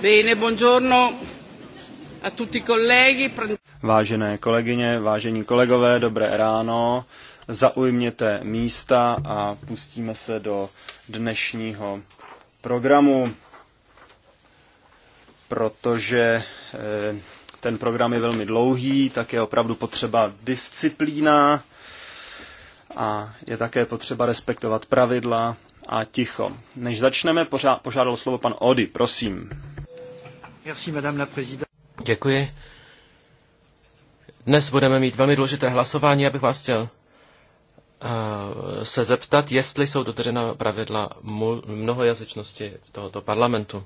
Bene, buongiorno a tutti colleghi. Vážené kolegyně, vážení kolegové, dobré ráno. Zaujměte místa a pustíme se do dnešního programu, protože eh, ten program je velmi dlouhý, tak je opravdu potřeba disciplína a je také potřeba respektovat pravidla a ticho. Než začneme, požádal slovo pan Ody, prosím. Děkuji. Dnes budeme mít velmi důležité hlasování, abych vás chtěl eh, se zeptat, jestli jsou dodržena pravidla mnohojazyčnosti tohoto parlamentu.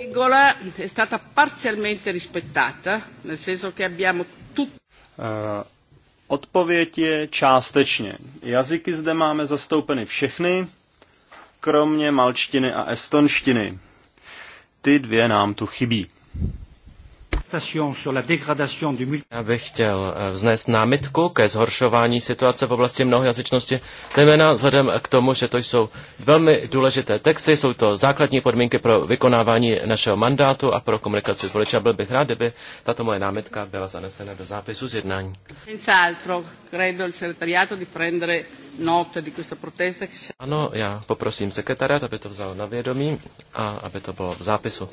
regola Uh, Odpověď je částečně. Jazyky zde máme zastoupeny všechny, kromě malčtiny a estonštiny. Ty dvě nám tu chybí. Já bych chtěl eh, vznést námitku ke zhoršování situace v oblasti mnohojazyčnosti, zejména vzhledem k tomu, že to jsou velmi důležité texty, jsou to základní podmínky pro vykonávání našeho mandátu a pro komunikaci s voliči. byl bych rád, kdyby tato moje námitka byla zanesena do zápisu z jednání. credo il ano, já poprosím sekretariat, aby to vzal na vědomí a aby to bylo v zápisu.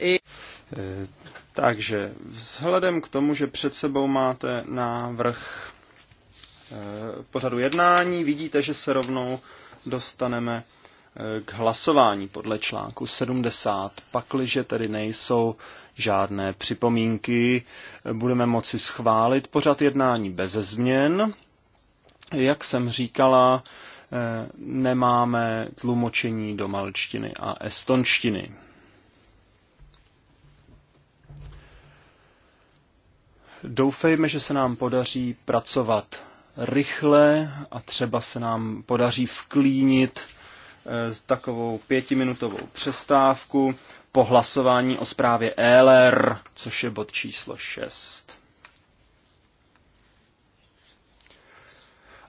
E eh, takže vzhledem k tomu, že před sebou máte návrh eh, pořadu jednání, vidíte, že se rovnou dostaneme eh, k hlasování podle článku 70. Pakliže tedy nejsou žádné připomínky, budeme moci schválit pořad jednání bez změn. Jak jsem říkala, eh, nemáme tlumočení do malčtiny a estonštiny. Doufejme, že se nám podaří pracovat rychle a třeba se nám podaří vklínit eh, takovou pětiminutovou přestávku po hlasování o zprávě ELR, což je bod číslo 6.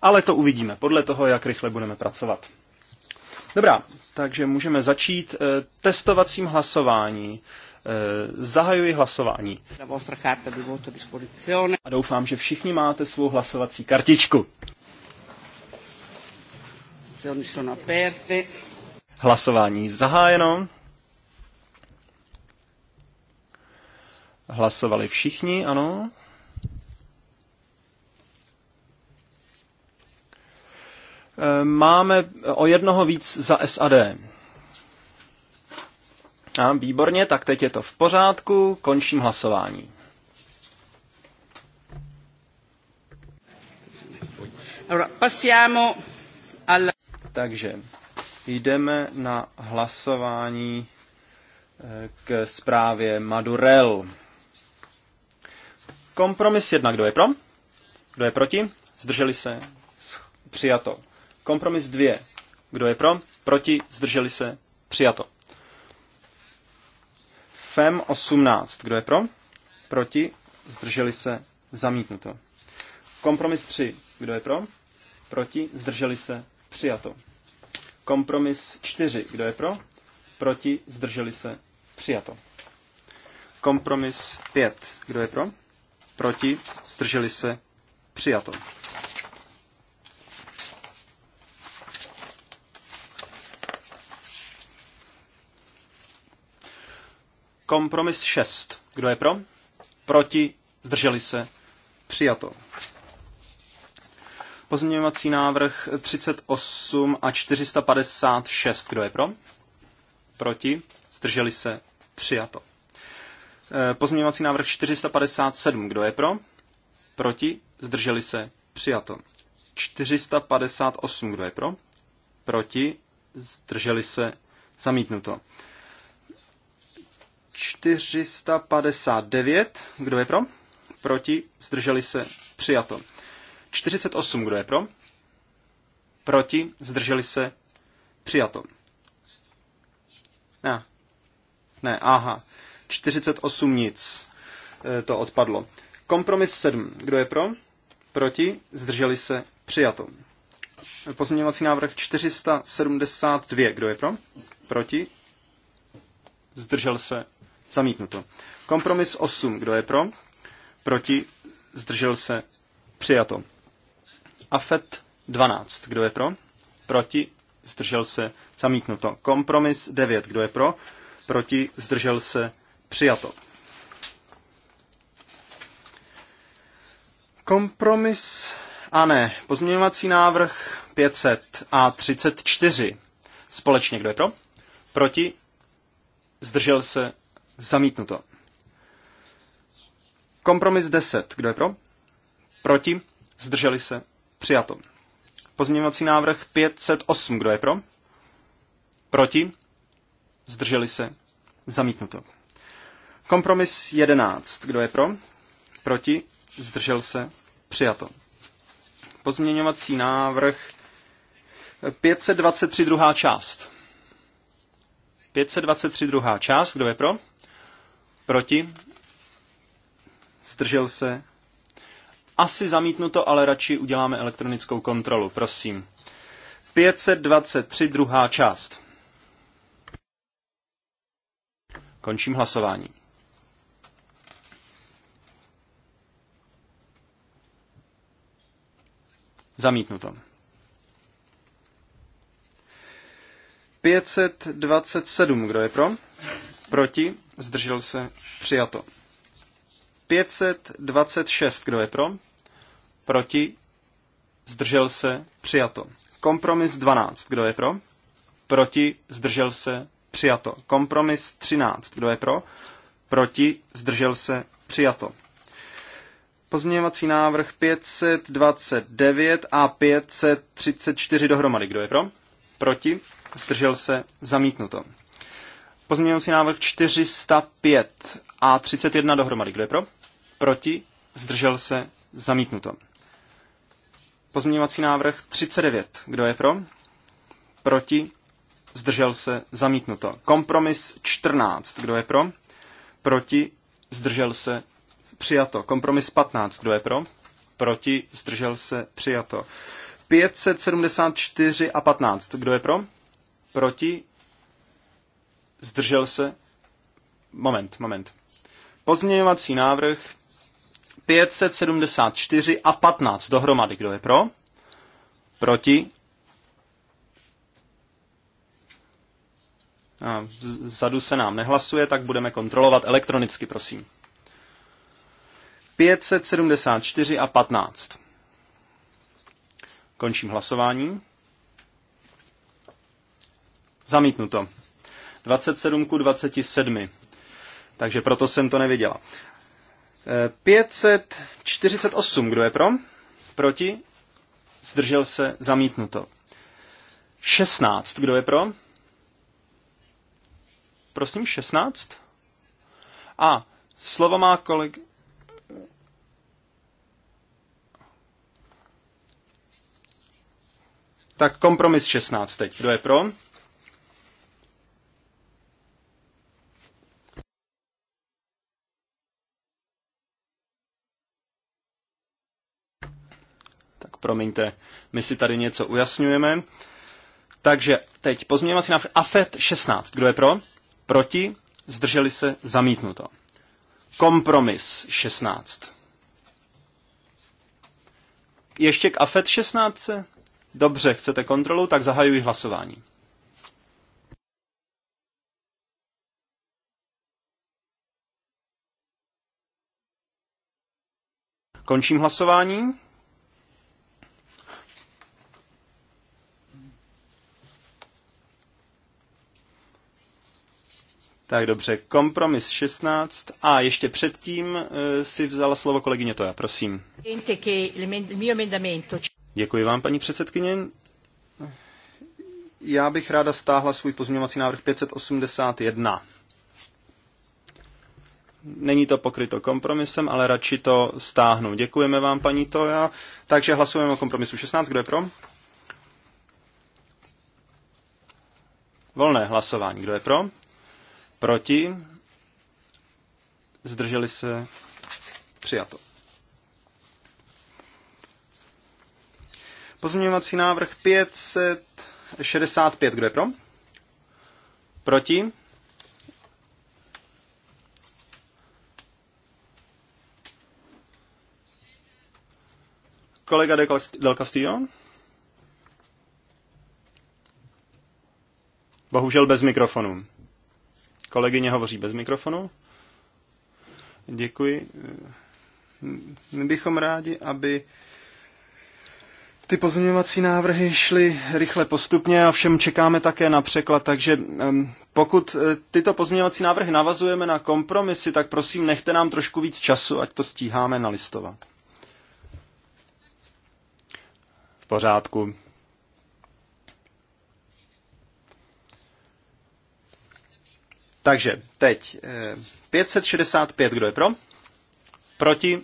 Ale to uvidíme, podle toho, jak rychle budeme pracovat. Dobrá, takže můžeme začít eh, testovacím hlasování. Eh, zahajuji hlasování. A doufám, že všichni máte svou hlasovací kartičku. Hlasování zahájeno. Hlasovali všichni, ano. E, máme o jednoho víc za SAD. A výborně, tak teď je to v pořádku, končím hlasování. Takže jdeme na hlasování e, k zprávě Madurel. Kompromis jedna, kdo je pro? Kdo je proti? Zdrželi se? Přijato. Kompromis dvě, kdo je pro? Proti? Zdrželi se? Přijato. FEM 18, kdo je pro? Proti? Zdrželi se? Zamítnuto. Kompromis 3, kdo je pro? Proti? Zdrželi se? Přijato. Kompromis 4, kdo je pro? Proti? Zdrželi se? Přijato. Kompromis 5, kdo je pro? proti, zdrželi se, přijato. Kompromis 6. Kdo je pro? Proti, zdrželi se, přijato. Pozměňovací návrh 38 a 456. Kdo je pro? Proti, zdrželi se, přijato. Eh, pozměňovací návrh 457. Kdo je pro? Proti? Zdrželi se? Přijato. 458. Kdo je pro? Proti? Zdrželi se? Zamítnuto. 459. Kdo je pro? Proti? Zdrželi se? Přijato. 48. Kdo je pro? Proti? Zdrželi se? Přijato. Ne. Ne, aha. 48 nic. E, to odpadlo. Kompromis 7. Kdo je pro? Proti? Zdrželi se? Přijato. Pozměňovací návrh 472. Kdo je pro? Proti? Zdržel se? Zamítnuto. Kompromis 8. Kdo je pro? Proti? Zdržel se? Přijato. AFET 12. Kdo je pro? Proti? Zdržel se? Zamítnuto. Kompromis 9. Kdo je pro? Proti? Zdržel se? Přijato. Kompromis a ne. Pozměňovací návrh 500 a 34. Společně kdo je pro? Proti? Zdržel se? Zamítnuto. Kompromis 10. Kdo je pro? Proti? Zdrželi se? Přijato. Pozměňovací návrh 508. Kdo je pro? Proti? Zdrželi se? Zamítnuto. Kompromis 11. Kdo je pro? Proti? Zdržel se? Přijato. Pozměňovací návrh 523 druhá část. 523 druhá část. Kdo je pro? Proti? Zdržel se? Asi zamítnuto, ale radši uděláme elektronickou kontrolu. Prosím. 523 druhá část. Končím hlasování. Zamítnuto. 527, kdo je pro? Proti? Zdržel se? Přijato. 526, kdo je pro? Proti? Zdržel se? Přijato. Kompromis 12, kdo je pro? Proti? Zdržel se? Přijato. Kompromis 13, kdo je pro? Proti? Zdržel se? Přijato. Pozměňovací návrh 529 a 534 dohromady. Kdo je pro? Proti? Zdržel se? Zamítnuto. Pozměňovací návrh 405 a 31 dohromady. Kdo je pro? Proti? Zdržel se? Zamítnuto. Pozměňovací návrh 39. Kdo je pro? Proti? Zdržel se? Zamítnuto. Kompromis 14. Kdo je pro? Proti? Zdržel se? Přijato. Kompromis 15. Kdo je pro? Proti. Zdržel se. Přijato. 574 a 15. Kdo je pro? Proti. Zdržel se. Moment, moment. Pozměňovací návrh 574 a 15 dohromady. Kdo je pro? Proti? A vzadu se nám nehlasuje, tak budeme kontrolovat elektronicky, prosím. 574 a 15. Končím hlasování. Zamítnuto. 27 ku 27. Takže proto jsem to neviděla. 548, kdo je pro? Proti? Zdržel se zamítnuto. 16, kdo je pro? Prosím, 16? A slovo má kolega... Tak kompromis 16 teď. Kdo je pro? Tak promiňte, my si tady něco ujasňujeme. Takže teď pozměňovací návrh AFET 16. Kdo je pro? Proti? Zdrželi se? Zamítnuto. Kompromis 16. Ještě k AFET 16? Dobře, chcete kontrolu, tak zahajuji hlasování. Končím hlasování. Tak dobře, kompromis 16. A ještě předtím e, si vzala slovo kolegyně Toja, prosím. Děkuji vám, paní předsedkyně. Já bych ráda stáhla svůj pozměňovací návrh 581. Není to pokryto kompromisem, ale radši to stáhnu. Děkujeme vám, paní Toja. Takže hlasujeme o kompromisu 16. Kdo je pro? Volné hlasování. Kdo je pro? Proti? Zdrželi se? Přijato. Pozměňovací návrh 565. Kdo je pro? Proti? Kolega Del Castillo? Bohužel bez mikrofonu. Kolegyně hovoří bez mikrofonu. Děkuji. My bychom rádi, aby ty pozměňovací návrhy šly rychle postupně a všem čekáme také na překlad, takže pokud e, tyto pozměňovací návrhy navazujeme na kompromisy, tak prosím nechte nám trošku víc času, ať to stíháme nalistovat. V pořádku. Takže teď 565, e, kdo je pro? Proti?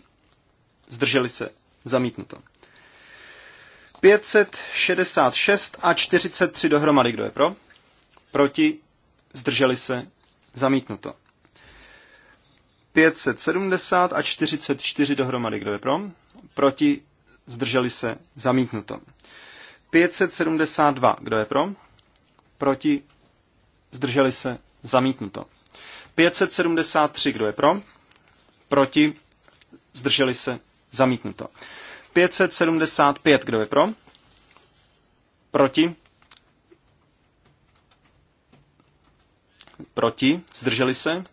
Zdrželi se. Zamítnuto. 566 a 43 dohromady. Kdo je pro? Proti? Zdrželi se? Zamítnuto. 570 a 44 dohromady. Kdo je pro? Proti? Zdrželi se? Zamítnuto. 572. Kdo je pro? Proti? Zdrželi se? Zamítnuto. 573. Kdo je pro? Proti? Zdrželi se? Zamítnuto. 575, kdo je pro? Proti? Proti? Zdrželi se?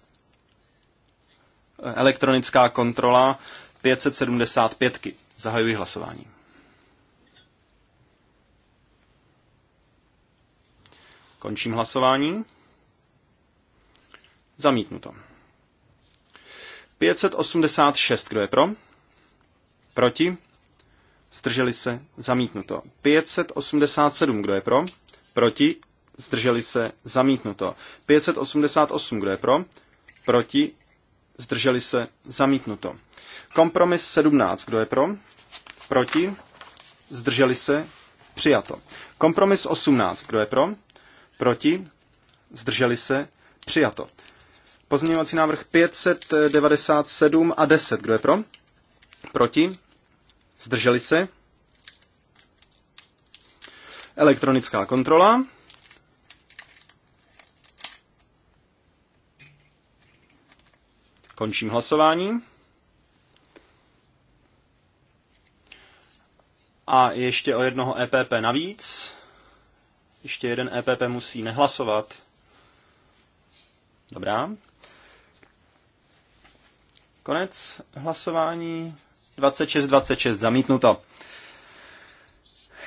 Elektronická kontrola 575. -ky. Zahajuji hlasování. Končím hlasování. Zamítnuto. 586, kdo je pro? Proti? Zdrželi se? Zamítnuto. 587. Kdo je pro? Proti? Zdrželi se? Zamítnuto. 588. Kdo je pro? Proti? Zdrželi se? Zamítnuto. Kompromis 17. Kdo je pro? Proti? Zdrželi se? Přijato. Kompromis 18. Kdo je pro? Proti? Zdrželi se? Přijato. Pozměňovací návrh 597 a 10. Kdo je pro? Proti? Zdrželi se? Elektronická kontrola. Končím hlasování. A ještě o jednoho EPP navíc. Ještě jeden EPP musí nehlasovat. Dobrá. Konec hlasování. 26, 26, zamítnuto.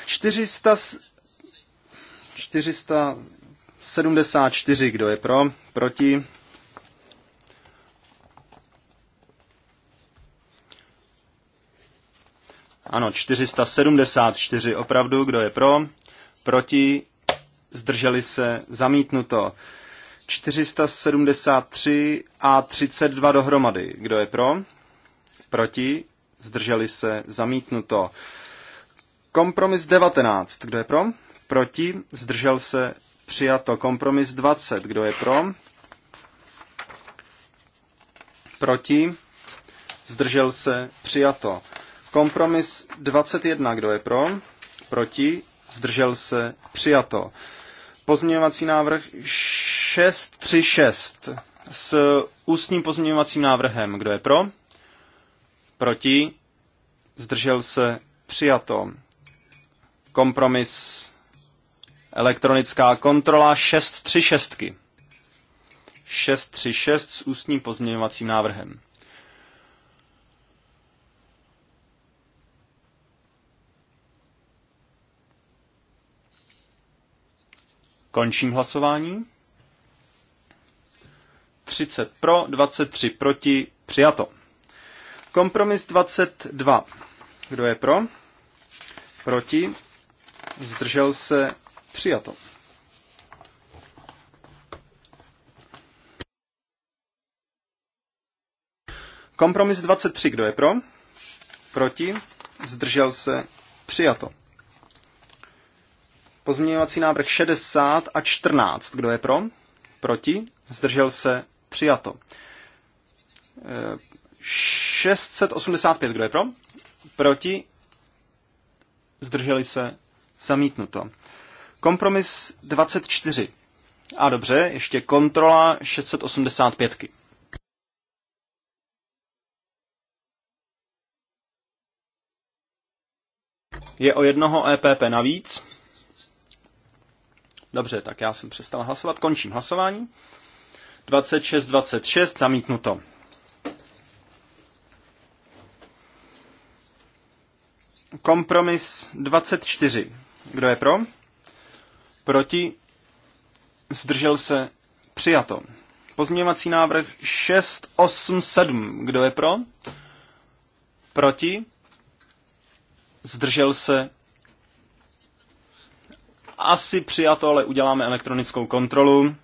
400, 474, kdo je pro, proti. Ano, 474 opravdu, kdo je pro, proti, zdrželi se, zamítnuto. 473 a 32 dohromady, kdo je pro, proti, zdrželi se, zamítnuto. Kompromis 19, kdo je pro? Proti, zdržel se, přijato. Kompromis 20, kdo je pro? Proti, zdržel se, přijato. Kompromis 21, kdo je pro? Proti, zdržel se, přijato. Pozměňovací návrh 636 s ústním pozměňovacím návrhem, kdo je pro? Proti? Zdržel se? Přijato. Kompromis. Elektronická kontrola 636. 636 s ústním pozměňovacím návrhem. Končím hlasování. 30 pro, 23 proti, přijato. Kompromis 22. Kdo je pro? Proti? Zdržel se? Přijato. Kompromis 23. Kdo je pro? Proti? Zdržel se? Přijato. Pozměňovací návrh 60 a 14. Kdo je pro? Proti? Zdržel se? Přijato. 685, kdo je pro? Proti? Zdrželi se? Zamítnuto. Kompromis 24. A dobře, ještě kontrola 685. -ky. Je o jednoho EPP navíc. Dobře, tak já jsem přestal hlasovat. Končím hlasování. 26, 26, zamítnuto. Kompromis 24. Kdo je pro? Proti? Zdržel se? Přijato. Pozměňovací návrh 687. Kdo je pro? Proti? Zdržel se? Asi přijato, ale uděláme elektronickou kontrolu.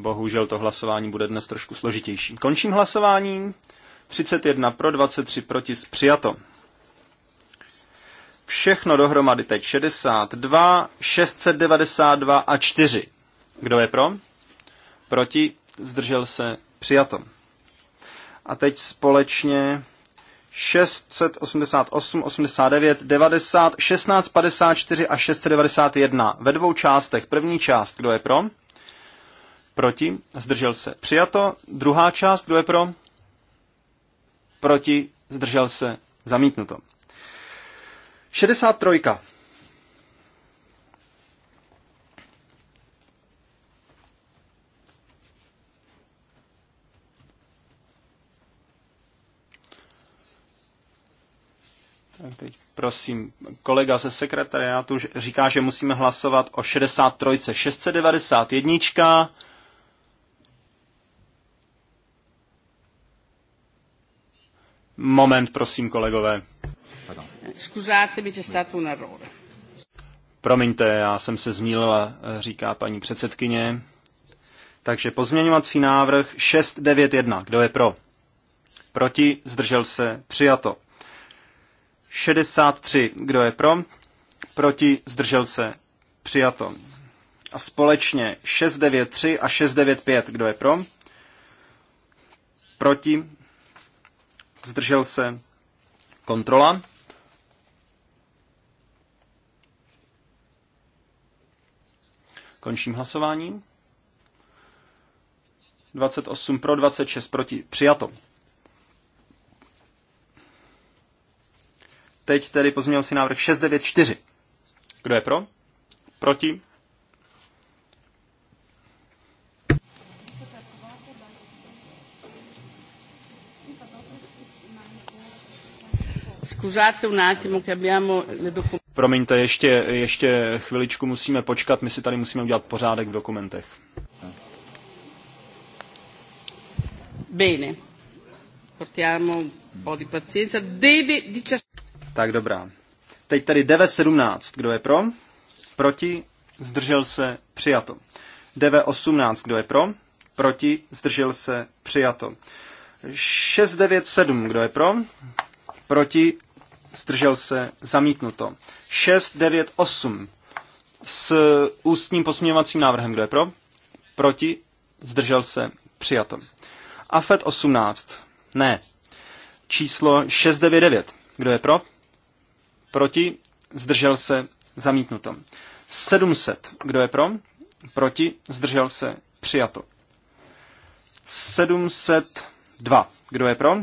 Bohužel to hlasování bude dnes trošku složitější. Končím hlasování. 31 pro, 23 proti, přijato. Všechno dohromady teď 62, 692 a 4. Kdo je pro? Proti, zdržel se, přijato. A teď společně 688, 89, 90, 16 54 a 691. Ve dvou částech. První část, kdo je pro? Proti? Zdržel se. Přijato. Druhá část. Kdo je pro? Proti? Zdržel se. Zamítnuto. 63. Tak teď prosím, kolega ze sekretariátu říká, že musíme hlasovat o 63. 691 Moment, prosím, kolegové. Promiňte, já jsem se zmílila, říká paní předsedkyně. Takže pozměňovací návrh 691. Kdo je pro? Proti? Zdržel se? Přijato. 63. Kdo je pro? Proti? Zdržel se? Přijato. A společně 693 a 695. Kdo je pro? Proti? zdržel se, kontrola. Končím hlasování. 28 pro, 26 proti. Přijato. Teď tedy pozměnil si návrh 694. Kdo je pro? Proti? Scusate un attimo che abbiamo le Promiňte, ještě, ještě chviličku musíme počkat, my si tady musíme udělat pořádek v dokumentech. Bene. Portiamo un po' di pazienza. Deve 17. Tak dobrá. Teď tady 9.17. Kdo je pro? Proti? Zdržel se? Přijato. 9.18. Kdo je pro? Proti? Zdržel se? Přijato. 697. Kdo je pro? Proti? zdržel se, zamítnuto. 6, 9, 8 s ústním posměvacím návrhem, kdo je pro, proti, zdržel se, přijato. AFET 18, ne. Číslo 699, kdo je pro, proti, zdržel se, zamítnuto. 700, kdo je pro, proti, zdržel se, přijato. 702, kdo je pro,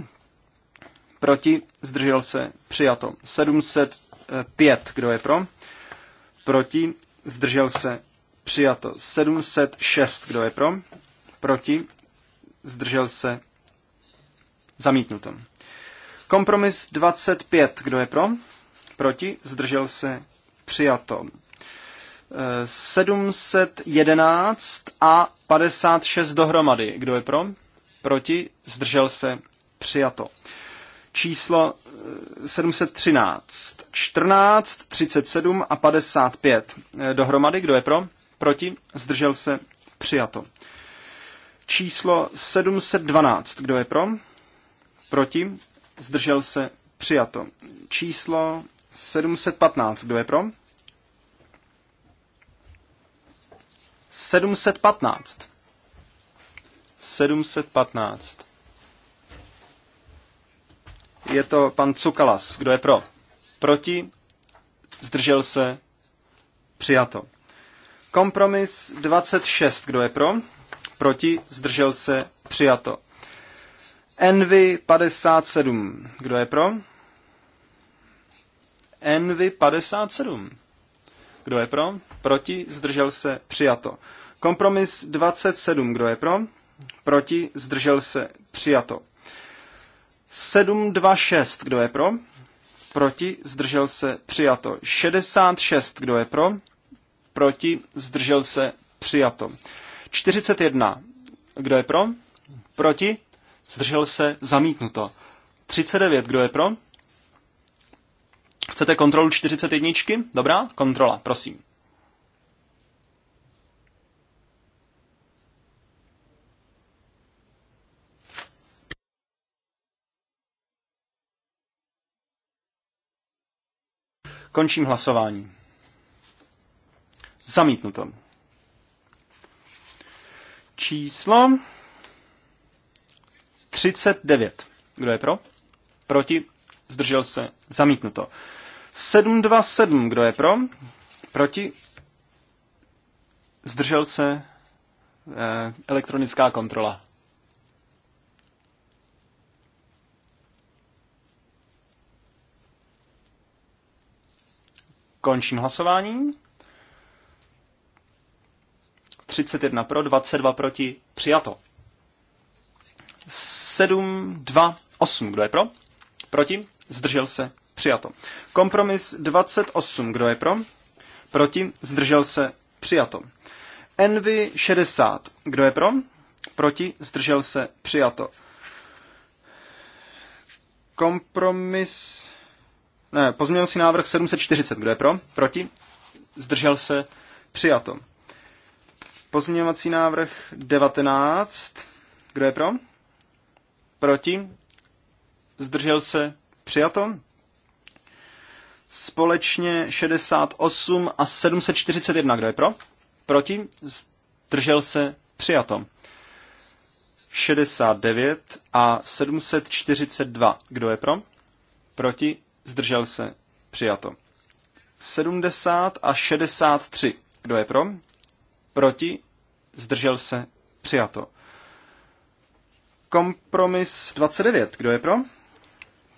Proti? Zdržel se? Přijato. 705. Kdo je pro? Proti? Zdržel se? Přijato. 706. Kdo je pro? Proti? Zdržel se? Zamítnuto. Kompromis 25. Kdo je pro? Proti? Zdržel se? Přijato. 711 a 56 dohromady. Kdo je pro? Proti? Zdržel se? Přijato číslo 713, 14, 37 a 55 eh, dohromady. Kdo je pro? Proti? Zdržel se? Přijato. Číslo 712. Kdo je pro? Proti? Zdržel se? Přijato. Číslo 715. Kdo je pro? 715. 715. Je to pan Cukalas. Kdo je pro? Proti? Zdržel se? Přijato. Kompromis 26. Kdo je pro? Proti? Zdržel se? Přijato. Envy 57. Kdo je pro? Envy 57. Kdo je pro? Proti? Zdržel se? Přijato. Kompromis 27. Kdo je pro? Proti? Zdržel se? Přijato. 726, kdo je pro? Proti, zdržel se, přijato. 66, kdo je pro? Proti, zdržel se, přijato. 41, kdo je pro? Proti, zdržel se, zamítnuto. 39, kdo je pro? Chcete kontrolu 41? Dobrá, kontrola, prosím. Končím hlasování. Zamítnuto. Číslo 39. Kdo je pro? Proti? Zdržel se? Zamítnuto. 727. Kdo je pro? Proti? Zdržel se? Eh, elektronická kontrola. Končím hlasování. 31 pro, 22 proti, přijato. 7, 2, 8. Kdo je pro? Proti? Zdržel se? Přijato. Kompromis 28. Kdo je pro? Proti? Zdržel se? Přijato. Envy 60. Kdo je pro? Proti? Zdržel se? Přijato. Kompromis ne, pozměňovací návrh 740. Kdo je pro? Proti? Zdržel se? Přijato. Pozměňovací návrh 19. Kdo je pro? Proti? Zdržel se? Přijato. Společně 68 a 741. Kdo je pro? Proti? Zdržel se? Přijato. 69 a 742. Kdo je pro? Proti? zdržel se, přijato. 70 a 63. Kdo je pro? Proti, zdržel se, přijato. Kompromis 29. Kdo je pro?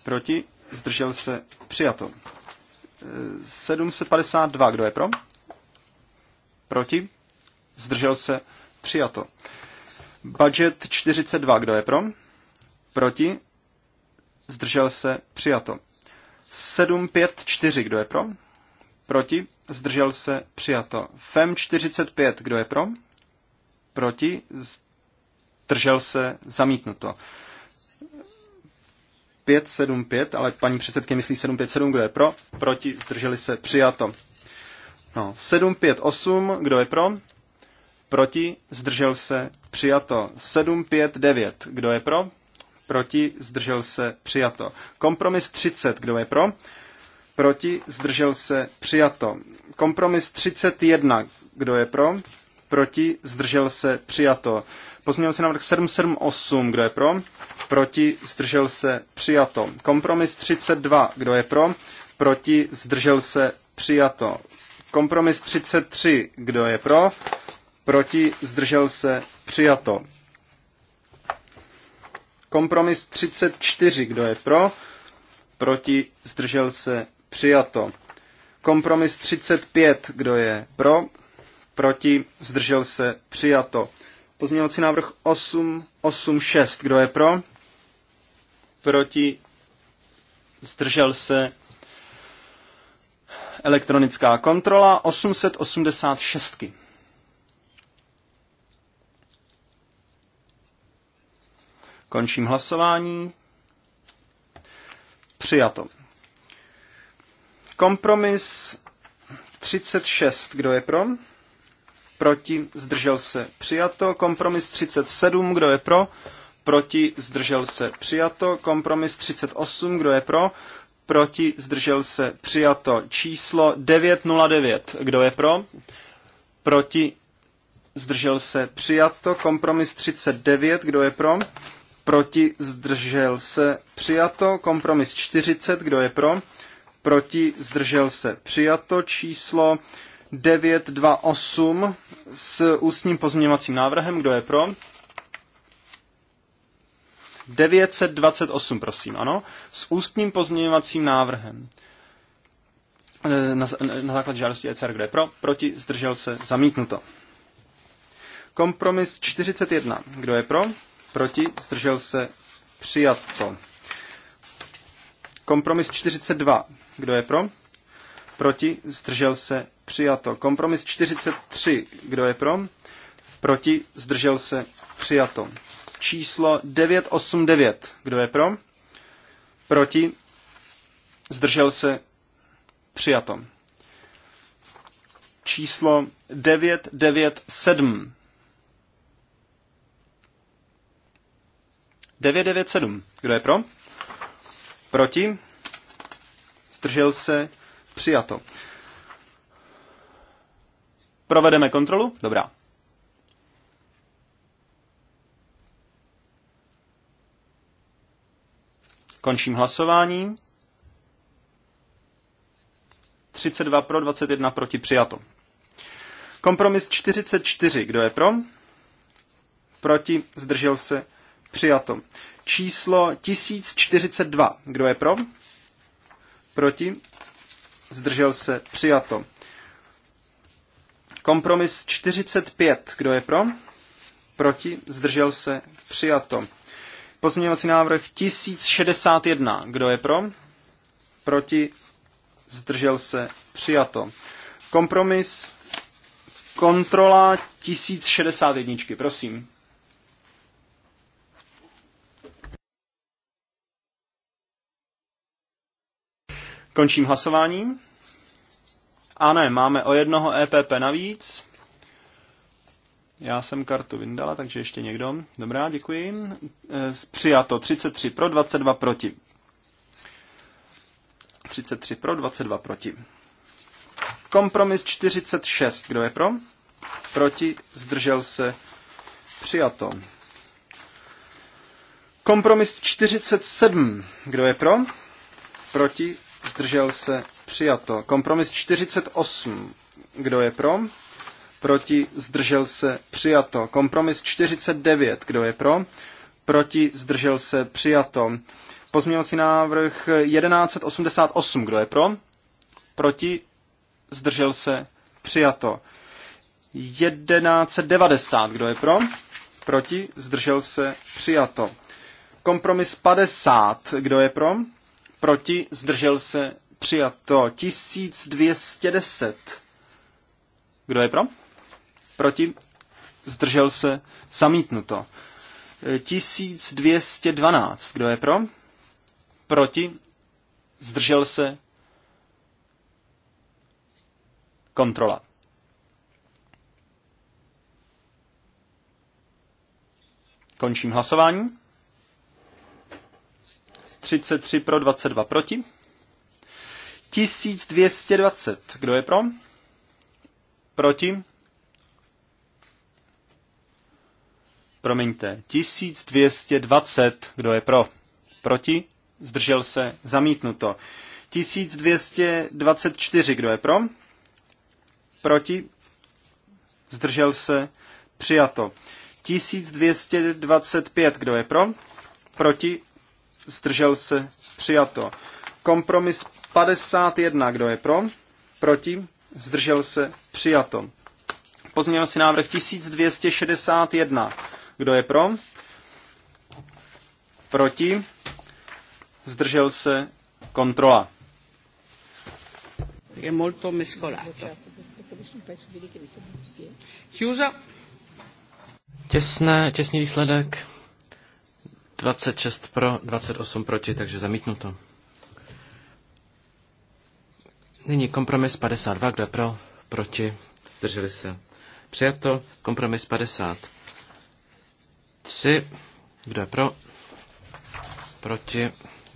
Proti, zdržel se, přijato. 752. Kdo je pro? Proti, zdržel se, přijato. Budget 42. Kdo je pro? Proti, zdržel se, přijato. 754, kdo je pro? Proti? Zdržel se? Přijato. FEM 45, kdo je pro? Proti? Zdržel se? Zamítnuto. 575, ale paní předsedkyně myslí 757, kdo je pro? Proti? Zdrželi se? Přijato. No, 758, kdo je pro? Proti? Zdržel se? Přijato. 759, kdo je pro? proti, zdržel se, přijato. Kompromis 30, kdo je pro, proti, zdržel se, přijato. Kompromis 31, kdo je pro, proti, zdržel se, přijato. Pozměňovací návrh 778, kdo je pro, proti, zdržel se, přijato. Kompromis 32, kdo je pro, proti, zdržel se, přijato. Kompromis 33, kdo je pro, proti, zdržel se, přijato. Kompromis 34, kdo je pro, proti, zdržel se, přijato. Kompromis 35, kdo je pro, proti, zdržel se, přijato. Pozměňovací návrh 886, kdo je pro, proti, zdržel se, elektronická kontrola 886. Končím hlasování. Přijato. Kompromis 36. Kdo je pro? Proti zdržel se přijato. Kompromis 37. Kdo je pro? Proti zdržel se přijato. Kompromis 38. Kdo je pro? Proti zdržel se přijato. Číslo 909. Kdo je pro? Proti zdržel se přijato. Kompromis 39. Kdo je pro? proti, zdržel se, přijato. Kompromis 40, kdo je pro, proti, zdržel se, přijato. Číslo 928 s ústním pozměňovacím návrhem, kdo je pro. 928, prosím, ano, s ústním pozměňovacím návrhem. E, na, na základě žádosti ECR, kdo je pro, proti, zdržel se, zamítnuto. Kompromis 41, kdo je pro, proti, zdržel se, přijato. Kompromis 42, kdo je pro, proti, zdržel se, přijato. Kompromis 43, kdo je pro, proti, zdržel se, přijato. Číslo 989, kdo je pro, proti, zdržel se, přijato. Číslo 997, 997. Kdo je pro? Proti? Zdržel se? Přijato. Provedeme kontrolu? Dobrá. Končím hlasování. 32 pro, 21 proti, přijato. Kompromis 44, kdo je pro? Proti, zdržel se, Přijato. Číslo 1042. Kdo je pro? Proti? Zdržel se. Přijato. Kompromis 45. Kdo je pro? Proti? Zdržel se. Přijato. Pozměňovací návrh 1061. Kdo je pro? Proti? Zdržel se. Přijato. Kompromis kontrola 1061. Prosím. Končím hlasováním. A ne, máme o jednoho EPP navíc. Já jsem kartu vyndala, takže ještě někdo. Dobrá, děkuji. E, přijato 33 pro, 22 proti. 33 pro, 22 proti. Kompromis 46. Kdo je pro? Proti, zdržel se, přijato. Kompromis 47. Kdo je pro? Proti, zdržel se, přijato. Kompromis 48, kdo je pro, proti, zdržel se, přijato. Kompromis 49, kdo je pro, proti, zdržel se, přijato. Pozměňovací návrh 1188, kdo je pro, proti, zdržel se, přijato. 1190, kdo je pro, proti, zdržel se, přijato. Kompromis 50, kdo je pro, proti, zdržel se, přijato 1210. Kdo je pro? Proti, zdržel se, zamítnuto. 1212. Eh, Kdo je pro? Proti, zdržel se, kontrola. Končím hlasování. 33 pro, 22 proti. 1220. Kdo je pro? Proti? Promiňte. 1220. Kdo je pro? Proti? Zdržel se. Zamítnuto. 1224. Kdo je pro? Proti? Zdržel se. Přijato. 1225. Kdo je pro? Proti? zdržel se, přijato. Kompromis 51, kdo je pro, proti, zdržel se, přijato. Pozměňovací návrh 1261, kdo je pro, proti, zdržel se, kontrola. Je molto mescolato. Chiusa. Těsné, těsný výsledek. 26 pro, 28 proti, takže zamítnuto. Nyní kompromis 52, kdo je pro, proti, drželi se. Přijato, kompromis 53, kdo je pro, proti,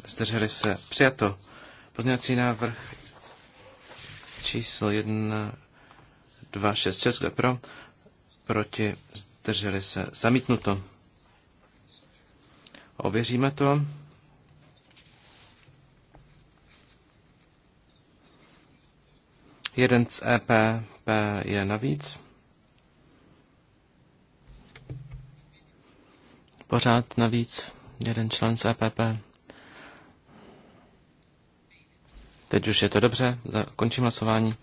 zdrželi se. Přijato, pozměňovací návrh číslo 1, 2, 6, 6, kdo je pro, proti, zdrželi se. Zamítnuto. Ověříme to. Jeden z EPP je navíc. Pořád navíc jeden člen z EPP. Teď už je to dobře, končím hlasování.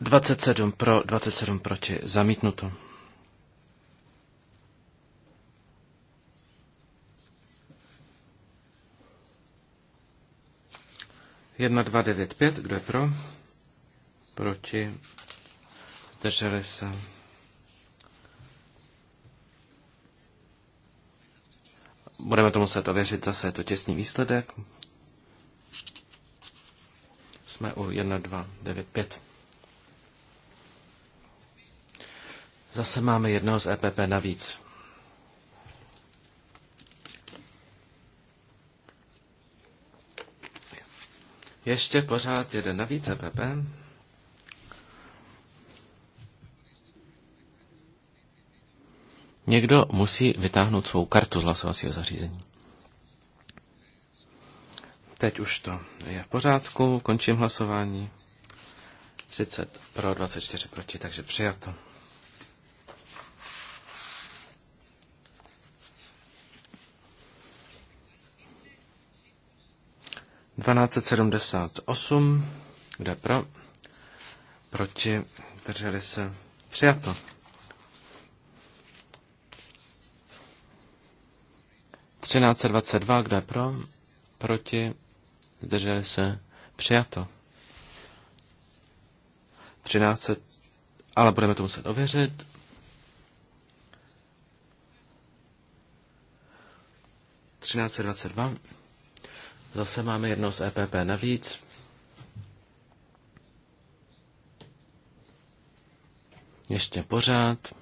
27 pro, 27 proti, zamítnuto. 1295, kdo je pro? Proti? Zdrželi se. Budeme to muset ověřit zase, je to těsný výsledek. Jsme u 1295. Zase máme jednoho z EPP navíc. Ještě pořád jeden více Pepe. Někdo musí vytáhnout svou kartu z hlasovacího zařízení. Teď už to je v pořádku, končím hlasování. 30 pro, 24 proti, takže přijato. 1278. Kde pro? Proti? Drželi se? Přijato. Třináct dvacet dva, kde pro, proti, zdrželi se, přijato. Třináct, ale budeme to muset ověřit. Třináct dvacet dva. Zase máme jedno z EPP navíc. Ještě pořád.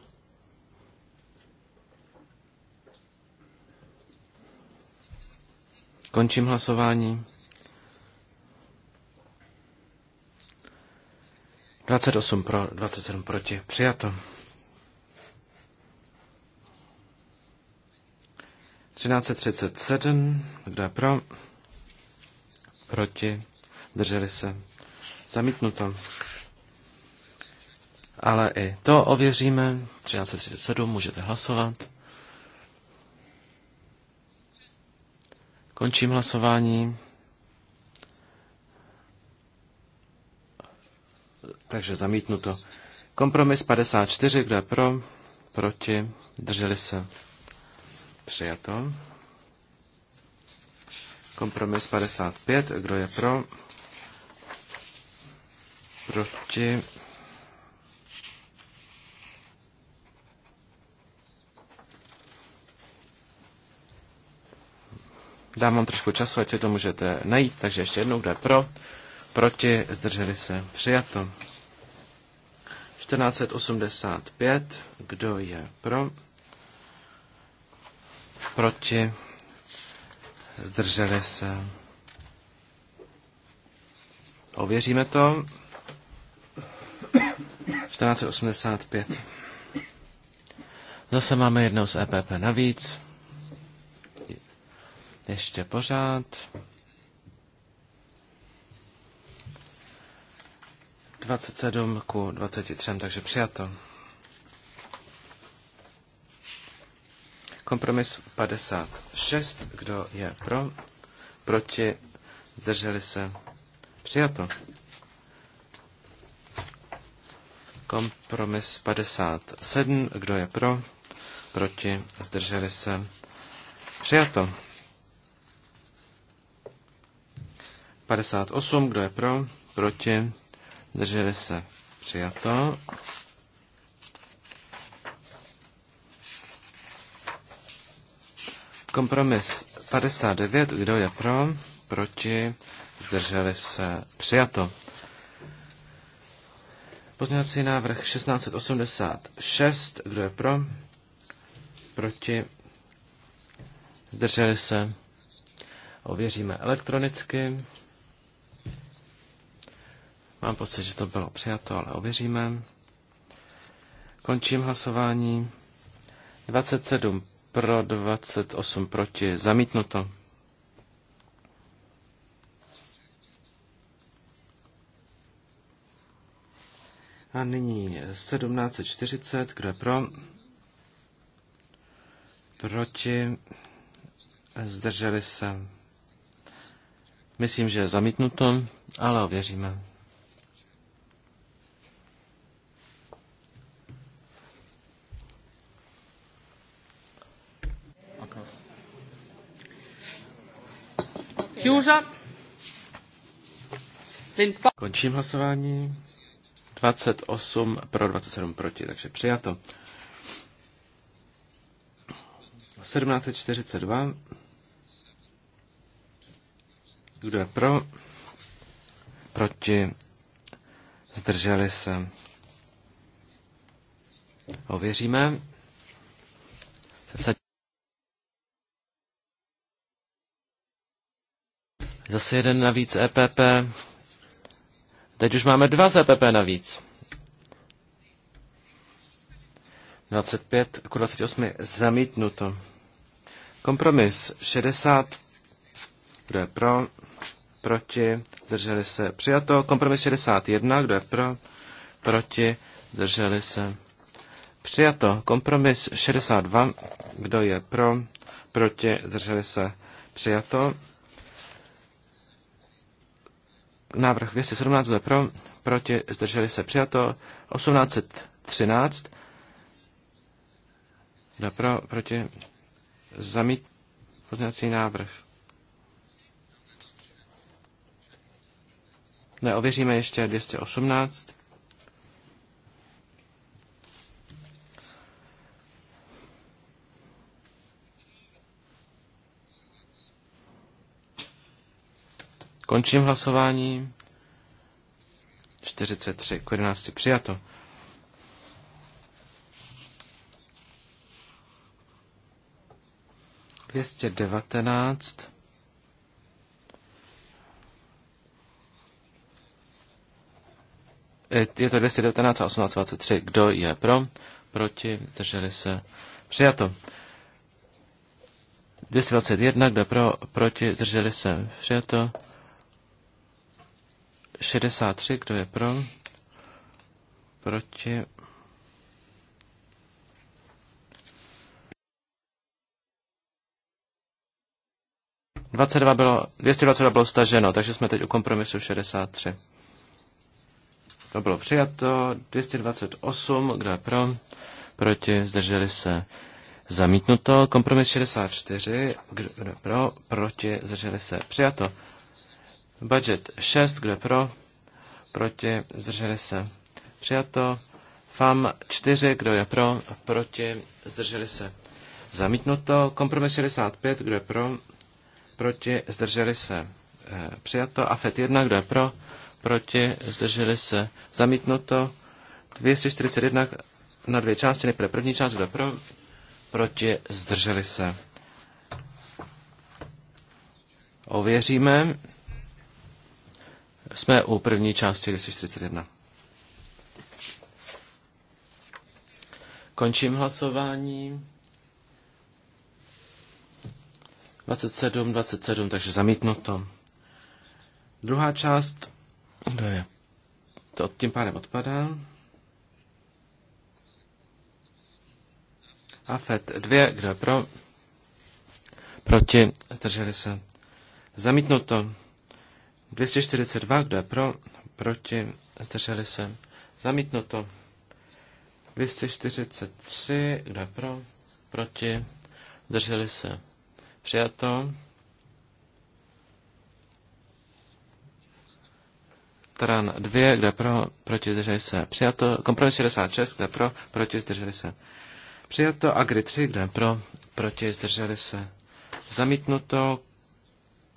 Končím hlasování. 28 pro, 27 proti. Přijato. 1337, kdo je pro? proti, zdrželi se, zamítnuto. Ale i to ověříme, 13.37, můžete hlasovat. Končím hlasování. Takže zamítnuto. Kompromis 54, kdo je pro, proti, drželi se. Přijato. Kompromis 55. Kdo je pro? Proti? Dám vám trošku času, ať si to můžete najít. Takže ještě jednou, kdo je pro? Proti? Zdrželi se? Přijato. 1485. Kdo je pro? Proti? zdrželi se. Ověříme to. 1485. Zase máme jednou z EPP navíc. Ještě pořád. 27 ku 23, takže přijato. Kompromis 56. Kdo je pro? Proti? Zdrželi se? Přijato. Kompromis 57. Kdo je pro? Proti? Zdrželi se? Přijato. 58. Kdo je pro? Proti? Zdrželi se? Přijato. Kompromis 59, kdo je pro, proti, zdrželi se, přijato. Pozměňovací návrh 1686, kdo je pro, proti, zdrželi se, ověříme elektronicky. Mám pocit, že to bylo přijato, ale ověříme. Končím hlasování. 27 pro 28 proti. Zamítnuto. A nyní 1740, kdo je pro? Proti? Zdrželi se. Myslím, že zamítnuto, ale ověříme. Končím hlasování. 28 pro 27 proti, takže přijato. 1742. Kdo je pro? Proti? Zdrželi se? Ověříme. Zase jeden navíc EPP. Teď už máme dva z EPP navíc. 25 k 28 zamítnuto. Kompromis 60. Kdo je pro? Proti? Drželi se. Přijato. Kompromis 61. Kdo je pro? Proti? Drželi se. Přijato. Kompromis 62. Kdo je pro? Proti? Drželi se. Přijato návrh 217 byl pro, proti, zdrželi se přijato, 1813 byl pro, proti, zamít pozměňovací návrh. Ne, ověříme ještě 218. Končím hlasování. 43 k 11 přijato. Pěstě 19. Eh, je to 219 a 1823. Kdo je pro? Proti? Drželi se? Přijato. 221. Kdo pro? Proti? Drželi se? Přijato. 63, kdo je pro? Proti? bylo, 222 bylo staženo, takže jsme teď u kompromisu 63. To bylo přijato. 228, kdo je pro? Proti? Zdrželi se. Zamítnuto. Kompromis 64, kdo je pro? Proti? Zdrželi se. Přijato. Budget 6, kdo je pro? Proti, zdrželi se. Přijato. FAM 4, kdo je pro? Proti, zdrželi se. Zamítnuto. Kompromis 65, kdo je pro? Proti, zdrželi se. Eh, přijato. AFET 1, kdo je pro? Proti, zdrželi se. Zamítnuto. 241 na dvě části, nejprve první část, kdo je pro? Proti, zdrželi se. Ověříme. Jsme u první části 241. Končím hlasování. 27, 27, takže zamítnuto. Druhá část, kdo je? To tím pádem odpadá. A FED 2, kdo je pro? Proti, drželi se. Zamítnuto. 242, kdo je pro, proti, zdrželi se, zamítnuto. 243, kdo je pro, proti, zdrželi se, přijato. Tran 2, kde pro, proti zdrželi se, přijato. Kompromis 66, kde pro, proti zdrželi se, přijato. Agri 3, kde pro, proti zdrželi se, zamítnuto.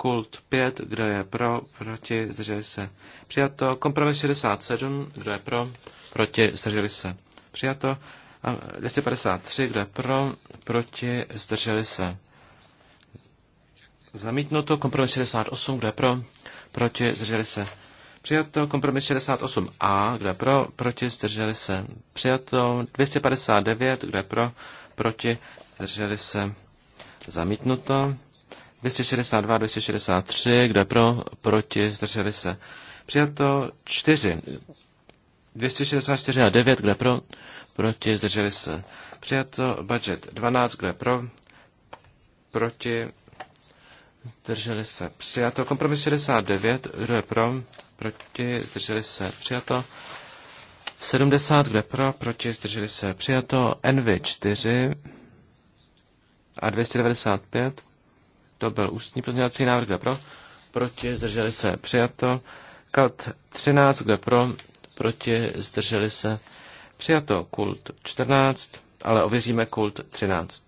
Kult 5, kdo je pro, proti, zdrželi se. Přijato. Kompromis 67, kdo je pro, proti, zdrželi se. Přijato. 253, kdo je pro, proti, zdrželi se. Zamítnuto. Kompromis 68, kdo je pro, proti, zdrželi se. Přijato. Kompromis 68a, kdo je pro, proti, zdrželi se. Přijato. 259, kdo je pro, proti, zdrželi se. Zamítnuto. 262, 263, kdo je pro, proti, zdrželi se. Přijato 4. 264 a 9, kdo je pro, proti, zdrželi se. Přijato budget 12, kdo je pro, proti, zdrželi se. Přijato kompromis 69, kdo je pro, proti, zdrželi se. Přijato 70, kde pro, proti, zdrželi se. Přijato NV 4 a 295 to byl ústní pozměňovací návrh, kdo pro, proti, zdrželi se, přijato. Kat 13, kdo pro, proti, zdrželi se, přijato. Kult 14, ale ověříme kult 13.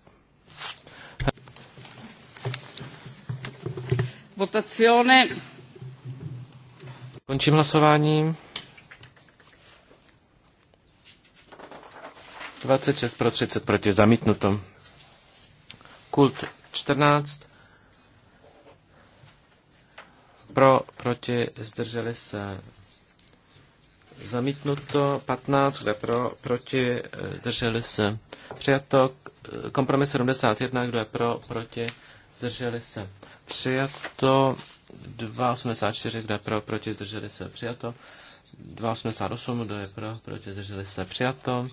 Votazione. Končím hlasování. 26 pro 30 proti zamítnuto. Kult 14. Pro, proti, zdrželi se. Zamítnuto 15, je pro, proti, zdrželi se. Přijato kompromis 71, kdo je pro, proti, zdrželi se. Přijato 284, kdo je pro, proti, zdrželi se. Přijato 288, kdo je pro, proti, zdrželi se. Přijato.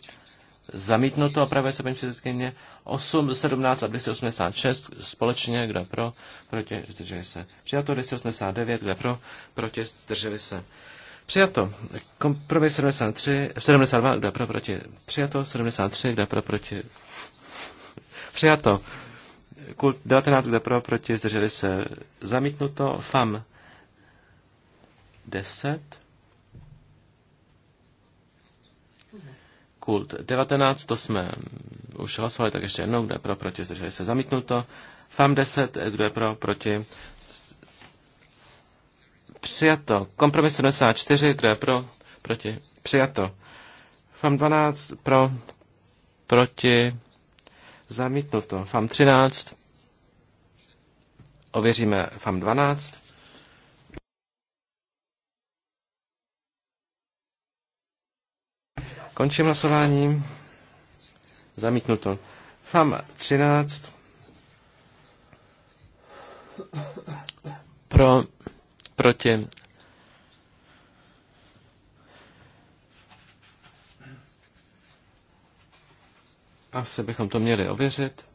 Zamítnuto, opravuje se paní předsedkyně. 8, 17 a 286 společně, kdo pro, proti, zdrželi se. Přijato 289, kdo pro, proti, zdrželi se. Přijato. Kompromis 73, 72, kdo pro, proti. Přijato 73, kdo pro, proti. Přijato. Kult 19, kdo pro, proti, zdrželi se. Zamítnuto. FAM 10. Kult 19, to jsme už hlasovali, tak ještě jednou, kdo je pro, proti, zdrželi se zamítnuto. FAM 10, kdo je pro, proti, přijato. Kompromis 74, kdo je pro, proti, přijato. FAM 12, pro, proti, zamítnuto. FAM 13, ověříme FAM 12. Končím hlasování. Zamítnuto. FAM 13. Pro, proti. Asi bychom to měli ověřit.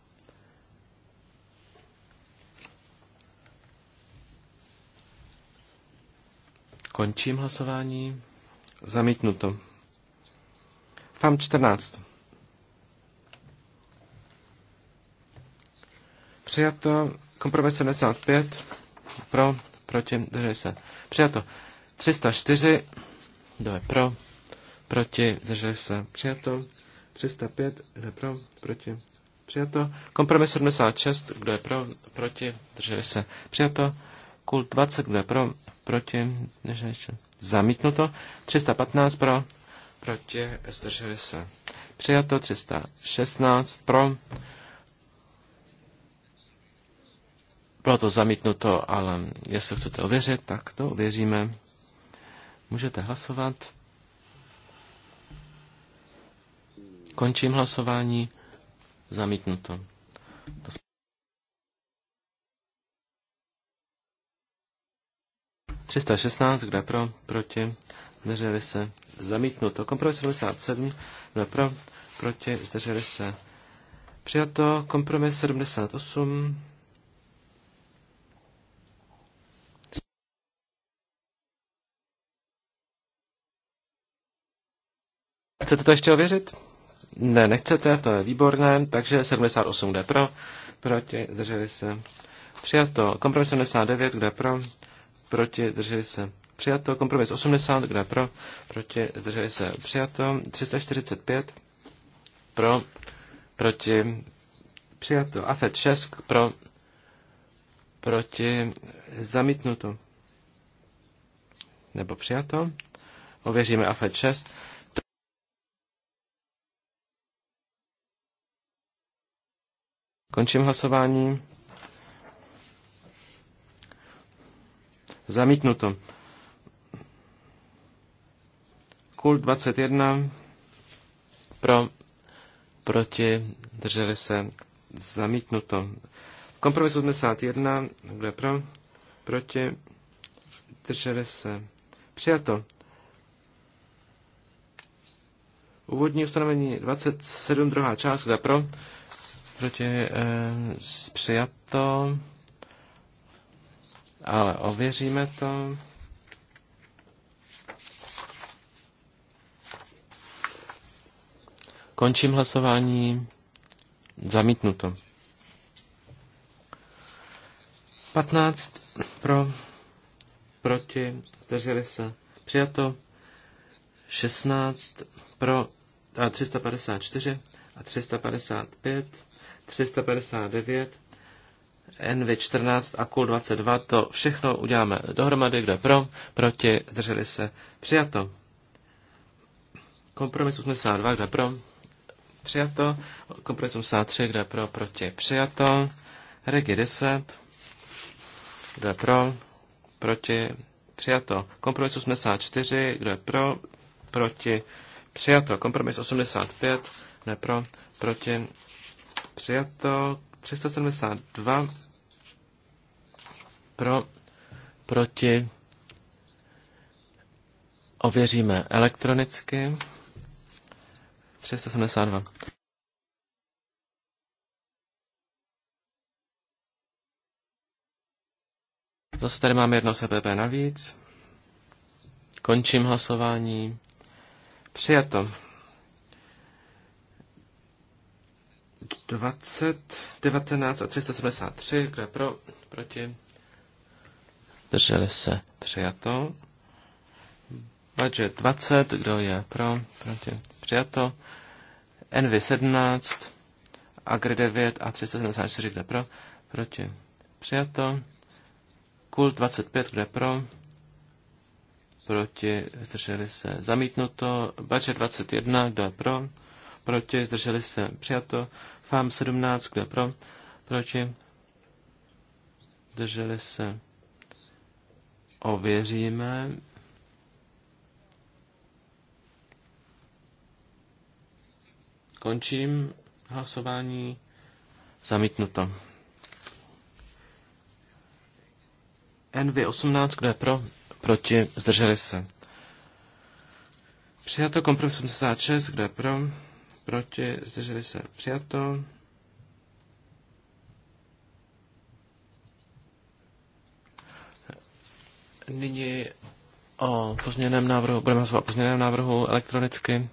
Končím hlasování. Zamítnuto. FAM 14. Přijato kompromis 75 pro, proti, drželi se. Přijato 304, kdo je pro, proti, drželi se. Přijato 305, kdo je pro, proti, přijato. Kompromis 76, kdo je pro, proti, drželi se. Přijato. Kult 20, kdo je pro, proti, drželi se. Zamítnuto. 315 pro, proti, 160. se. Přijato 316 pro. Bylo to zamítnuto, ale jestli chcete ověřit, tak to ověříme. Můžete hlasovat. Končím hlasování. Zamítnuto. To jsme... 316, kde pro, proti, drželi se, zamítnuto. Kompromis 77, kdo pro, proti, zdrželi se. Přijato kompromis 78. Chcete to ještě ověřit? Ne, nechcete, to je výborné, takže 78 jde pro, proti, zdrželi se. Přijato kompromis 79, kde pro, proti, zdrželi se přijato. Kompromis 80, kdo je pro? Proti, zdrželi se, přijato. 345, pro, proti, přijato. AFET 6, pro, proti, zamítnuto. Nebo přijato. Ověříme AFET 6. Končím hlasování. Zamítnuto. Kult 21 pro, proti, drželi se, zamítnuto. Kompromis 81, kdo je pro, proti, drželi se, přijato. Úvodní ustanovení 27, druhá část, kde pro, proti, eh, přijato, ale ověříme to. Končím hlasování. Zamítnuto. 15 pro, proti, zdrželi se, přijato, 16 pro, a 354 a 355, 359, NV14 a KUL 22, to všechno uděláme dohromady, kdo je pro, proti, zdrželi se, přijato. Kompromis 82, kdo je pro, přijato. Kompromis 83, kdo je pro, proti, přijato. Regi 10, kdo je pro, proti, přijato. Kompromis 84, kdo je pro, proti, přijato. Kompromis 85, kdo je pro, proti, přijato. 372, pro, proti, ověříme elektronicky. 372. Zase tady máme jedno CPP e navíc. Končím hlasování. Přijato. 20, 19 a 373. Kdo je pro? Proti? Drželi se. Přijato. Budget 20. Kdo je pro? Proti? Přijato. NV17, Agri 9 a 374, kde pro, proti, přijato. Kult 25, kde pro, proti, zdrželi se, zamítnuto. Bače 21, kde pro, proti, zdrželi se, přijato. FAM 17, kde pro, proti, zdrželi se, ověříme. Končím hlasování. Zamítnuto. NV18, kdo je pro? Proti, zdrželi se. Přijato kompromis 86, kdo je pro? Proti, zdrželi se. Přijato. Nyní o pozměněném návrhu, budeme hlasovat o pozměněném návrhu elektronicky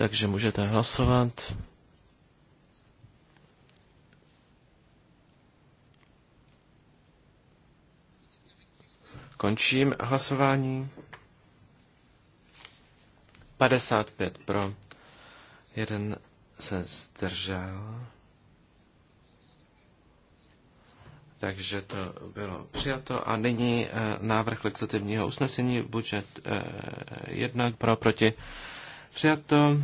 takže můžete hlasovat. Končím hlasování. 55 pro, jeden se zdržel. Takže to bylo přijato. A nyní eh, návrh legislativního usnesení, budžet eh, jednak pro, proti Přijato.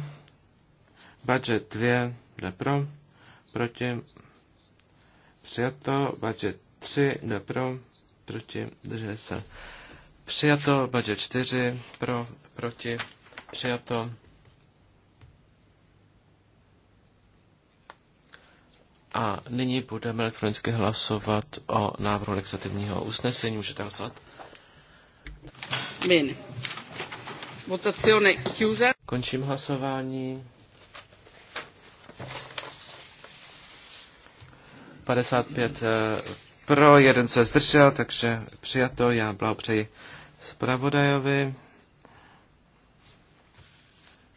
Budget 2. Jde pro. Proti. Přijato. Budget 3. Jde pro. Proti. Drží se. Přijato. Budget 4. Pro. Proti. Přijato. A nyní budeme elektronicky hlasovat o návrhu legislativního usnesení. Můžete hlasovat. Bien. Votazione chiusa. Končím hlasování. 55 eh, pro, jeden se zdržel, takže přijato. Já blahopřeji zpravodajovi.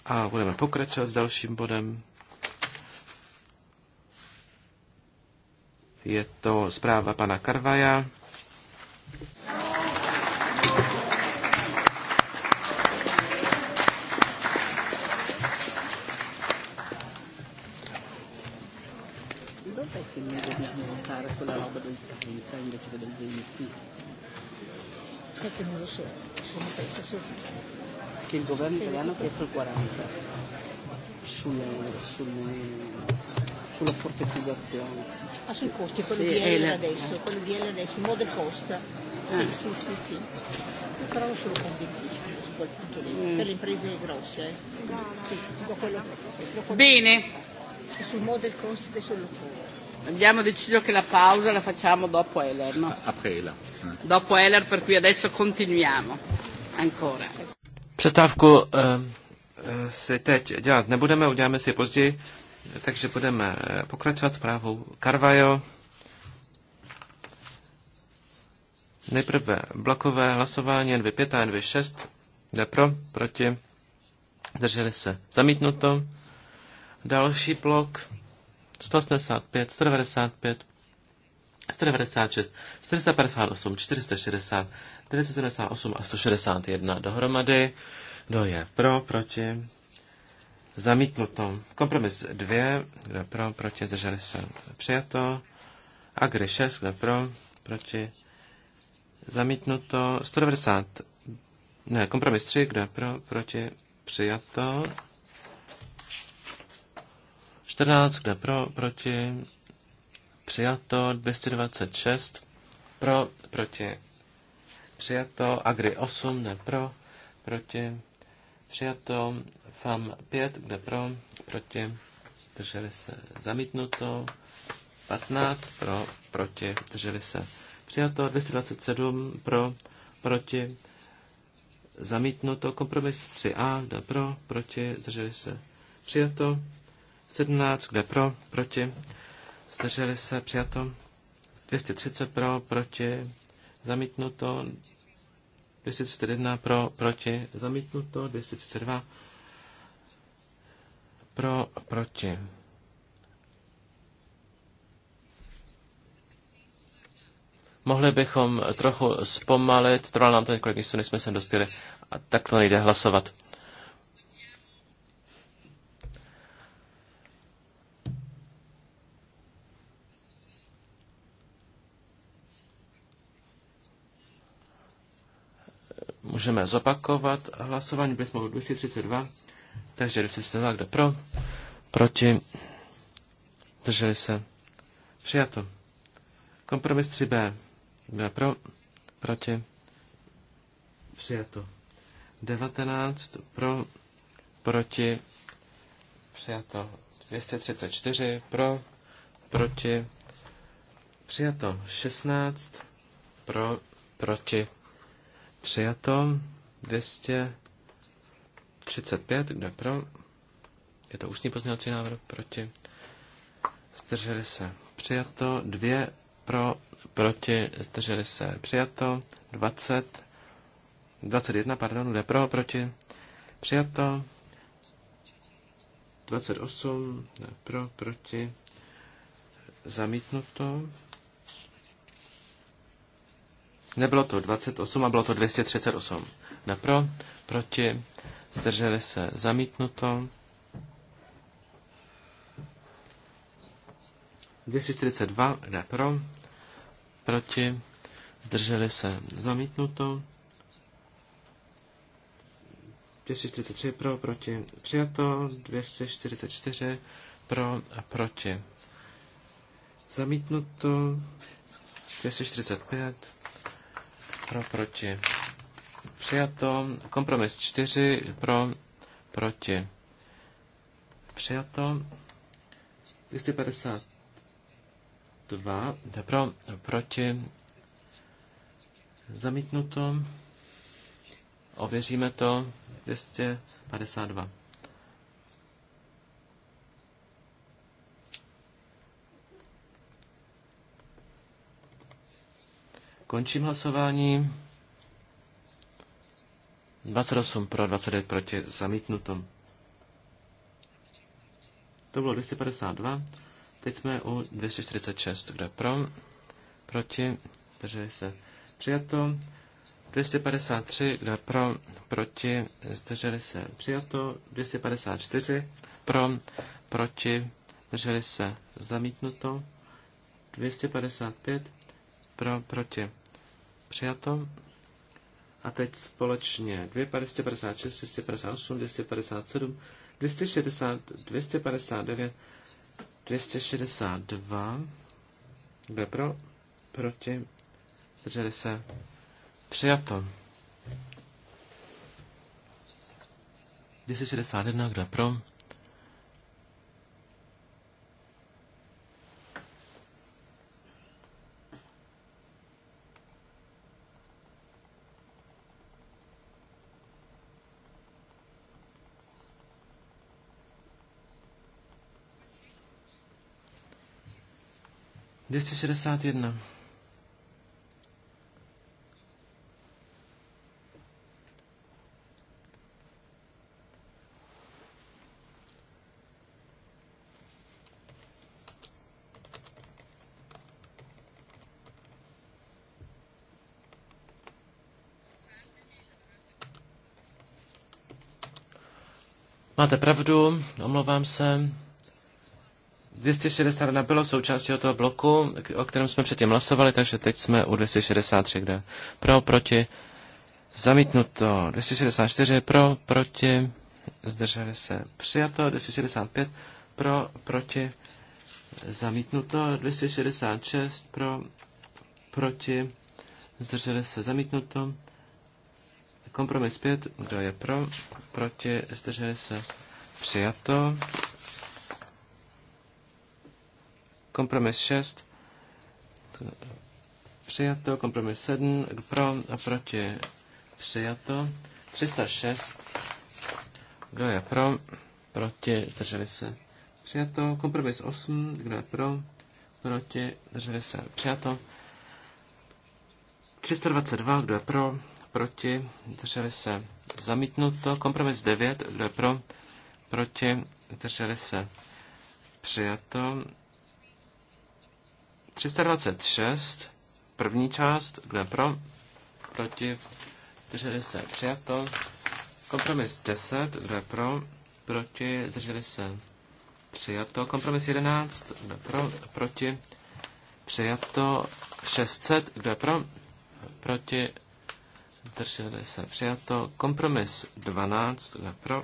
A budeme pokračovat s dalším bodem. Je to zpráva pana Karvaja. que el governo italiano que chiesto el 40 sulle, sulle, sulla fortificazione Ah, sui costi, quello sì, di eh, L adesso, eh. quello di L adesso, il modo cost. Sì, eh. Ah. sì, sì, sì. sì però non sono contentissima su quel punto lì, mm. per le imprese grosse. Eh. Sì, sì, tutto quello che... Bene. E sul model cost e sul costo. Abbiamo deciso che la pausa la facciamo dopo Heller, no? Après mm. Dopo Heller, per cui adesso continuiamo ancora. Přestávku eh, si teď dělat nebudeme, uděláme si později, takže budeme eh, pokračovat s právou Carvajo. Nejprve blokové hlasování NV5 a NV6 Jde pro, proti, drželi se. Zamítnuto. Další blok 185, 195, 196, 458, 460, 978 a 161 dohromady. Kdo je pro, proti? Zamítnuto. Kompromis 2, kdo je pro, proti, zdrželi se. Přijato. Agri 6, kdo je pro, proti? Zamítnuto. 190, ne, kompromis 3, kdo je pro, proti? Přijato. 14, kdo je pro, proti? přijato 226 pro, proti přijato Agri 8, ne pro, proti přijato FAM 5, kde pro, proti drželi se zamítnuto 15 pro, proti drželi se přijato 227 pro, proti zamítnuto kompromis 3a, kde pro, proti drželi se přijato 17, kde pro, proti zdrželi se, přijato. 230 pro, proti, zamítnuto. 231 pro, proti, zamítnuto. 232 pro, proti. Mohli bychom trochu zpomalit, trvalo nám to několik místů, než jsme sem dospěli. A tak to nejde hlasovat. Můžeme zopakovat hlasování byli jsme 232. Takže 232, kdo pro? Proti? Drželi se? Přijato. Kompromis 3b. Kdo je pro? Proti? Přijato. 19 pro, proti, přijato. 234 pro, proti, přijato. 16 pro, proti, Přijato 235, kdo je pro? Je to ústní pozměňovací návrh proti. Zdrželi se. Přijato 2 pro, proti, zdrželi se. Přijato 20, 21, pardon, kdo je pro, proti. Přijato 28, ne, pro, proti. Zamítnuto. Nebylo to 28 a bylo to 238. Na pro, proti, zdrželi se zamítnuto. 242 pro, proti, zdrželi se zamítnuto. 243 pro, proti, přijato, 244 pro a proti. Zamítnuto, 245 pro, proti. Přijato. Kompromis 4. Pro, proti. Přijato. 252. Pro, proti. Zamítnuto. Ověříme to. 252. Končím hlasování. 28 pro, 29 proti, zamítnuto. To bylo 252. Teď jsme u 246, kde pro, proti, takže se přijato. 253, kde pro, proti, zdrželi se přijato. 254, pro, proti, zdrželi se zamítnuto. 255, pro, proti, Přijato. A teď společně 256, 258, 257, 260, 259, 262. Kdo je pro? Proti? Drželi se? Přijato. 261, kdo je pro? 261. Máte pravdu, omlouvám se. 260 bylo součástí toho bloku, o kterém jsme předtím hlasovali, takže teď jsme u 263, kde pro, proti, zamítnuto, 264 pro, proti, zdrželi se, přijato, 265 pro, proti, zamítnuto, 266 pro, proti, zdrželi se, zamítnuto, kompromis 5, kdo je pro, proti, zdrželi se, přijato, Kompromis 6. Přijato. Kompromis 7. Pro a proti. Přijato. 306. Kdo je pro? Proti. drželi se. Přijato. Kompromis 8. Kdo je pro? Proti. drželi se. Přijato. 322. Kdo je pro? Proti. drželi se. Zamítnuto. Kompromis 9. Kdo je pro? Proti. drželi se. Přijato. 326, první část, kde pro, proti, zdrželi se, přijato. Kompromis 10, kde pro, proti, zdrželi se, přijato. Kompromis 11, kde pro, proti, přijato. 600, kde pro, proti, zdrželi se, přijato. Kompromis 12, kde pro.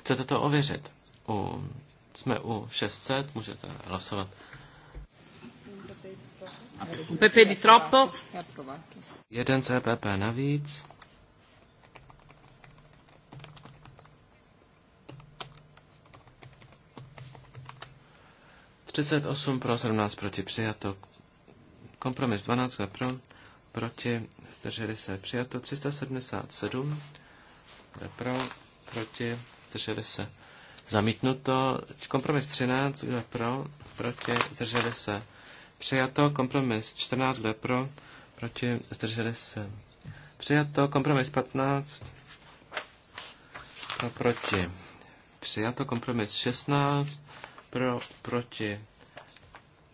Chcete to ověřit? U, jsme u 600, můžete hlasovat. Un PP di troppo. Jeden z e navíc. Třicet osm pro, 17 proti, přijato. Kompromis 12 pro, proti, zdrželi se, přijato. 377 pro, proti, zdrželi se. Zamítnuto. Kompromis 13 pro, proti, zdrželi se Přijato kompromis 14, kdo pro, proti, zdrželi se. Přijato kompromis 15, pro, proti. Přijato kompromis 16, pro, proti.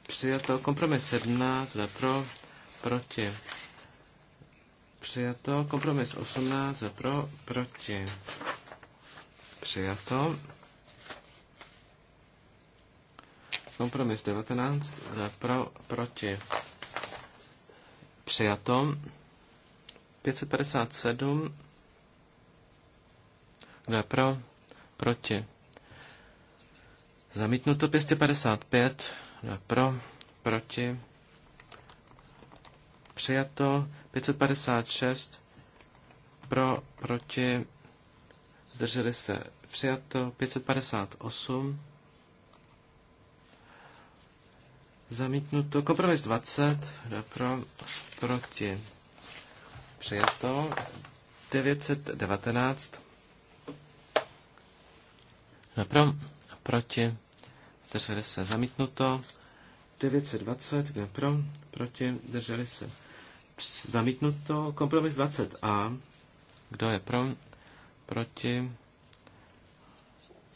Přijato kompromis 17, kdo pro, proti. Přijato kompromis 18, pro, proti. Přijato Kompromis 19 pro, proti přijato. 557 kdo je pro, proti. Zamítnuto 555 kdo je pro, proti. Přijato 556 pro, proti. Zdrželi se přijato 558 Zamítnuto. Kompromis 20. Kdo pro? Proti. Přijato. 919. Kdo pro? Proti. Zdrželi se. Zamítnuto. 920. Kdo pro? Proti. Drželi se. Zamítnuto. Kompromis 20a. Kdo je pro? Proti.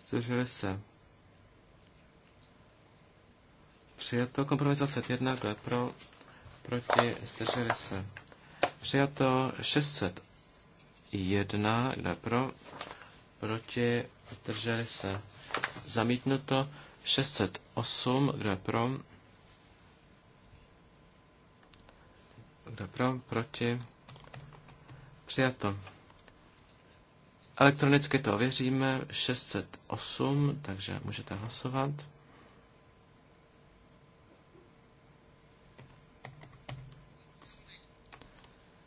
Zdrželi se. přijato. Kompromis 21, kdo je pro, proti, zdrželi se. Přijato 601, kdo je pro, proti, zdrželi se. Zamítnuto 608, kdo je pro, kdo je pro, proti, přijato. Elektronicky to ověříme, 608, takže můžete hlasovat.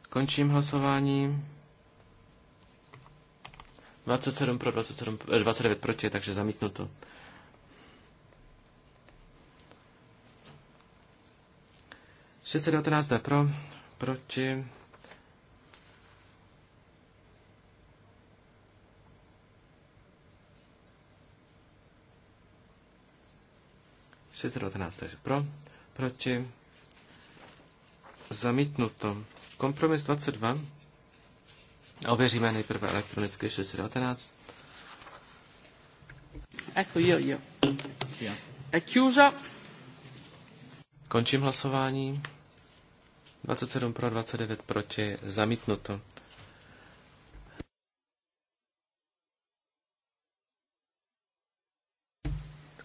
Končím hlasování. 27 pro 27, 29 eh, proti, takže zamítnuto. Šestset pro, proti. Šestset takže pro, proti. Zamítnuto. Kompromis 22. Ověříme nejprve elektronicky 619. Ecco io, io. E chiusa. Končím hlasování. 27 pro, 29 proti, zamítnuto.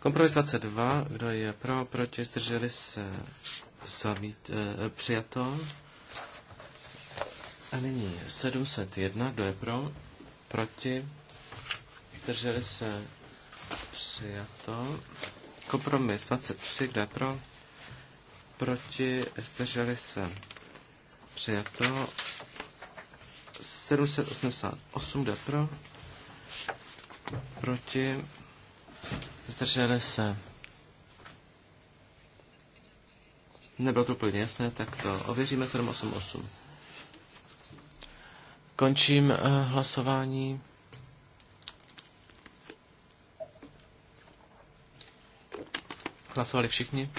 Kompromis 22, kdo je pro, proti, zdrželi se, zamít, eh, přijato. A nyní 701, kdo je pro, proti, drželi se, přijato. Kompromis 23, kdo je pro, proti, zdrželi se, přijato. 788, kdo je pro, proti, zdrželi se. Nebylo to úplně jasné, tak to ověříme 788. Končím eh, hlasování. Hlasovali všichni?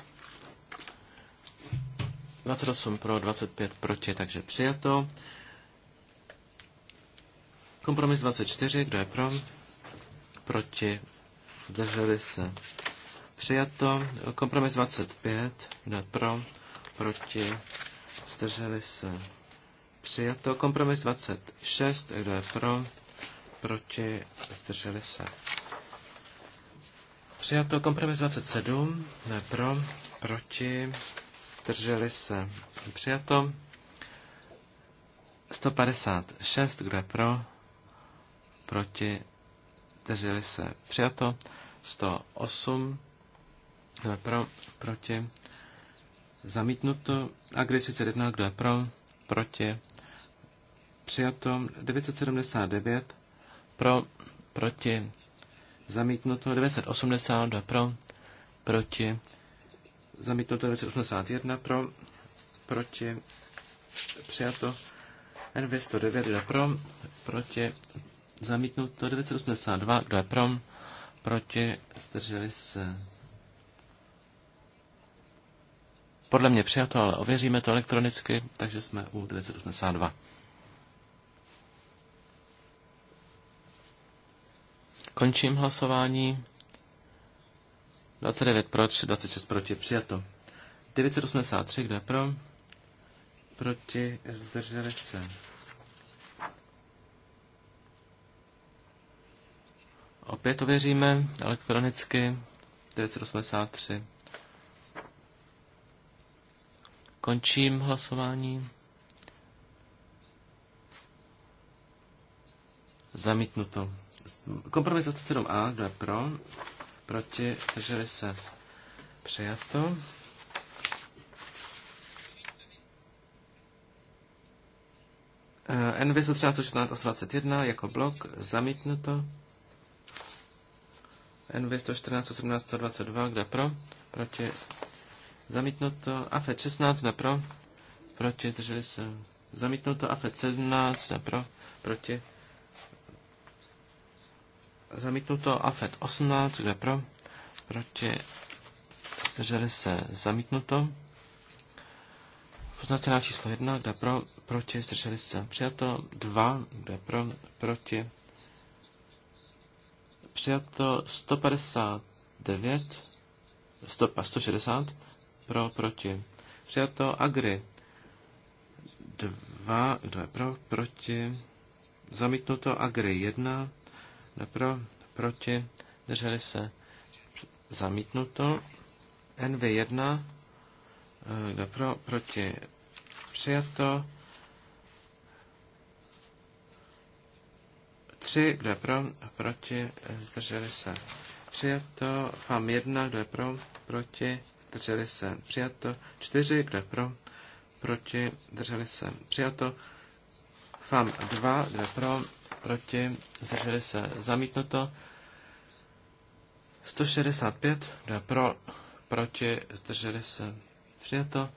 28 pro, 25 proti, takže přijato. Kompromis 24, kdo je pro? Proti, zdrželi se. Přijato. Kompromis 25, kdo je pro? Proti, zdrželi se Přijato. Kompromis 26. Kdo je pro? Proti? Zdrželi se. Přijato. Kompromis 27. ne pro? Proti? Zdrželi se. Přijato. 156. Kdo je pro? Proti? Zdrželi se. Přijato. 108. Kdo je pro? Proti? Zamítnuto. A když 31. Kdo je pro? Proti? přijato 979 pro, proti, zamítnuto 982 pro, proti, zamítnuto 981 pro, proti, přijato N209, kdo je pro, proti, zamítnuto 982, kdo je pro, proti, zdrželi se. Podle mě přijato, ale ověříme to elektronicky, takže jsme u 982. Končím hlasování. 29 proč, 26 proti, přijato. 983, kdo je pro? Proti, zdrželi se. Opět ověříme elektronicky 983. Končím hlasování. Zamítnuto. Kompromis 27a, kdo je pro? Proti, zdrželi se. Přijato. Eh, NV 113, a 21 jako blok zamítnuto. NV 114, 17, 122, kde pro, proti zamítnuto. AFED 16, kde pro, proti zdrželi se. Zamítnuto. AFED e 17, kde pro, proti zamítnuto. AFET 18, kde pro? Proti. Zdrželi se zamítnuto. Poznacená číslo 1, kde pro? Proti. Zdrželi se přijato. 2, kde pro? Proti. Přijato 159, 100, 160, pro, proti. Přijato Agri. 2, kdo je pro, proti. Zamítnuto Agri 1, Napro, proti, drželi se, zamítnuto. NV1, napro, proti, přijato. 3, kdo je pro, proti, zdrželi se, přijato. FAM 1, kdo je pro, proti, zdrželi se, přijato. 4, kdo je pro, proti, drželi se, přijato. FAM 2, kdo je pro, proti, zdrželi se, zamítnuto. 165, kdo je pro, proti, zdrželi se, přijato.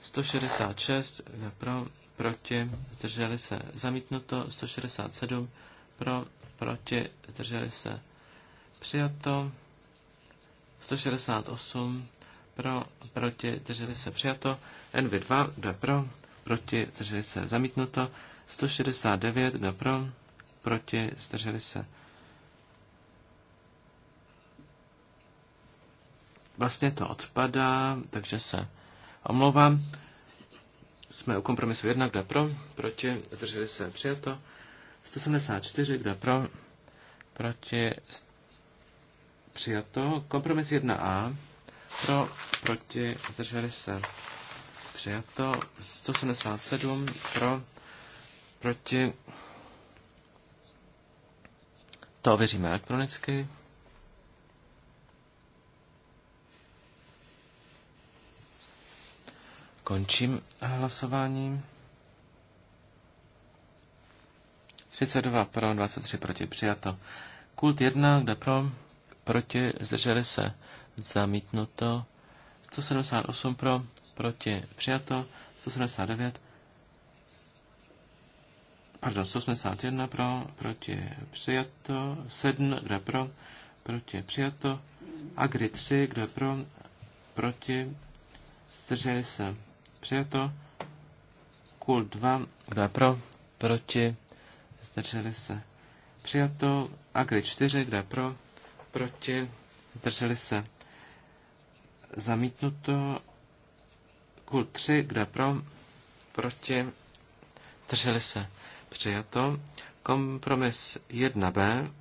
166, kdo je pro, proti, zdrželi se, zamítnuto. 167, pro, proti, zdrželi se, přijato. 168, pro, proti, zdrželi se, přijato. NV2, kdo je pro, proti, zdrželi se, zamítnuto. 169, kdo pro, proti, zdrželi se. Vlastně to odpadá, takže se omlouvám. Jsme u kompromisu 1, kdo pro, proti, zdrželi se, přijato. 174, kdo pro, proti, přijato. Kompromis 1a, pro, proti, zdrželi se, přijato. 177, pro, Proti. To ověříme elektronicky. Končím hlasováním 32 pro, 23 proti, přijato. Kult 1, kde pro, proti, zdrželi se, zamítnuto. 178 pro, proti, přijato. 179 Pardon, 181 pro, proti přijato, 7, kde pro, proti přijato, Agri 3, kde pro, proti, zdrželi se, přijato, Kul 2, kde pro, proti, zdrželi se, přijato, Agri 4, kde pro, proti, zdrželi se, zamítnuto, Kul 3, kde pro, proti, zdrželi se Přijato. Kompromis 1b.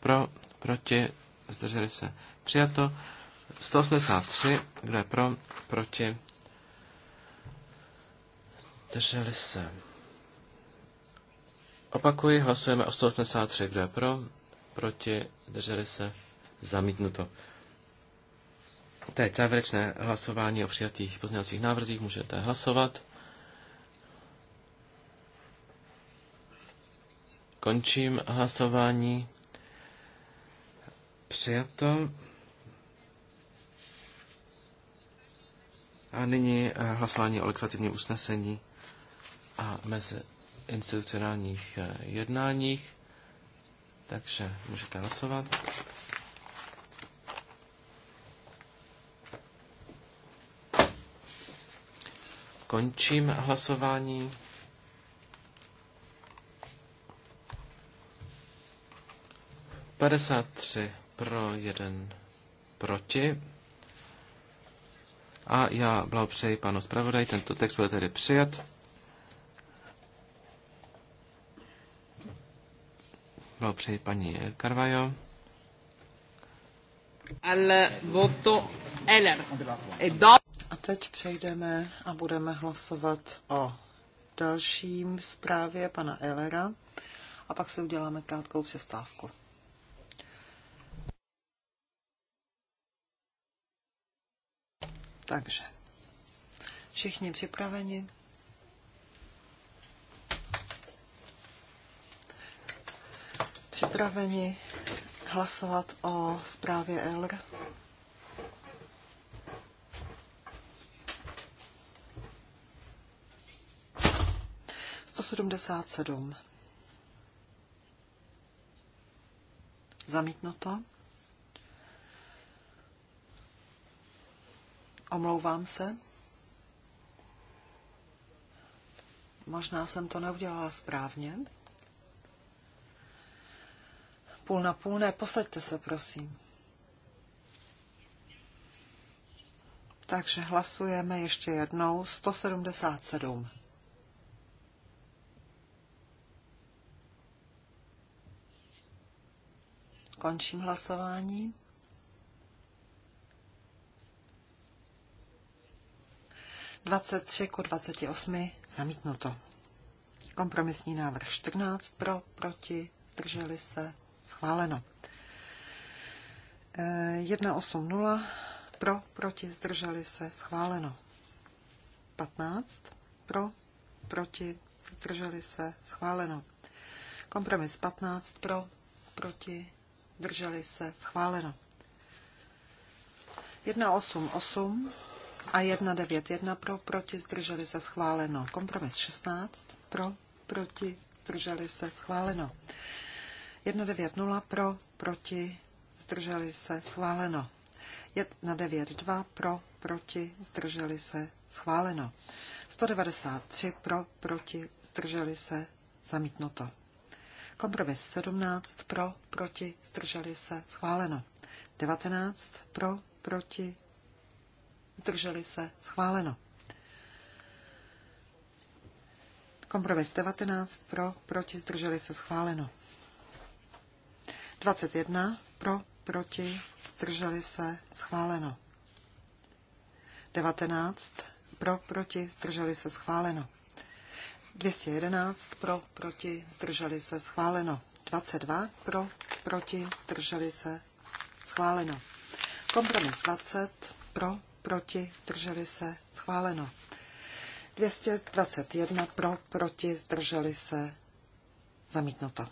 Pro, proti, zdrželi se. Přijato. 183, kdo je pro, proti, zdrželi se. Opakuji, hlasujeme o 183, kdo je pro, proti, zdrželi se, zamítnuto. Teď závěrečné hlasování o přijatých pozměňovacích návrzích můžete hlasovat. Končím hlasování. Přijato. A nyní eh, hlasování o legislativním usnesení a mezi institucionálních eh, jednáních. Takže můžete hlasovat. Končím hlasování. 53 pro, 1 proti. A já blahopřeji panu zpravodaj, tento text byl tedy přijat. Blahopřeji paní Carvajo. Al voto LR. A teď přejdeme a budeme hlasovat o dalším zprávě pana Elera a pak si uděláme krátkou přestávku. Takže všichni připraveni. Připraveni hlasovat o zprávě ELR. sedmdesát sedm. Zamítnuto. Omlouvám se. Možná jsem to neudělala správně. Půl na půl, ne, posaďte se, prosím. Takže hlasujeme ještě jednou 177. Končím hlasování. 23 ku 28 zamítnuto. Kompromisní návrh 14 pro, proti, zdrželi se, schváleno. 180 e, pro, proti, zdrželi se, schváleno. 15 pro, proti, zdrželi se, schváleno. Kompromis 15 pro, proti, drželi se, schváleno. 188 a 191 pro, proti, zdrželi se schváleno. Kompromis 16 pro, proti, zdrželi se schváleno. 190 pro, proti, zdrželi se schváleno. 192 pro, proti, zdrželi se schváleno. 193 pro, proti, zdrželi se zamítnuto. Kompromis 17 pro, proti, zdrželi se schváleno. 19 pro, proti, zdrželi se, schváleno. Kompromis 19 pro, proti, zdrželi se, schváleno. 21 pro, proti, zdrželi se, schváleno. 19 pro, proti, zdrželi se, schváleno. 211 pro, proti, zdrželi se, schváleno. 22 pro, proti, zdrželi se, schváleno. Kompromis 20 pro, proti, zdrželi se, schváleno. 221 pro, proti, zdrželi se, zamítnuto.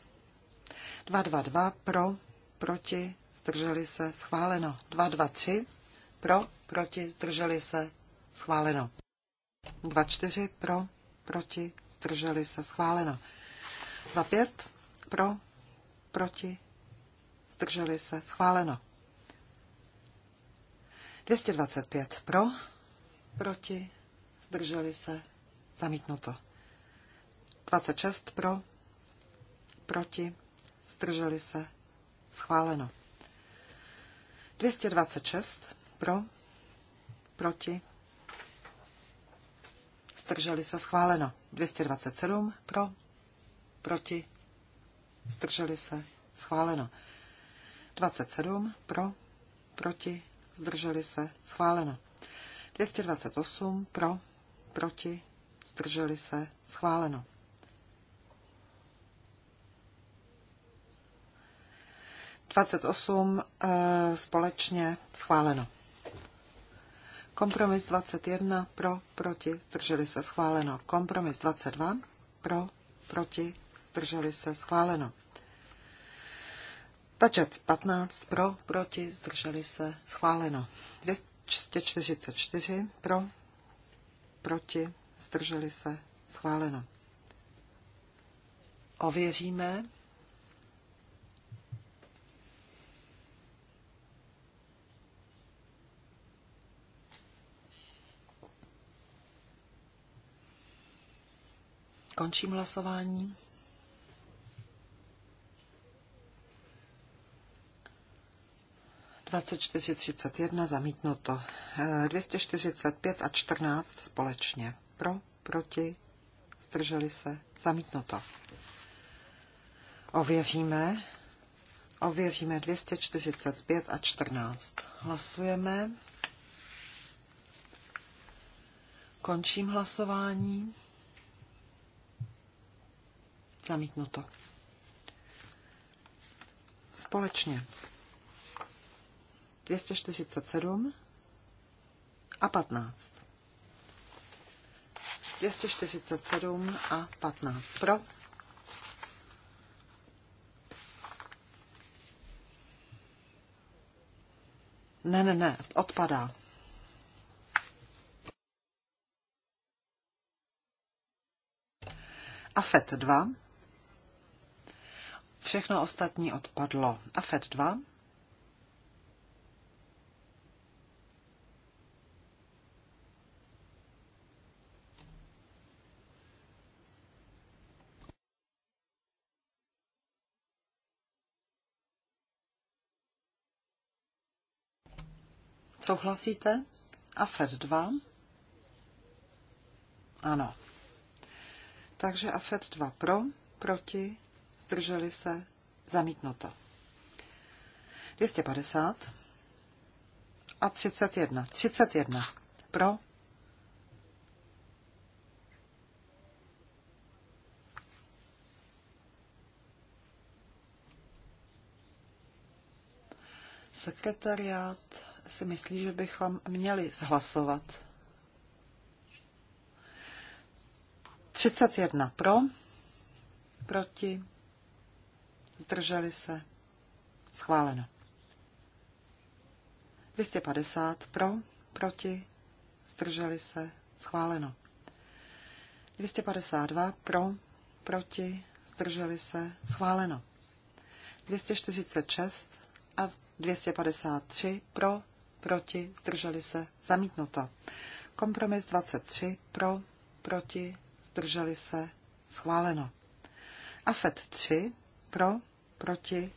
222 pro, proti, zdrželi se, schváleno. 223 pro, proti, zdrželi se, schváleno. 24 pro, proti, zdrželi se, schváleno. 25 pro, proti, zdrželi se, schváleno. 225 pro, proti, zdrželi se, zamítnuto. 26 pro, proti, zdrželi se, schváleno. 226 pro, proti, zdrželi se, schváleno. 227 pro, proti, zdrželi se, schváleno. 27 pro, proti, zdrželi se, schváleno. 228 pro, proti, zdrželi se, schváleno. Dvacet osm eh, společně schváleno. Kompromis 21 pro, proti, zdrželi se schváleno. Kompromis 22 pro, proti, zdrželi se schváleno. Tačet 15 pro, proti, zdrželi se, schváleno. 244 pro, proti, zdrželi se, schváleno. Ověříme. Končím hlasování. 24.31 zamítnuto. 245 a 14 společně. Pro, proti, zdrželi se, zamítnuto. Ověříme. Ověříme 245 a 14. Hlasujeme. Končím hlasování. Zamítnuto. Společně. 247 a 15. 247 a 15 pro. Ne, ne, ne, odpadá. A FET 2. Všechno ostatní odpadlo. A FET 2. Souhlasíte? AFED 2. Ano. Takže AFED 2 pro, proti, zdrželi se, zamítnuto. 250 a 31. 31 pro. Sekretariat si myslí, že bychom měli zhlasovat. 31 pro, proti, zdrželi se, schváleno. 250 pro, proti, zdrželi se, schváleno. 252 pro, proti, zdrželi se, schváleno. 246 a 253 pro, proti, zdrželi se, zamítnuto. Kompromis 23, pro, proti, zdrželi se, schváleno. AFET 3, pro, proti,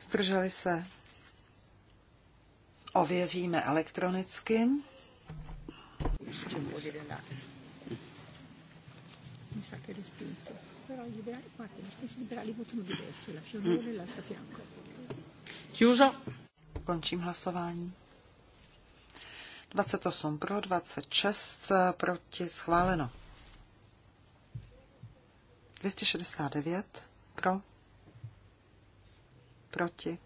zdrželi se, ověříme elektronicky. Chiuso. Končím hlasování. 28 pro, 26 eh, proti, schváleno. 269 pro, proti,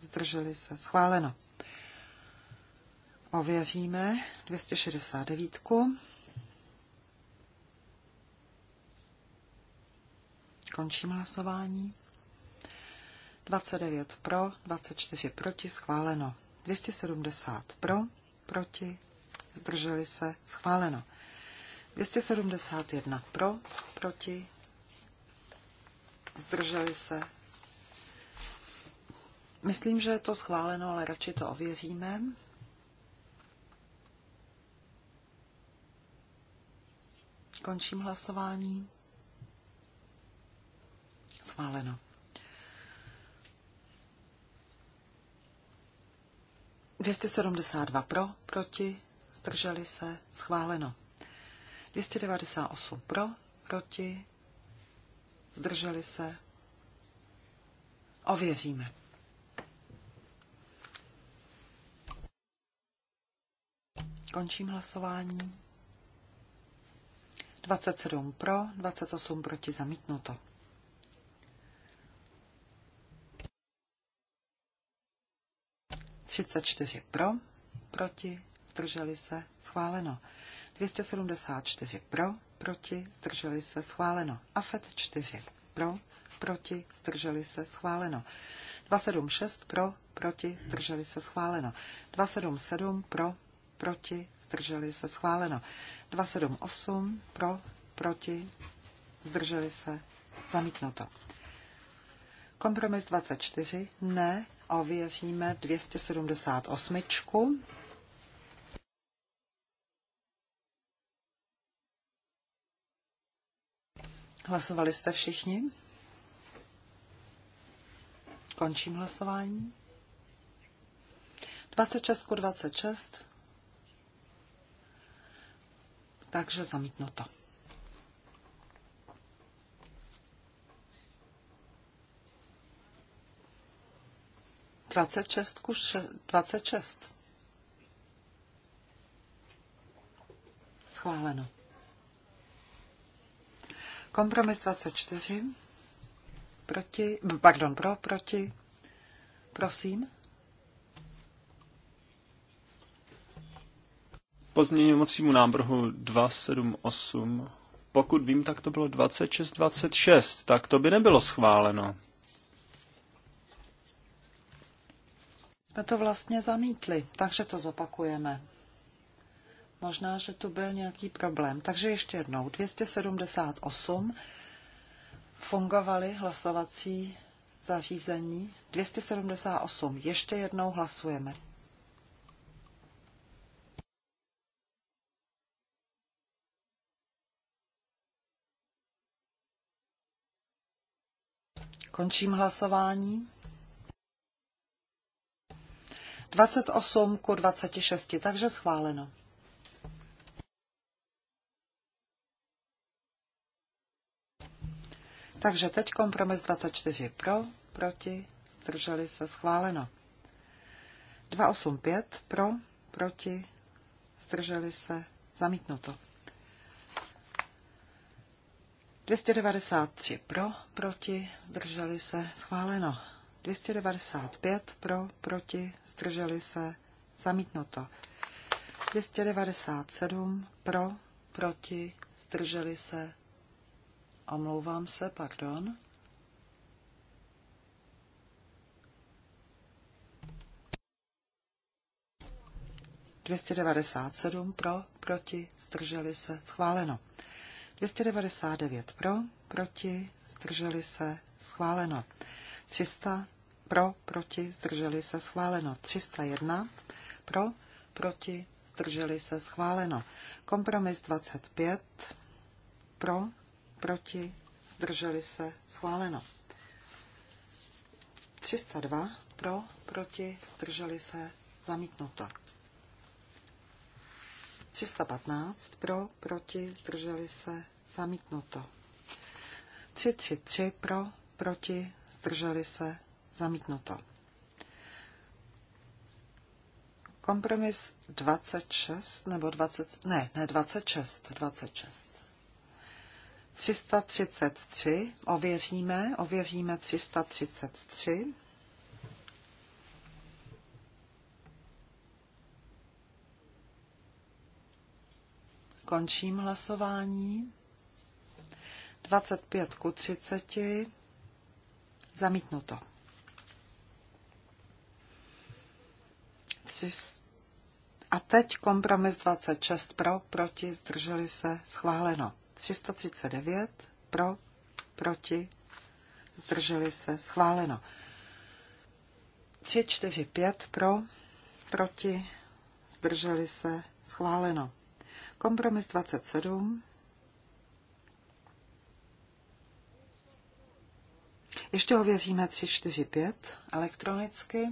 zdrželi se, schváleno. Ověříme 269. Končím hlasování. 29 pro, 24 proti, schváleno. 270 pro, proti, zdrželi se, schváleno. 271 pro, proti, zdrželi se. Myslím, že je to schváleno, ale radši to ověříme. Končím hlasování. Schváleno. 272 pro, proti, zdrželi se, schváleno. 298 pro, proti, zdrželi se, ověříme. Končím hlasování. 27 pro, 28 proti zamítnuto. 34 pro, proti, zdrželi se, schváleno. 274 pro, proti, zdrželi se, schváleno. AFET 4 pro, proti, zdrželi se, schváleno. 276 pro, proti, zdrželi se, schváleno. 277 pro, proti, zdrželi se, schváleno. 278 pro, proti, zdrželi se, zamítnuto. Kompromis 24, ne, Ověříme 278. Hlasovali jste všichni? Končím hlasování. 26 26. Takže zamítnuto. 26 ku 26. Schváleno. Kompromis 24. Proti, pardon, pro, proti. Prosím. Pozměňovacímu návrhu 278. Pokud vím, tak to bylo 2626, tak to by nebylo schváleno. jsme to vlastně zamítli, takže to zopakujeme. Možná, že tu byl nějaký problém. Takže ještě jednou, 278 fungovaly hlasovací zařízení. 278, ještě jednou hlasujeme. Končím hlasování. 28 ku 26, takže schváleno. Takže teď kompromis 24 pro, proti, zdrželi se, schváleno. 285 pro, proti, zdrželi se, zamítnuto. 293 pro, proti, zdrželi se, schváleno. 295 pro, proti, zdrželi se, zamítnuto. 297 pro, proti, zdrželi se, omlouvám se, pardon. Dvěstě devadesát sedm pro, proti, zdrželi se, schváleno. 299 pro, proti, zdrželi se, schváleno. Třista pro, proti, zdrželi se schváleno. 301 pro, proti, zdrželi se schváleno. Kompromis 25 pro, proti, zdrželi se schváleno. 302 pro, proti, zdrželi se zamítnuto. 315 pro, proti, zdrželi se zamítnuto. 333 pro, proti, zdrželi se Zamítnuto. Kompromis 26 nebo 20, ne, ne 26, 26. 333, ověříme, ověříme 333. Končím hlasování. 25 ku 30. Zamítnuto. A teď kompromis 26 pro, proti, zdrželi se, schváleno. 339 pro, proti, zdrželi se, schváleno. 3, 4, 5 pro, proti, zdrželi se, schváleno. Kompromis 27. Ještě ověříme 3, 4, 5 elektronicky.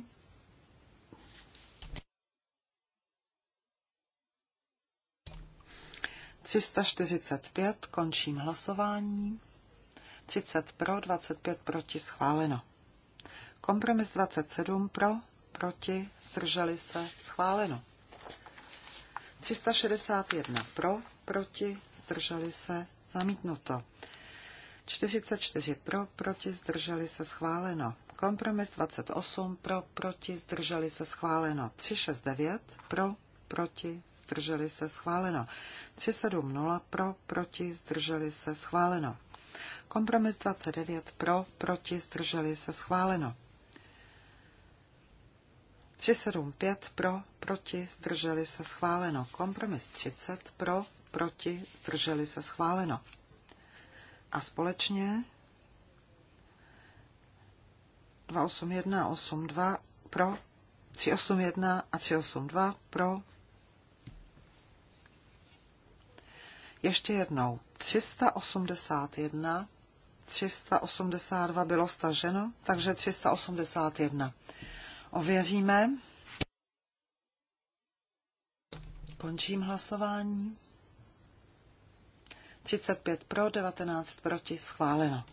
345, končím hlasování. 30 pro, 25 proti, schváleno. Kompromis 27 pro, proti, zdrželi se, schváleno. 361 pro, proti, zdrželi se, zamítnuto. 44 pro, proti, zdrželi se, schváleno. Kompromis 28 pro, proti, zdrželi se, schváleno. 369 pro, proti, zdrželi se schváleno. 370 pro, proti, zdrželi se schváleno. Kompromis 29 pro, proti, zdrželi se schváleno. 375 pro, proti, zdrželi se schváleno. Kompromis 30 pro, proti, zdrželi se schváleno. A společně 281 82 pro, 381 a 382 pro, Ještě jednou. 381, 382 bylo staženo, takže 381. Ověříme. Končím hlasování. 35 pro, 19 proti, schváleno.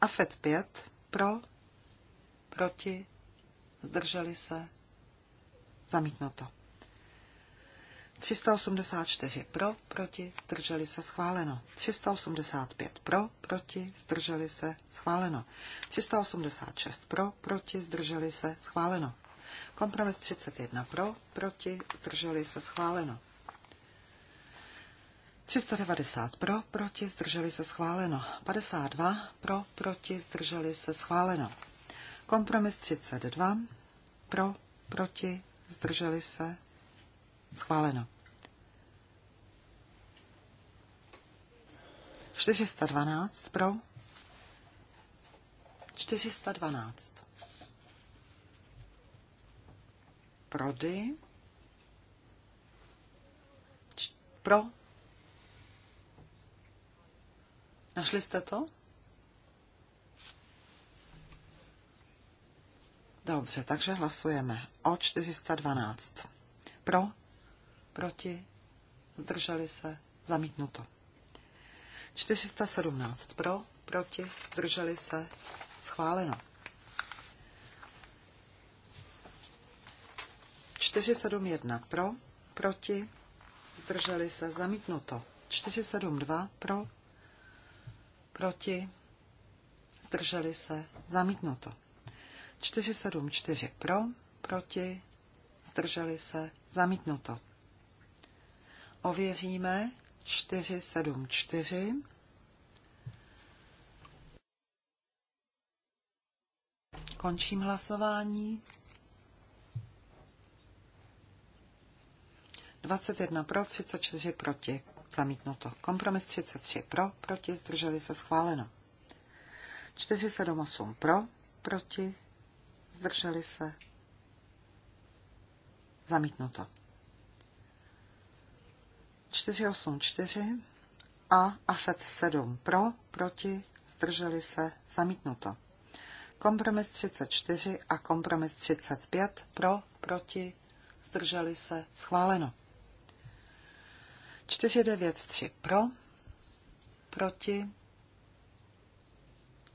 AFET 5 pro, proti, zdrželi se, zamítnuto. 384 pro, proti, zdrželi se, schváleno. 385 pro, proti, zdrželi se, schváleno. 386 pro, proti, zdrželi se, schváleno. Kompromis 31 pro, proti, zdrželi se, schváleno. 390 pro, proti, zdrželi se, schváleno. 52 pro, proti, zdrželi se, schváleno. Kompromis 32 pro, proti, zdrželi se, schváleno. 412 pro. 412. Prody. Č- pro. Našli jste to? Dobře, takže hlasujeme o 412. Pro, proti, zdrželi se, zamítnuto. 417 pro, proti, zdrželi se, schváleno. 471 pro, proti, zdrželi se, zamítnuto. 472 pro, proti, zdrželi se, zamítnuto. 474 pro, proti, zdrželi se, zamítnuto. Ověříme 474. Končím hlasování. 21 pro, 34 proti. Zamítnuto. Kompromis 33 pro, proti, zdrželi se schváleno. 478 pro, proti, zdrželi se. Zamítnuto. 484 a AFET 7 pro, proti, zdrželi se, zamítnuto. Kompromis 34 a kompromis 35 pro, proti, zdrželi se, schváleno. 493 pro, proti,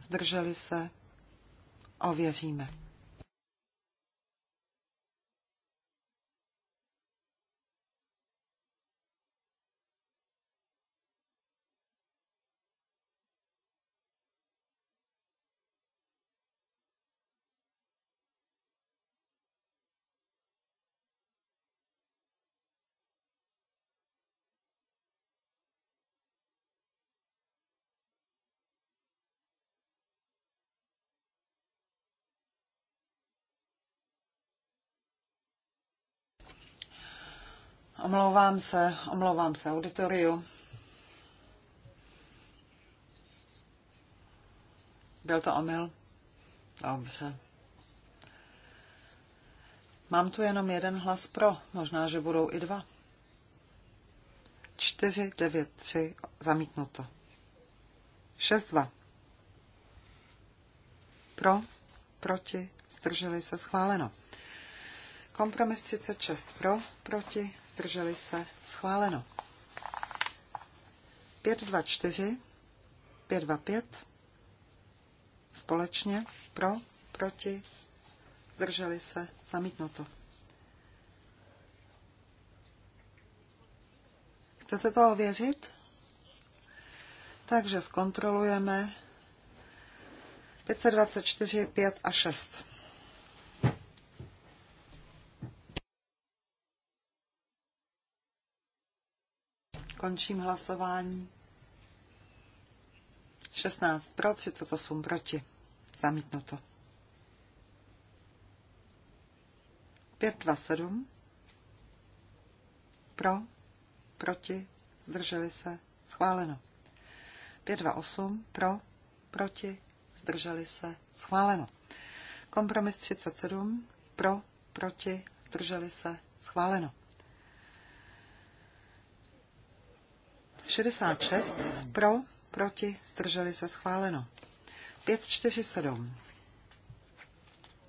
zdrželi se, ověříme. Omlouvám se, omlouvám se auditoriu. Byl to omyl? Dobře. Mám tu jenom jeden hlas pro, možná, že budou i dva. 4, 9, 3, zamítnuto. 6, 2. Pro, proti, zdrželi se, schváleno. Kompromis 36 pro, proti, zdrželi se, schváleno. 524, 525, společně, pro, proti, zdrželi se, zamítnuto. Chcete to ověřit? Takže zkontrolujeme 524, 5 a 6. Končím hlasování. 16 pro, 38 proti. Zamítnuto. 527 pro, proti, zdrželi se, schváleno. 528 pro, proti, zdrželi se, schváleno. Kompromis 37 pro, proti, zdrželi se, schváleno. 66 pro, proti, zdrželi se schváleno. 547.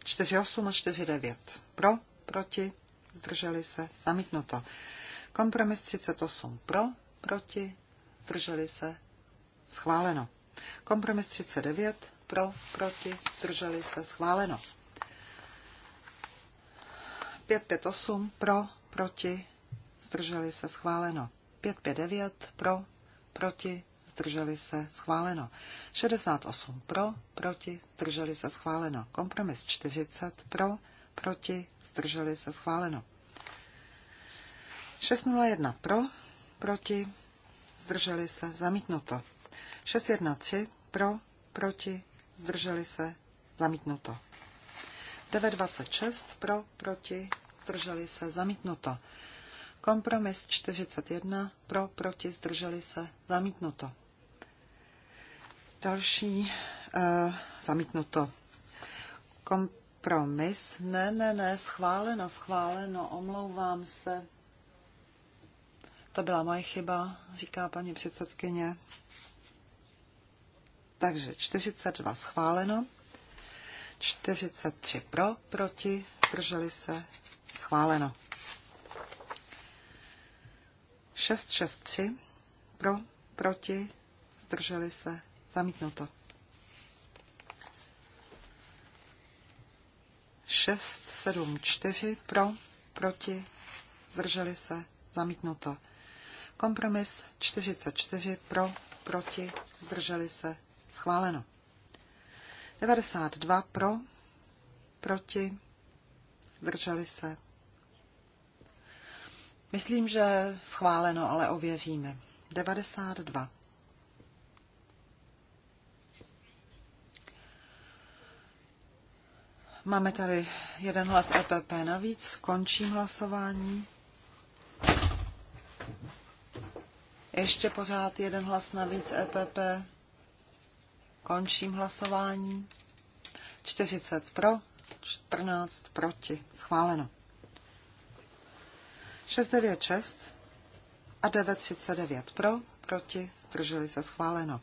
48 a 49. Pro, proti, zdrželi se, zamítnuto. Kompromis 38. Pro, proti, zdrželi se, schváleno. Kompromis 39. Pro, proti, zdrželi se, schváleno. 558. Pro, proti, zdrželi se, schváleno. 559 pro, proti, zdrželi se, schváleno. 68 pro, proti, zdrželi se, schváleno. Kompromis 40 pro, proti, zdrželi se, schváleno. 601 pro, proti, zdrželi se, zamítnuto. 613 pro, proti, zdrželi se, zamítnuto. 926 pro, proti, zdrželi se, zamítnuto. Kompromis 41 pro, proti, zdrželi se, zamítnuto. Další uh, zamítnuto. Kompromis, ne, ne, ne, schváleno, schváleno, omlouvám se. To byla moje chyba, říká paní předsedkyně. Takže 42 schváleno, 43 pro, proti, zdrželi se, schváleno. 663 pro, proti, zdrželi se, zamítnuto. 674 pro, proti, zdrželi se, zamítnuto. Kompromis 44 pro, proti, zdrželi se, schváleno. 92 pro, proti, zdrželi se, Myslím, že schváleno, ale ověříme. 92. Máme tady jeden hlas EPP navíc. Končím hlasování. Ještě pořád jeden hlas navíc EPP. Končím hlasování. 40 pro, 14 proti. Schváleno. 696 a 939 pro, proti, zdrželi se schváleno.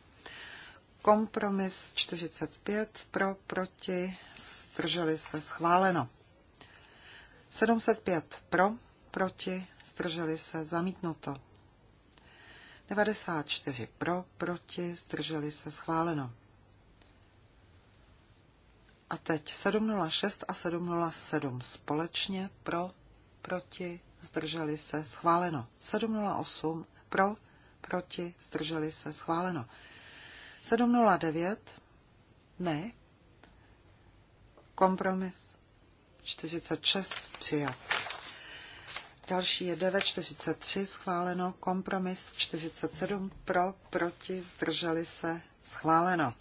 Kompromis 45 pro, proti, zdrželi se schváleno. 705 pro, proti, zdrželi se zamítnuto. 94 pro, proti, zdrželi se schváleno. A teď 706 a 707 společně pro, proti, zdrželi se, schváleno. 708 pro, proti, zdrželi se, schváleno. 709 ne. Kompromis 46 přijat. Další je 943 schváleno, kompromis 47 pro, proti, zdrželi se, schváleno.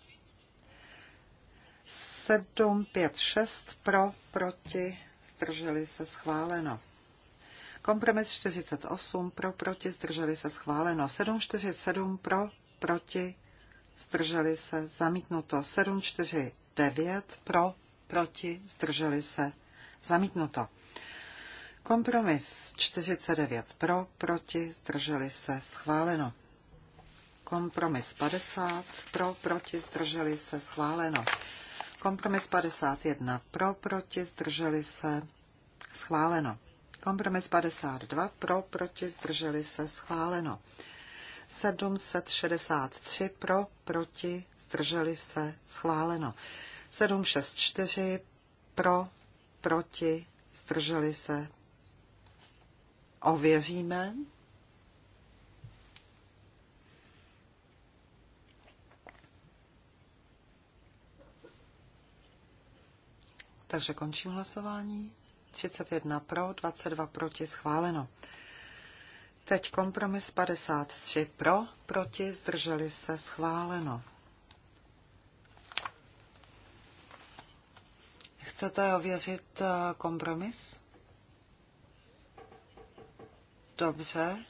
756 pro, proti, zdrželi se, schváleno. Kompromis 48 pro, proti, zdrželi se schváleno. 747 pro, proti, zdrželi se zamítnuto. 749 pro, proti, zdrželi se zamítnuto. Kompromis 49 pro, proti, zdrželi se schváleno. Kompromis 50 pro, proti, zdrželi se schváleno. Kompromis 51 pro, proti, zdrželi se schváleno. Kompromis 52 pro, proti, zdrželi se, schváleno. 763 pro, proti, zdrželi se, schváleno. 764 pro, proti, zdrželi se. Ověříme. Takže končím hlasování. 31 pro, 22 proti, schváleno. Teď kompromis 53 pro, proti, zdrželi se, schváleno. Chcete ověřit eh, kompromis? Dobře,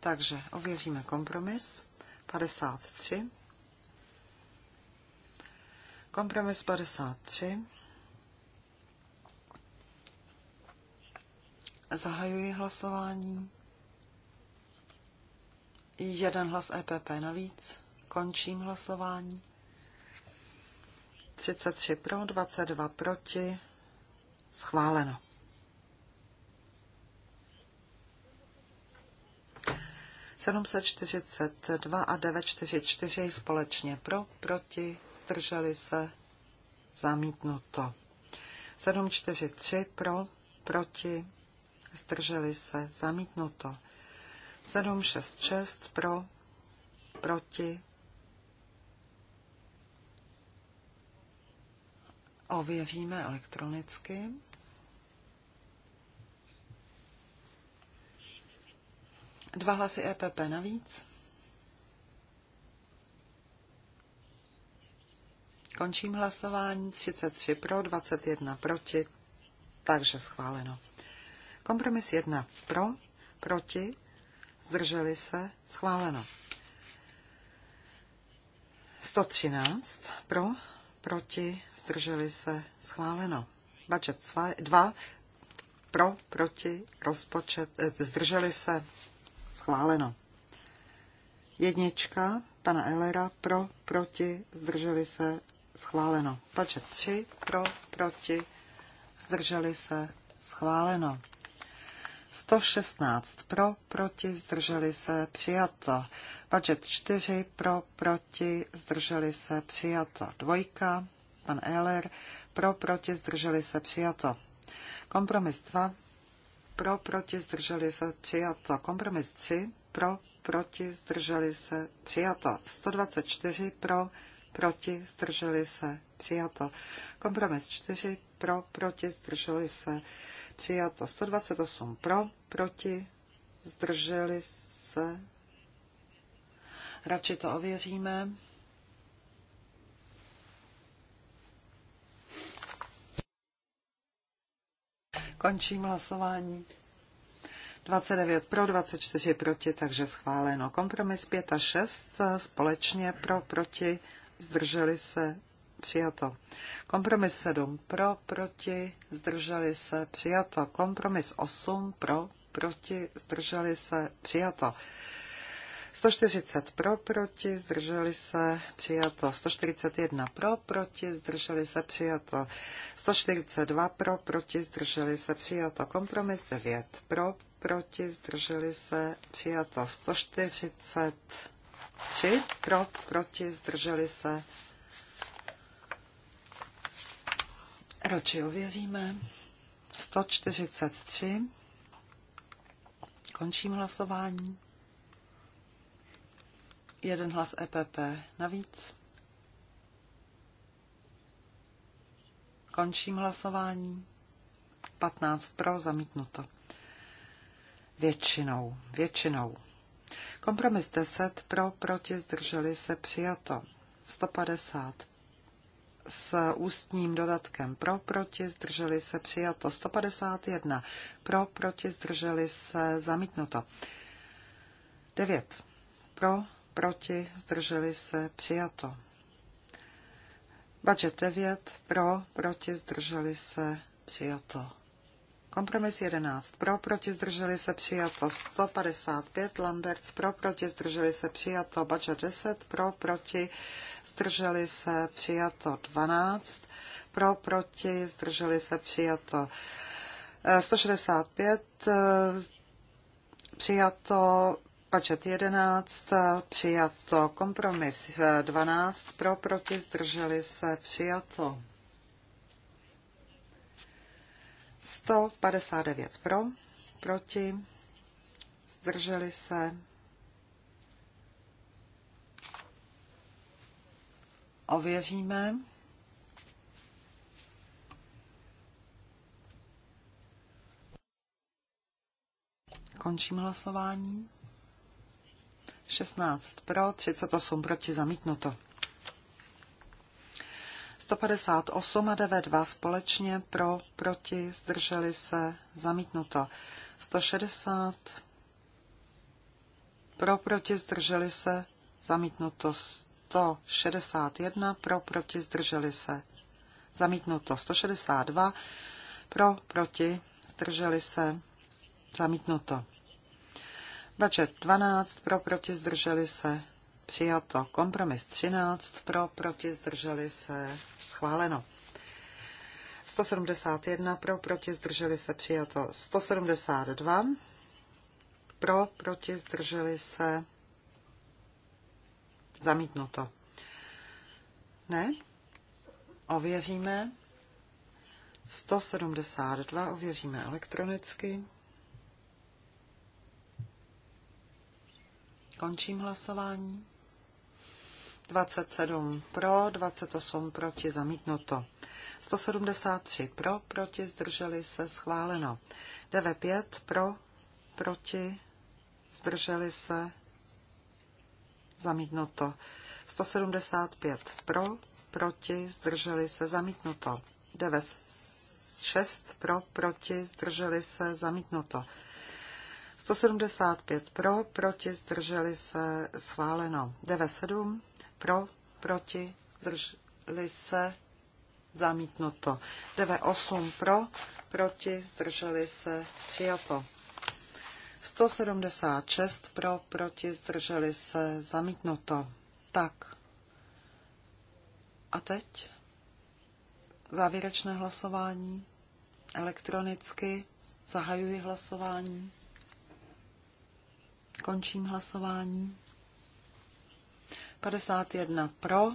takže ověříme kompromis 53. Kompromis 53. Zahajuji hlasování. Jeden hlas EPP navíc. Končím hlasování. 33 pro, 22 proti. Schváleno. dva a 944 společně pro, proti, zdrželi se, zamítnuto. 743 pro, proti, zdrželi se, zamítnuto. 766 pro, proti, ověříme elektronicky. Dva hlasy EPP navíc. Končím hlasování 33 pro, 21 proti, takže schváleno. Kompromis 1 pro, proti, zdrželi se, schváleno. 113 pro, proti, zdrželi se, schváleno. Budget 2 pro, proti, rozpočet, eh, zdrželi se, schváleno. Jednička pana Elera pro, proti, zdrželi se, schváleno. Budget 3 pro, proti, zdrželi se, schváleno. 116 pro, proti, zdrželi se, přijato. Budget 4 pro, proti, zdrželi se, přijato. Dvojka, pan Eller, pro, proti, zdrželi se, přijato. Kompromis 2, pro, proti, zdrželi se, přijato. Kompromis 3, pro, proti, zdrželi se, přijato. 124 pro, proti, zdrželi se, přijato. Kompromis 4, pro, proti, zdrželi se, přijato přijato 128 pro, proti, zdrželi se. Radši to ověříme. Končím hlasování. 29 pro, 24 proti, takže schváleno. Kompromis 5 a 6 společně pro, proti, zdrželi se, přijato. Kompromis 7 pro, proti, zdrželi se, přijato. Kompromis 8 pro, proti, zdrželi se, přijato. 140 pro, proti, zdrželi se, přijato. 141 pro, proti, zdrželi se, přijato. 142 pro, proti, zdrželi se, přijato. Kompromis 9 pro, proti, zdrželi se, přijato. 143 pro, proti, zdrželi se, Radši ověříme. 143. Končím hlasování. Jeden hlas EPP navíc. Končím hlasování. 15 pro, zamítnuto. Většinou, většinou. Kompromis 10 pro, proti, zdrželi se, přijato. 150 s ústním dodatkem pro, proti, zdrželi se, přijato. 151 pro, proti, zdrželi se, zamítnuto. 9 pro, proti, zdrželi se, přijato. Budget 9 pro, proti, zdrželi se, přijato. Kompromis 11. Pro, proti, zdrželi se, přijato 155. Lamberts, pro, proti, zdrželi se, přijato. Budget 10. Pro, proti, zdrželi se, přijato 12, pro, proti, zdrželi se, přijato 165, eh, eh, přijato Počet 11, eh, přijato. Kompromis 12, pro, proti, zdrželi se, přijato. 159 pro, proti, zdrželi se, ověříme. Končím hlasování. 16 pro, 38 proti zamítnuto. 158 a 92 společně pro, proti, zdrželi se, zamítnuto. 160 pro, proti, zdrželi se, zamítnuto. 161 pro, proti, zdrželi se. Zamítnuto 162 pro, proti, zdrželi se. Zamítnuto. Budget 12 pro, proti, zdrželi se. Přijato. Kompromis 13 pro, proti, zdrželi se. Schváleno. 171 pro, proti, zdrželi se. Přijato. 172 pro, proti, zdrželi se. Zamítnuto. Ne? Ověříme. 172 ověříme elektronicky. Končím hlasování. 27 pro, 28 proti, zamítnuto. 173 pro, proti, zdrželi se, schváleno. 95 pro, proti, zdrželi se, zamítnuto. 175 pro, proti, zdrželi se, zamítnuto. 96 pro, proti, zdrželi se, zamítnuto. 175 pro, proti, zdrželi se, schváleno. 97 pro, proti, zdrželi se, zamítnuto. 98 pro, proti, zdrželi se, přijato. 176 pro, proti, zdrželi se, zamítnuto. Tak. A teď? Závěrečné hlasování. Elektronicky zahajuji hlasování. Končím hlasování. 51 pro,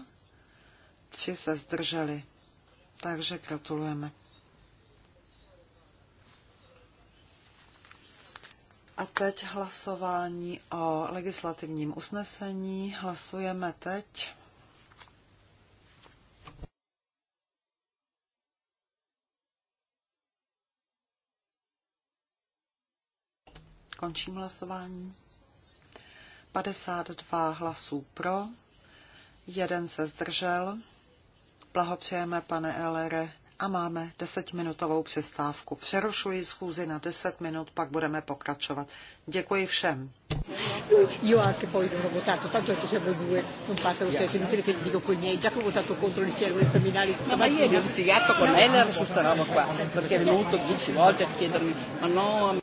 3 se zdrželi. Takže gratulujeme. A teď hlasování o legislativním usnesení. Hlasujeme teď. Končím hlasování. 52 hlasů pro, jeden se zdržel. Blahopřejeme, pane Elere a máme desetiminutovou přestávku. Přerušuji schůzi na deset minut, pak budeme pokračovat. Děkuji všem. Io anche poi non ho votato, tanto ho detto due, non passa lo stesso, inutile che ti dico con niente, già che ho votato contro il No, ma ieri ho litigato con Heller su sta roba no...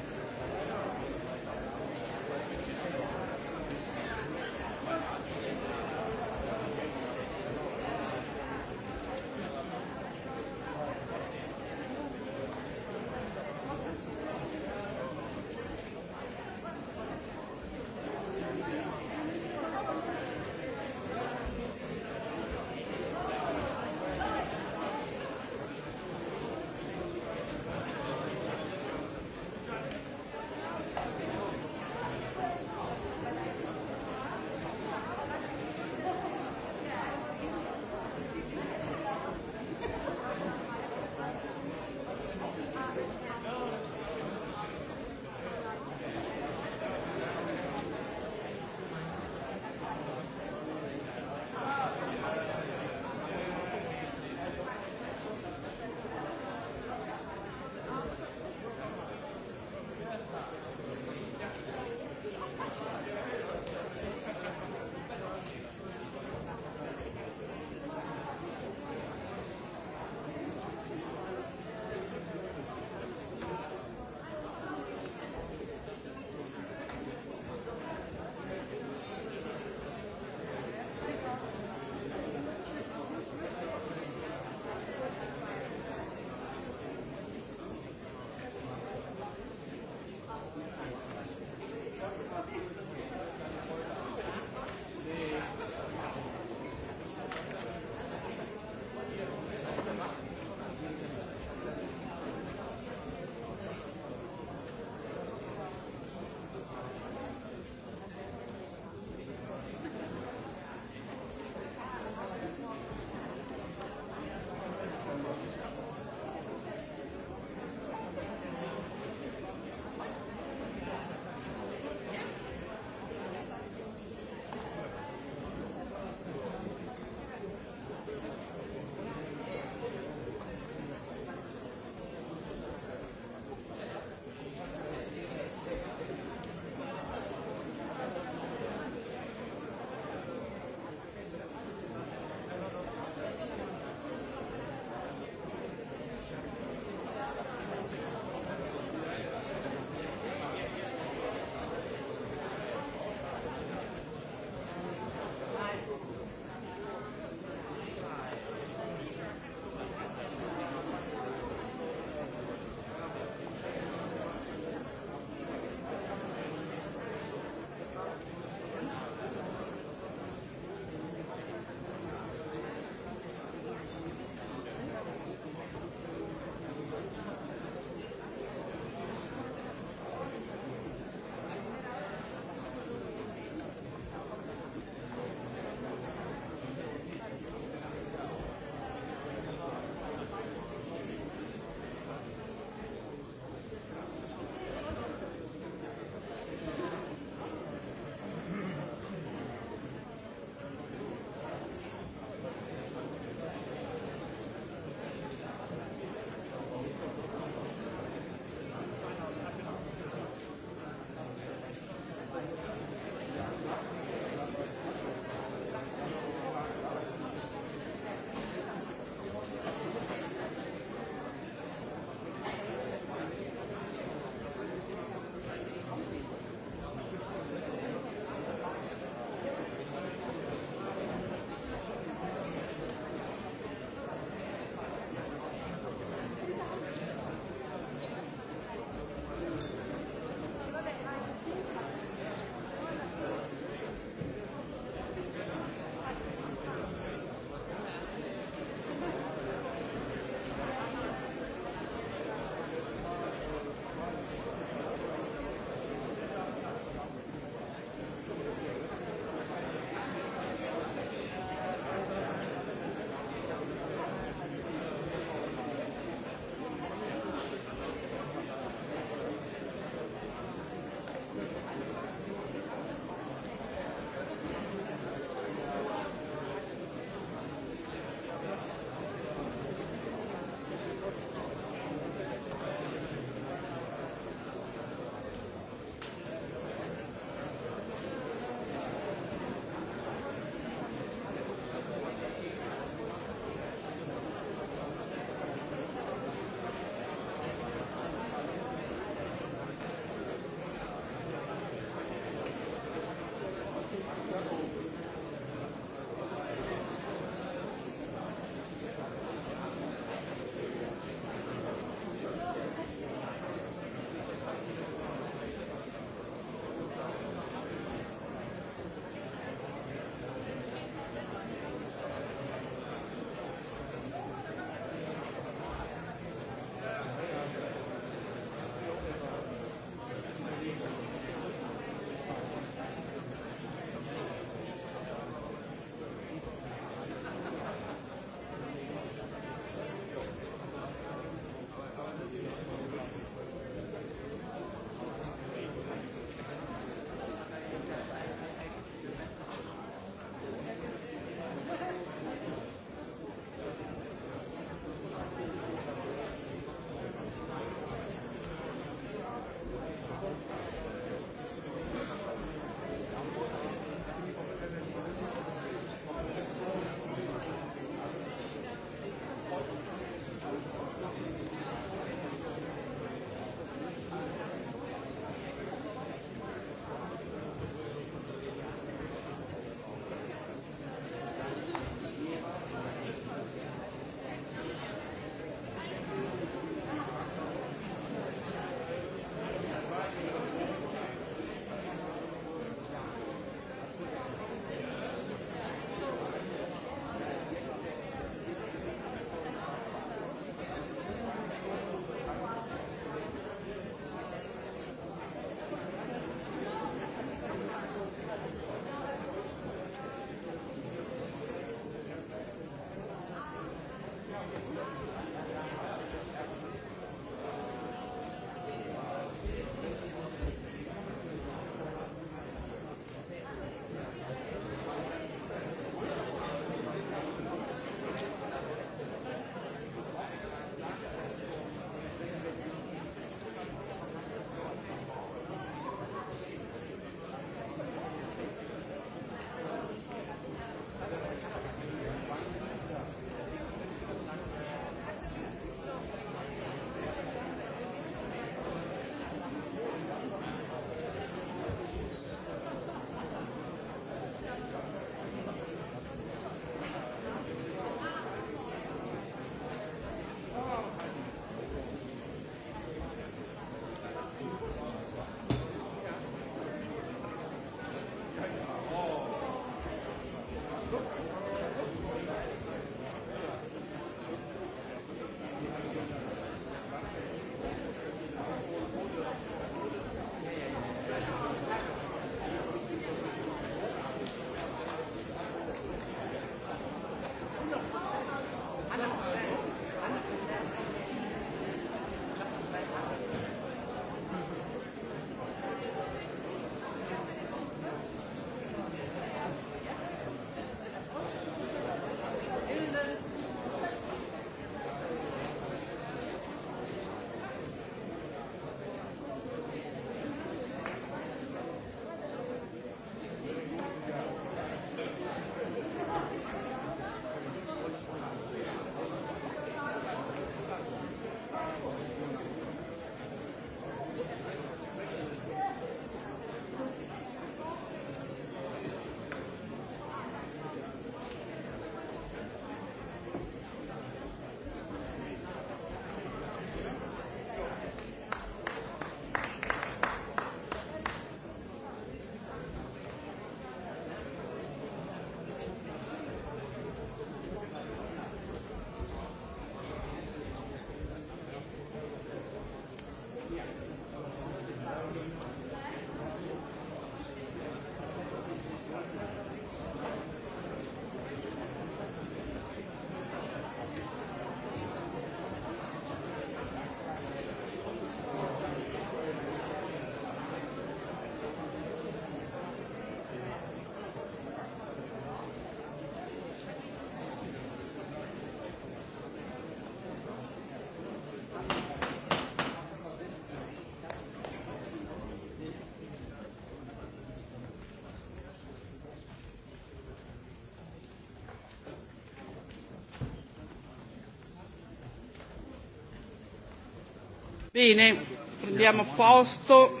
Bene, prendiamo posto.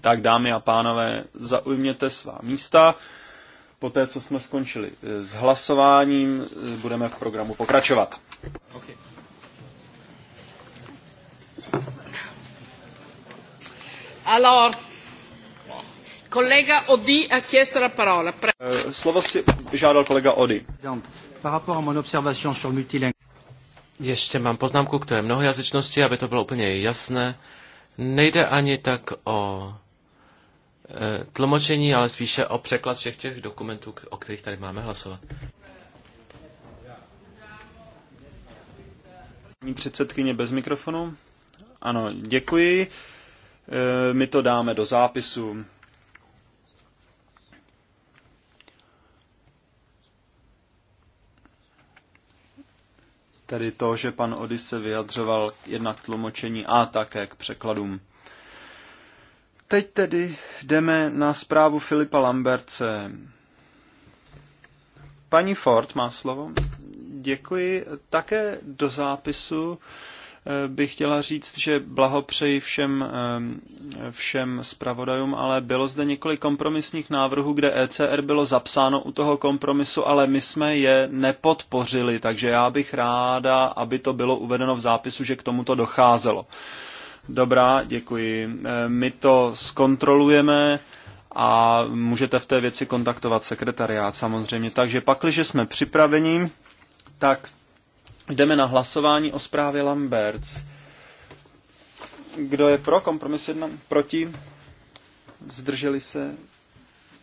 Tak dámy a pánové, zaujměte svá místa. Poté, co jsme skončili eh, s hlasováním, eh, budeme v programu pokračovat. Okay. Alors, kolega Odi a chiesto la parola. Pre... Eh, slovo si žádal kolega Odi. Par rapport à mon observation sur le ještě mám poznámku k té mnohojazyčnosti, aby to bylo úplně jasné. Nejde ani tak o e, tlumočení, ale spíše o překlad všech těch dokumentů, o kterých tady máme hlasovat. Paní předsedkyně bez mikrofonu. Ano, děkuji. E, my to dáme do zápisu. tedy to, že pan Ody se vyjadřoval jednak k tlumočení a také k překladům. Teď tedy jdeme na zprávu Filipa Lamberce. Paní Ford má slovo. Děkuji. Také do zápisu bych chtěla říct, že blahopřeji všem, všem zpravodajům, ale bylo zde několik kompromisních návrhů, kde ECR bylo zapsáno u toho kompromisu, ale my jsme je nepodpořili, takže já bych ráda, aby to bylo uvedeno v zápisu, že k tomuto docházelo. Dobrá, děkuji. E, my to zkontrolujeme a můžete v té věci kontaktovat sekretariát samozřejmě. Takže pakliže jsme připraveni, tak Jdeme na hlasování o zprávě Lamberts. Kdo je pro? Kompromis jedna Proti? Zdrželi se?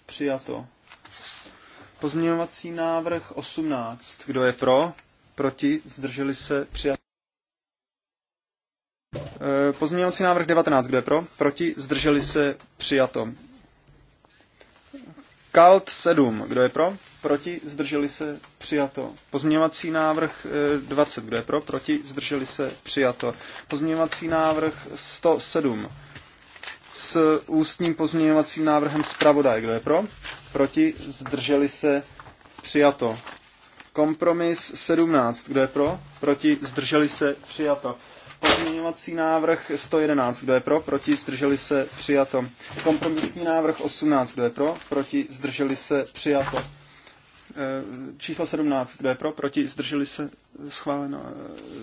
Přijato. Pozměňovací návrh 18. Kdo je pro? Proti? Zdrželi se? Přijato. E, pozměňovací návrh 19. Kdo je pro? Proti? Zdrželi se? Přijato. Kalt 7. Kdo je pro? proti, zdrželi se, přijato. Pozměňovací návrh 20, e, kdo je pro, proti, zdrželi se, přijato. Pozměňovací návrh 107 s ústním pozměňovacím návrhem zpravodaj, kdo je pro, proti, zdrželi se, přijato. Kompromis 17, kdo je pro, proti, zdrželi se, přijato. Pozměňovací návrh 111, kdo je pro, proti, zdrželi se, přijato. Kompromisní návrh 18, kdo je pro, proti, zdrželi se, přijato. Eh, číslo 17, kdo je pro, proti, zdrželi se, schváleno.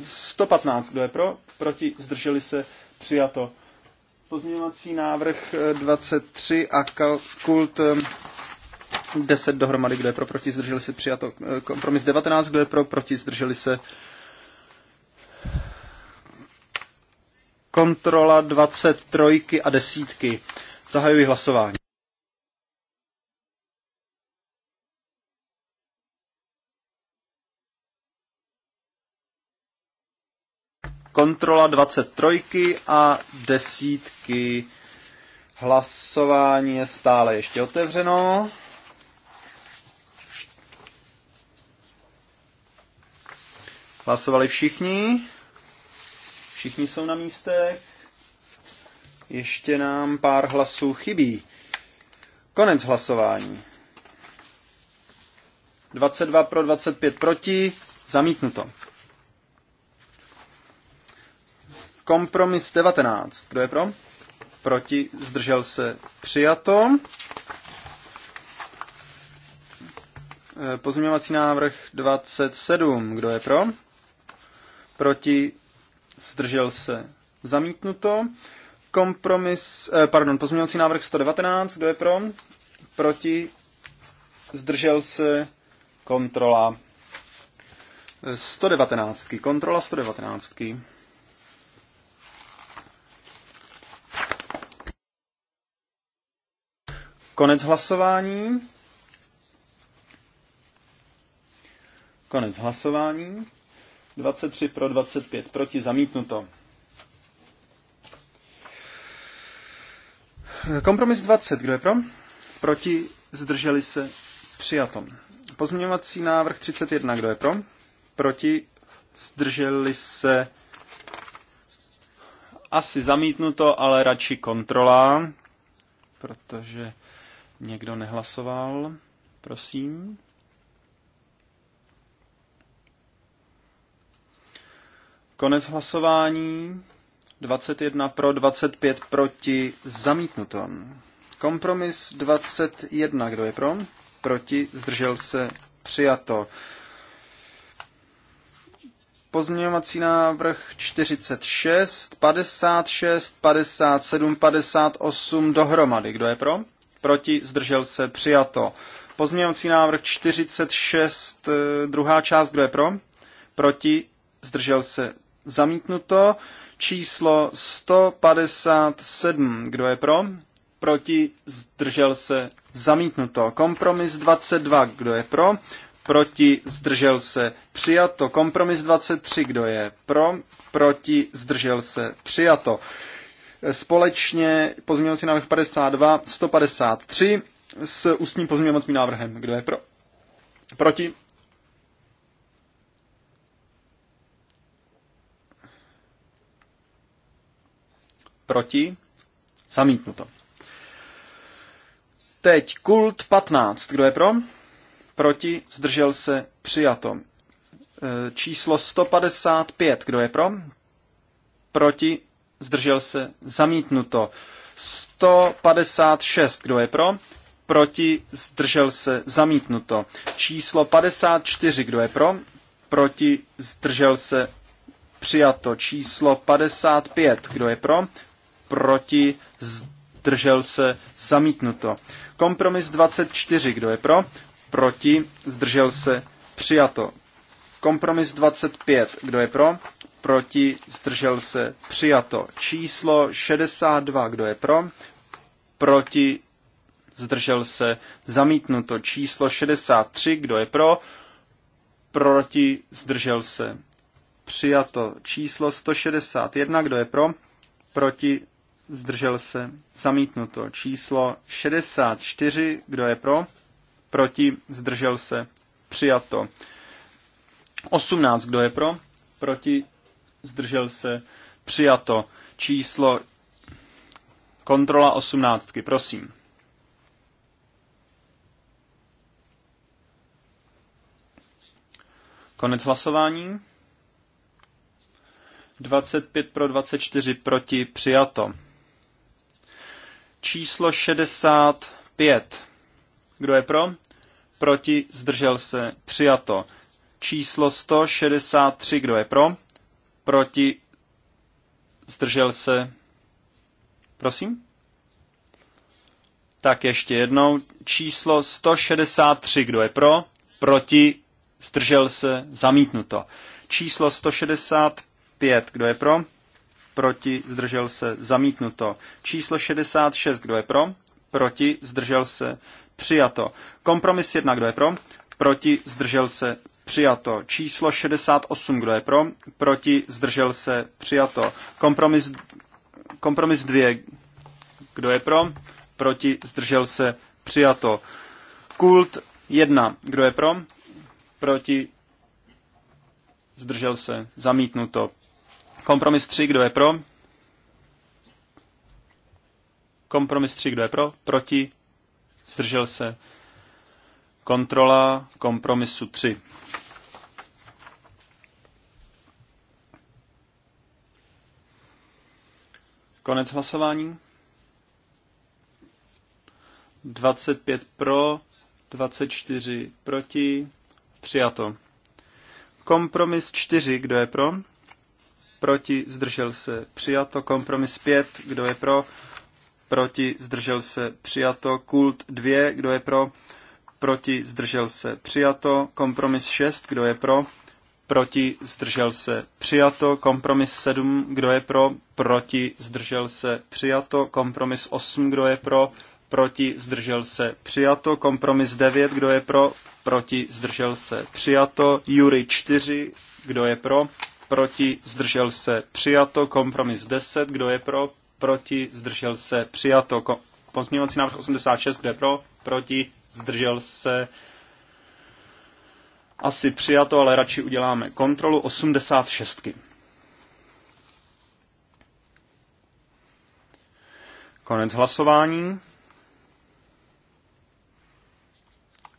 115, eh, kdo je pro, proti, zdrželi se, přijato. Pozměňovací návrh 23 eh, a kult 10 dohromady, kdo je pro, proti, zdrželi se, přijato. Kompromis 19, kdo je pro, proti, zdrželi se, kontrola 23 a desítky. Zahajuji hlasování. kontrola 23 a desítky. Hlasování je stále ještě otevřeno. Hlasovali všichni. Všichni jsou na místech. Ještě nám pár hlasů chybí. Konec hlasování. 22 pro 25 proti. Zamítnuto. Kompromis 19. Kdo je pro? Proti, zdržel se, přijato. Eh, pozměňovací návrh 27. Kdo je pro? Proti, zdržel se, zamítnuto. Kompromis, eh, pardon, pozměňovací návrh 119. Kdo je pro? Proti, zdržel se, kontrola. 119. Eh, kontrola 119. Konec hlasování. Konec hlasování. 23 pro 25 proti zamítnuto. Kompromis 20. Kdo je pro? Proti zdrželi se přijatom. Pozměňovací návrh 31. Kdo je pro? Proti zdrželi se asi zamítnuto, ale radši kontrola, protože Někdo nehlasoval? Prosím. Konec hlasování. 21 pro, 25 proti, zamítnuto. Kompromis 21, kdo je pro? Proti, zdržel se, přijato. Pozměňovací návrh 46, 56, 57, 58 dohromady. Kdo je pro? proti, zdržel se, přijato. Pozměňovací návrh 46, eh, druhá část, kdo je pro, proti, zdržel se, zamítnuto. Číslo 157, kdo je pro, proti, zdržel se, zamítnuto. Kompromis 22, kdo je pro, proti, zdržel se, přijato. Kompromis 23, kdo je pro, proti, zdržel se, přijato. Společně pozměňovací návrh 52, 153 s ústním pozměňovacím návrhem. Kdo je pro? Proti? Proti? Zamítnuto. Teď kult 15. Kdo je pro? Proti? Zdržel se? Přijato. E, číslo 155. Kdo je pro? Proti? zdržel se, zamítnuto. 156, kdo je pro, proti, zdržel se, zamítnuto. Číslo 54, kdo je pro, proti, zdržel se, přijato. Číslo 55, kdo je pro, proti, zdržel se, zamítnuto. Kompromis 24, kdo je pro, proti, zdržel se, přijato. Kompromis 25. Kdo je pro? Proti? Zdržel se? Přijato. Číslo 62. Kdo je pro? Proti? Zdržel se? Zamítnuto. Číslo 63. Kdo je pro? Proti? Zdržel se? Přijato. Číslo 161. Kdo je pro? Proti? Zdržel se? Zamítnuto. Číslo 64. Kdo je pro? Proti? Zdržel se? Přijato. 18, kdo je pro? Proti? Zdržel se? Přijato. Číslo kontrola 18, prosím. Konec hlasování. 25 pro 24 proti přijato. Číslo 65. Kdo je pro? Proti zdržel se přijato číslo 163, kdo je pro? Proti? Zdržel se? Prosím? Tak ještě jednou. Číslo 163, kdo je pro? Proti? Zdržel se? Zamítnuto. Číslo 165, kdo je pro? Proti? Zdržel se? Zamítnuto. Číslo 66, kdo je pro? Proti? Zdržel se? Přijato. Kompromis 1, kdo je pro? Proti? Zdržel se? Přijato. Číslo 68, kdo je pro? Proti, zdržel se, přijato. Kompromis, kompromis 2, kdo je pro? Proti, zdržel se, přijato. Kult 1, kdo je pro? Proti, zdržel se, zamítnuto. Kompromis 3, kdo je pro? Kompromis 3, kdo je pro? Proti, zdržel se. Kontrola kompromisu 3. Konec hlasování. 25 pro, 24 proti, přijato. Kompromis 4, kdo je pro? Proti, zdržel se, přijato. Kompromis 5, kdo je pro? Proti, zdržel se, přijato. Kult 2, kdo je pro? Proti, zdržel se, přijato. Kompromis 6, kdo je pro? proti, zdržel se, přijato. Kompromis 7, kdo je pro, proti, zdržel se, přijato. Kompromis 8, kdo je pro, proti, zdržel se, přijato. Kompromis 9, kdo je pro, proti, zdržel se, přijato. Jury 4, kdo je pro, proti, zdržel se, přijato. Kompromis 10, kdo je pro, proti, zdržel se, přijato. Pozměňovací návrh 86, kdo je pro, proti, zdržel se, asi přijato, ale radši uděláme kontrolu 86. -ky. Konec hlasování.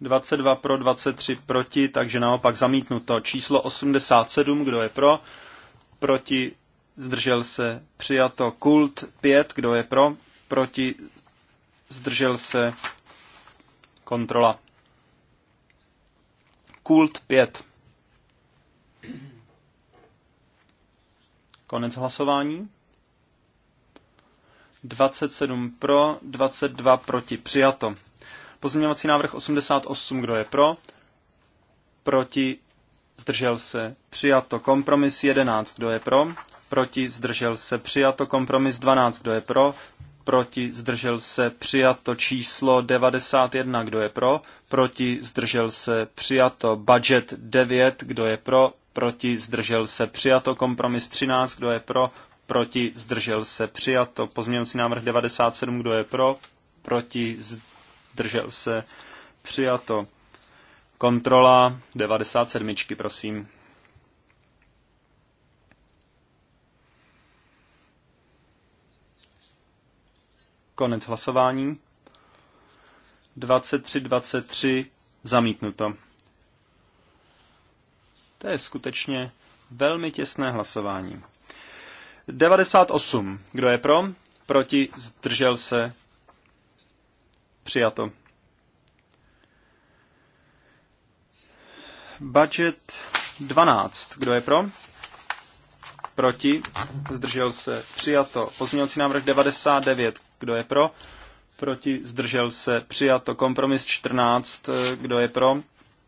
22 pro, 23 proti, takže naopak zamítnuto. Číslo 87, kdo je pro? Proti, zdržel se, přijato. Kult 5, kdo je pro? Proti, zdržel se, kontrola. Kult 5. Konec hlasování. 27 pro, 22 proti. Přijato. Pozměňovací návrh 88, kdo je pro? Proti, zdržel se. Přijato. Kompromis 11, kdo je pro? Proti, zdržel se. Přijato. Kompromis 12, kdo je pro? proti, zdržel se, přijato číslo 91, kdo je pro, proti, zdržel se, přijato budget 9, kdo je pro, proti, zdržel se, přijato kompromis 13, kdo je pro, proti, zdržel se, přijato pozměňovací návrh 97, kdo je pro, proti, zdržel se, přijato kontrola 97, prosím. Konec hlasování. 23, 23 zamítnuto. To je skutečně velmi těsné hlasování. 98. Kdo je pro? Proti? Zdržel se? Přijato. Budget 12. Kdo je pro? Proti? Zdržel se? Přijato. Pozměňovací návrh 99. Kdo je pro? Proti zdržel se přijato. Kompromis 14. Eh, kdo je pro?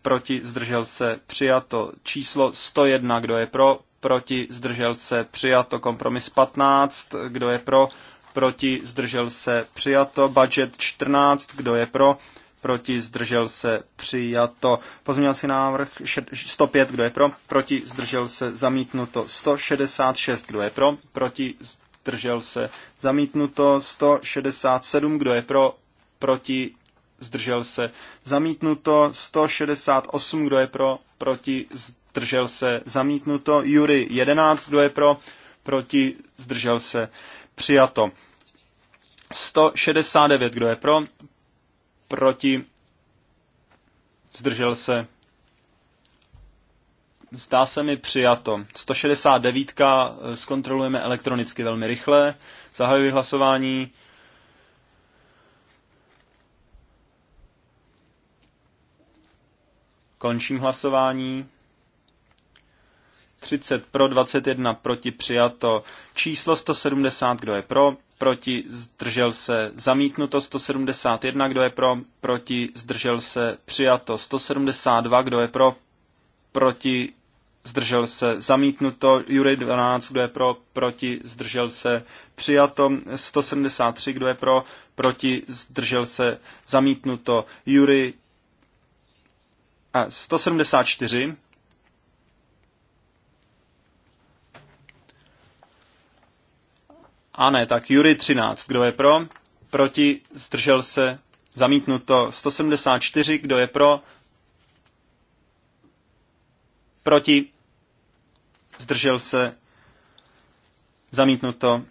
Proti zdržel se přijato. Číslo 101. Kdo je pro? Proti zdržel se přijato. Kompromis 15. Eh, kdo je pro? Proti zdržel se přijato. Budget 14. Kdo je pro? proti, zdržel se, přijato. Pozměňovací návrh 105, kdo je pro, proti, zdržel se, zamítnuto. 166, kdo je pro, proti, zdržel se. Zamítnuto 167, kdo je pro, proti, zdržel se. Zamítnuto 168, kdo je pro, proti, zdržel se. Zamítnuto Jury 11, kdo je pro, proti, zdržel se. Přijato. 169, kdo je pro, proti, zdržel se. Zdá se mi přijato. 169. Eh, zkontrolujeme elektronicky velmi rychle. Zahajuji hlasování. Končím hlasování. 30 pro, 21 proti, přijato. Číslo 170, kdo je pro, proti, zdržel se. Zamítnuto 171, kdo je pro, proti, zdržel se. Přijato 172, kdo je pro, proti, zdržel se zamítnuto, Jury 12, kdo je pro, proti, zdržel se přijato, 173, kdo je pro, proti, zdržel se zamítnuto, Jury a 174, A ne, tak Jury 13, kdo je pro, proti, zdržel se, zamítnuto 174, kdo je pro, proti, zdržel se, zamítnuto,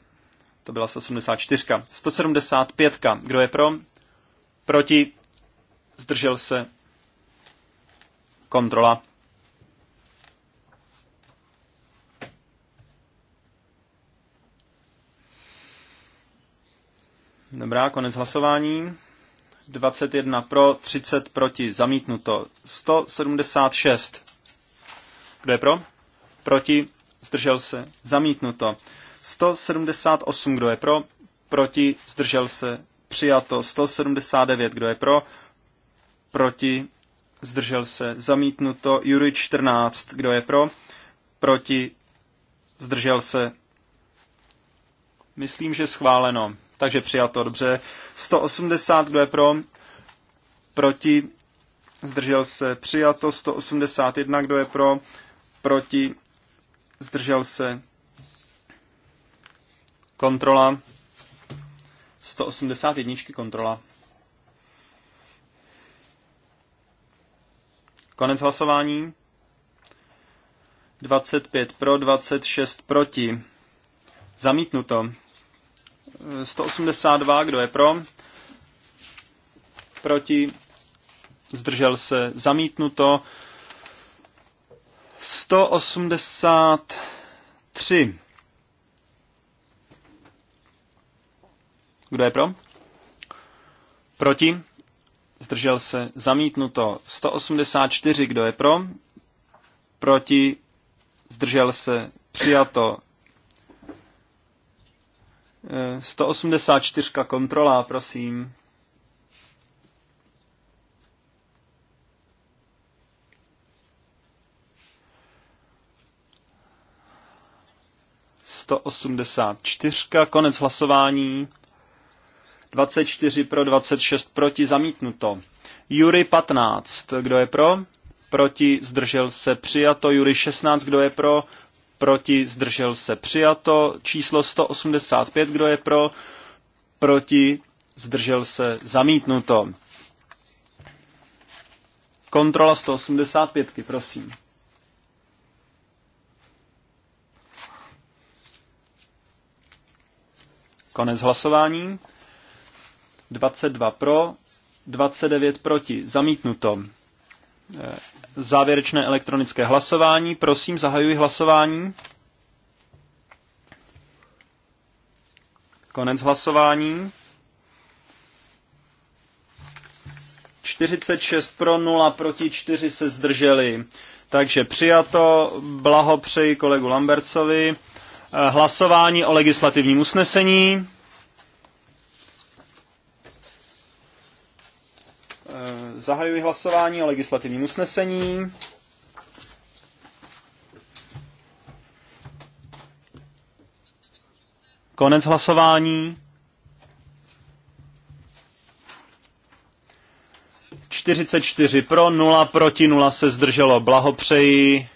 to byla 184. 175. Kdo je pro? Proti, zdržel se, kontrola. Dobrá, konec hlasování. 21 pro, 30 proti, zamítnuto. 176. Kdo je pro? Proti? Zdržel se? Zamítnuto. 178. Kdo je pro? Proti? Zdržel se? Přijato. 179. Kdo je pro? Proti? Zdržel se? Zamítnuto. Jury 14. Kdo je pro? Proti? Zdržel se? Myslím, že schváleno. Takže přijato, dobře. 180, kdo je pro? Proti? Zdržel se přijato. 181, kdo je pro? proti, zdržel se, kontrola, 181 kontrola. Konec hlasování. 25 pro, 26 proti. Zamítnuto. 182, kdo je pro? Proti. Zdržel se. Zamítnuto. 183. Kdo je pro? Proti? Zdržel se zamítnuto. 184. Kdo je pro? Proti? Zdržel se přijato. 184. Eh, kontrola, prosím. 184. Konec hlasování. 24 pro, 26 proti, zamítnuto. Jury 15. Kdo je pro? Proti, zdržel se, přijato. Jury 16. Kdo je pro? Proti, zdržel se, přijato. Číslo 185. Kdo je pro? Proti, zdržel se, zamítnuto. Kontrola 185, prosím. Konec hlasování. 22 pro, 29 proti. Zamítnuto. Eh, závěrečné elektronické hlasování. Prosím, zahajuji hlasování. Konec hlasování. 46 pro 0 proti 4 se zdrželi. Takže přijato, blahopřeji kolegu Lambercovi. Eh, hlasování o legislativním usnesení. Eh, zahajuji hlasování o legislativním usnesení. Konec hlasování. 44 pro, 0 proti, 0 se zdrželo. Blahopřeji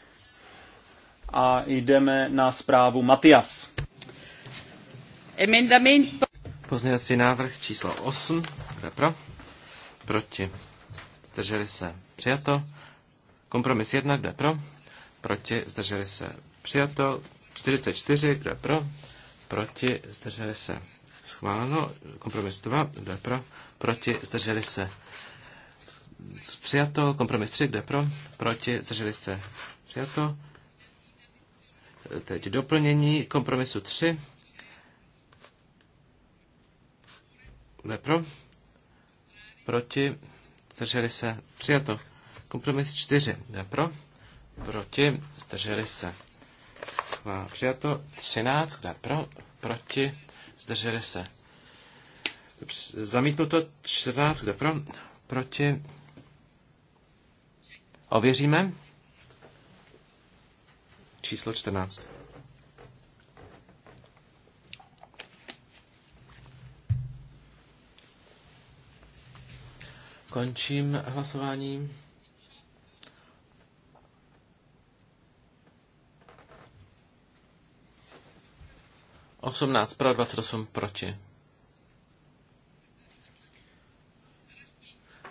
a jdeme na zprávu Matias. Emendamento. Pozměňovací návrh číslo 8. Kdo pro? Proti. Zdrželi se. Přijato. Kompromis 1. Kdo pro? Proti. Zdrželi se. Přijato. 44. Kdo pro? Proti. Zdrželi se. Schváleno. Kompromis 2. Kdo pro? Proti. Zdrželi se. Přijato. Kompromis 3. Kdo pro? Proti. Zdrželi se. Přijato teď doplnění kompromisu 3. Ne pro? Proti? Zdrželi se? Přijato. Kompromis 4. Ne pro? Proti? Zdrželi se? Přijato. 13. Ne pro? Proti? Zdrželi se? Zamítnuto 14. Kdo pro? Proti? Ověříme číslo 14. Končím hlasování. Osmnáct pro, dvacet osm proti.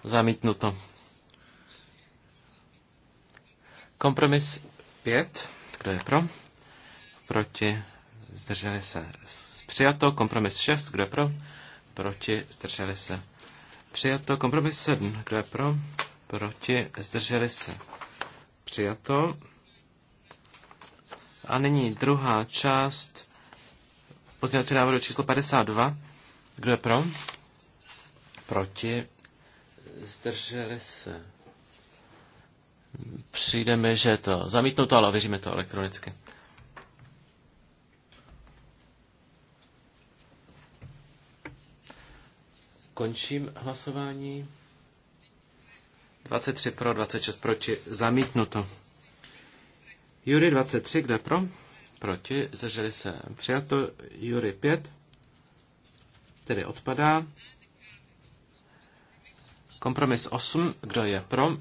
Zamítnuto. Kompromis pět. Kdo je pro? Proti? Zdrželi se. Přijato. Kompromis 6. Kdo je pro? Proti? Zdrželi se. Přijato. Kompromis 7. Kdo je pro? Proti? Zdrželi se. Přijato. A nyní druhá část pozměňovacího návrhu číslo 52. Kdo je pro? Proti? Zdrželi se. Přijde mi, že je to zamítnuto, ale věříme to elektronicky. Končím hlasování. 23 pro, 26 proti, zamítnuto. Jury 23, kde pro? Proti, zdrželi se. Přijato Jury 5, tedy odpadá. Kompromis 8, kdo je pro?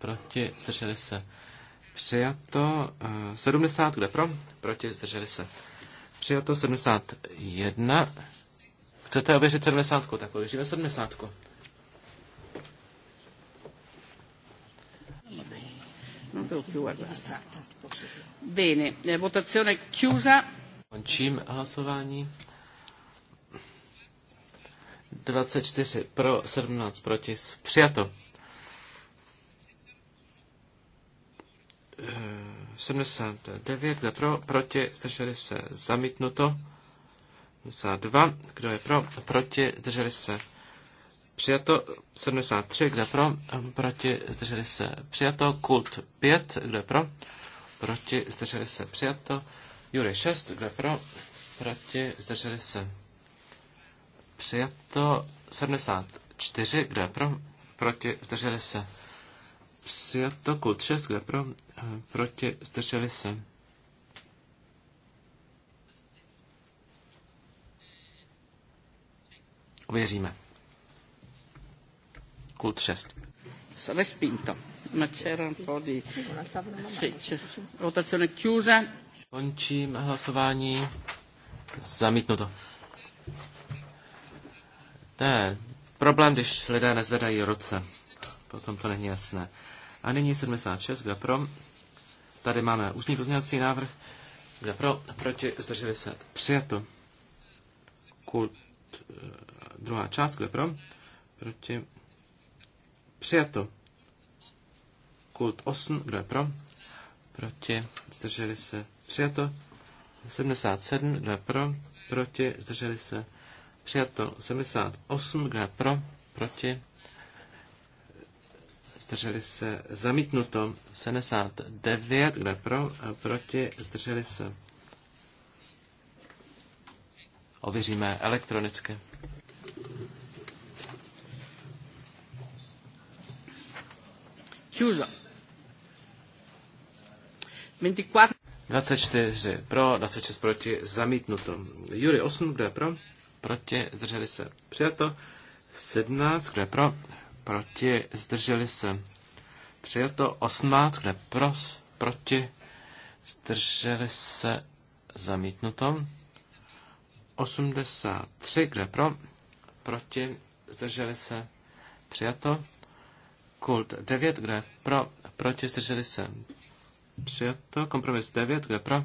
proti, zdrželi se. Přijato 70, eh, kde pro, proti, zdrželi se. Přijato 71. Chcete ověřit 70, tak ověříme 70. Bene, eh, votazione chiusa. Končím hlasování. 24 pro, 17 proti, přijato. 79, kdo pro, proti, 160 se, zamítnuto. 72, kdo je pro, proti, zdrželi se, přijato. 73, kdo pro, proti, zdrželi se, přijato. Kult 5, kdo pro, proti, zdrželi se, přijato. Jury 6, kdo pro, proti, zdrželi se, přijato. 74, kdo pro, proti, zdrželi se, Přijato kult 6, kde pro, eh, proti, zdrželi se. Uvěříme. Kult 6. Respinto. Ma c'era un po' di... Votazione chiusa. Končím hlasování. Zamítnuto. To je problém, když lidé nezvedají ruce. Potom to není jasné. A nyní 76, kdo pro. Tady máme ústní pozměňovací návrh. Kdo pro, proti, zdrželi se, přijato. Kult, eh, druhá část, kdo pro, proti, přijato. Kult 8, kdo je pro, proti, zdrželi se, přijato. 77, kdo je pro, proti, zdrželi se, přijato. 78, kdo je pro, proti, zdrželi se, zamítnuto 79, kde pro, proti, zdrželi se. Ověříme elektronicky. Chiusa. 24 pro, 26 proti, zamítnuto. Jury 8, kdo je pro? Proti, zdrželi se. Přijato. 17, kdo je pro? proti, zdrželi se. Přijato 18, kde pros, proti, zdrželi se, zamítnuto. 83, kde pro, proti, zdrželi se, přijato. Kult 9, kde pro, proti, zdrželi se, přijato. Kompromis 9, kde pro,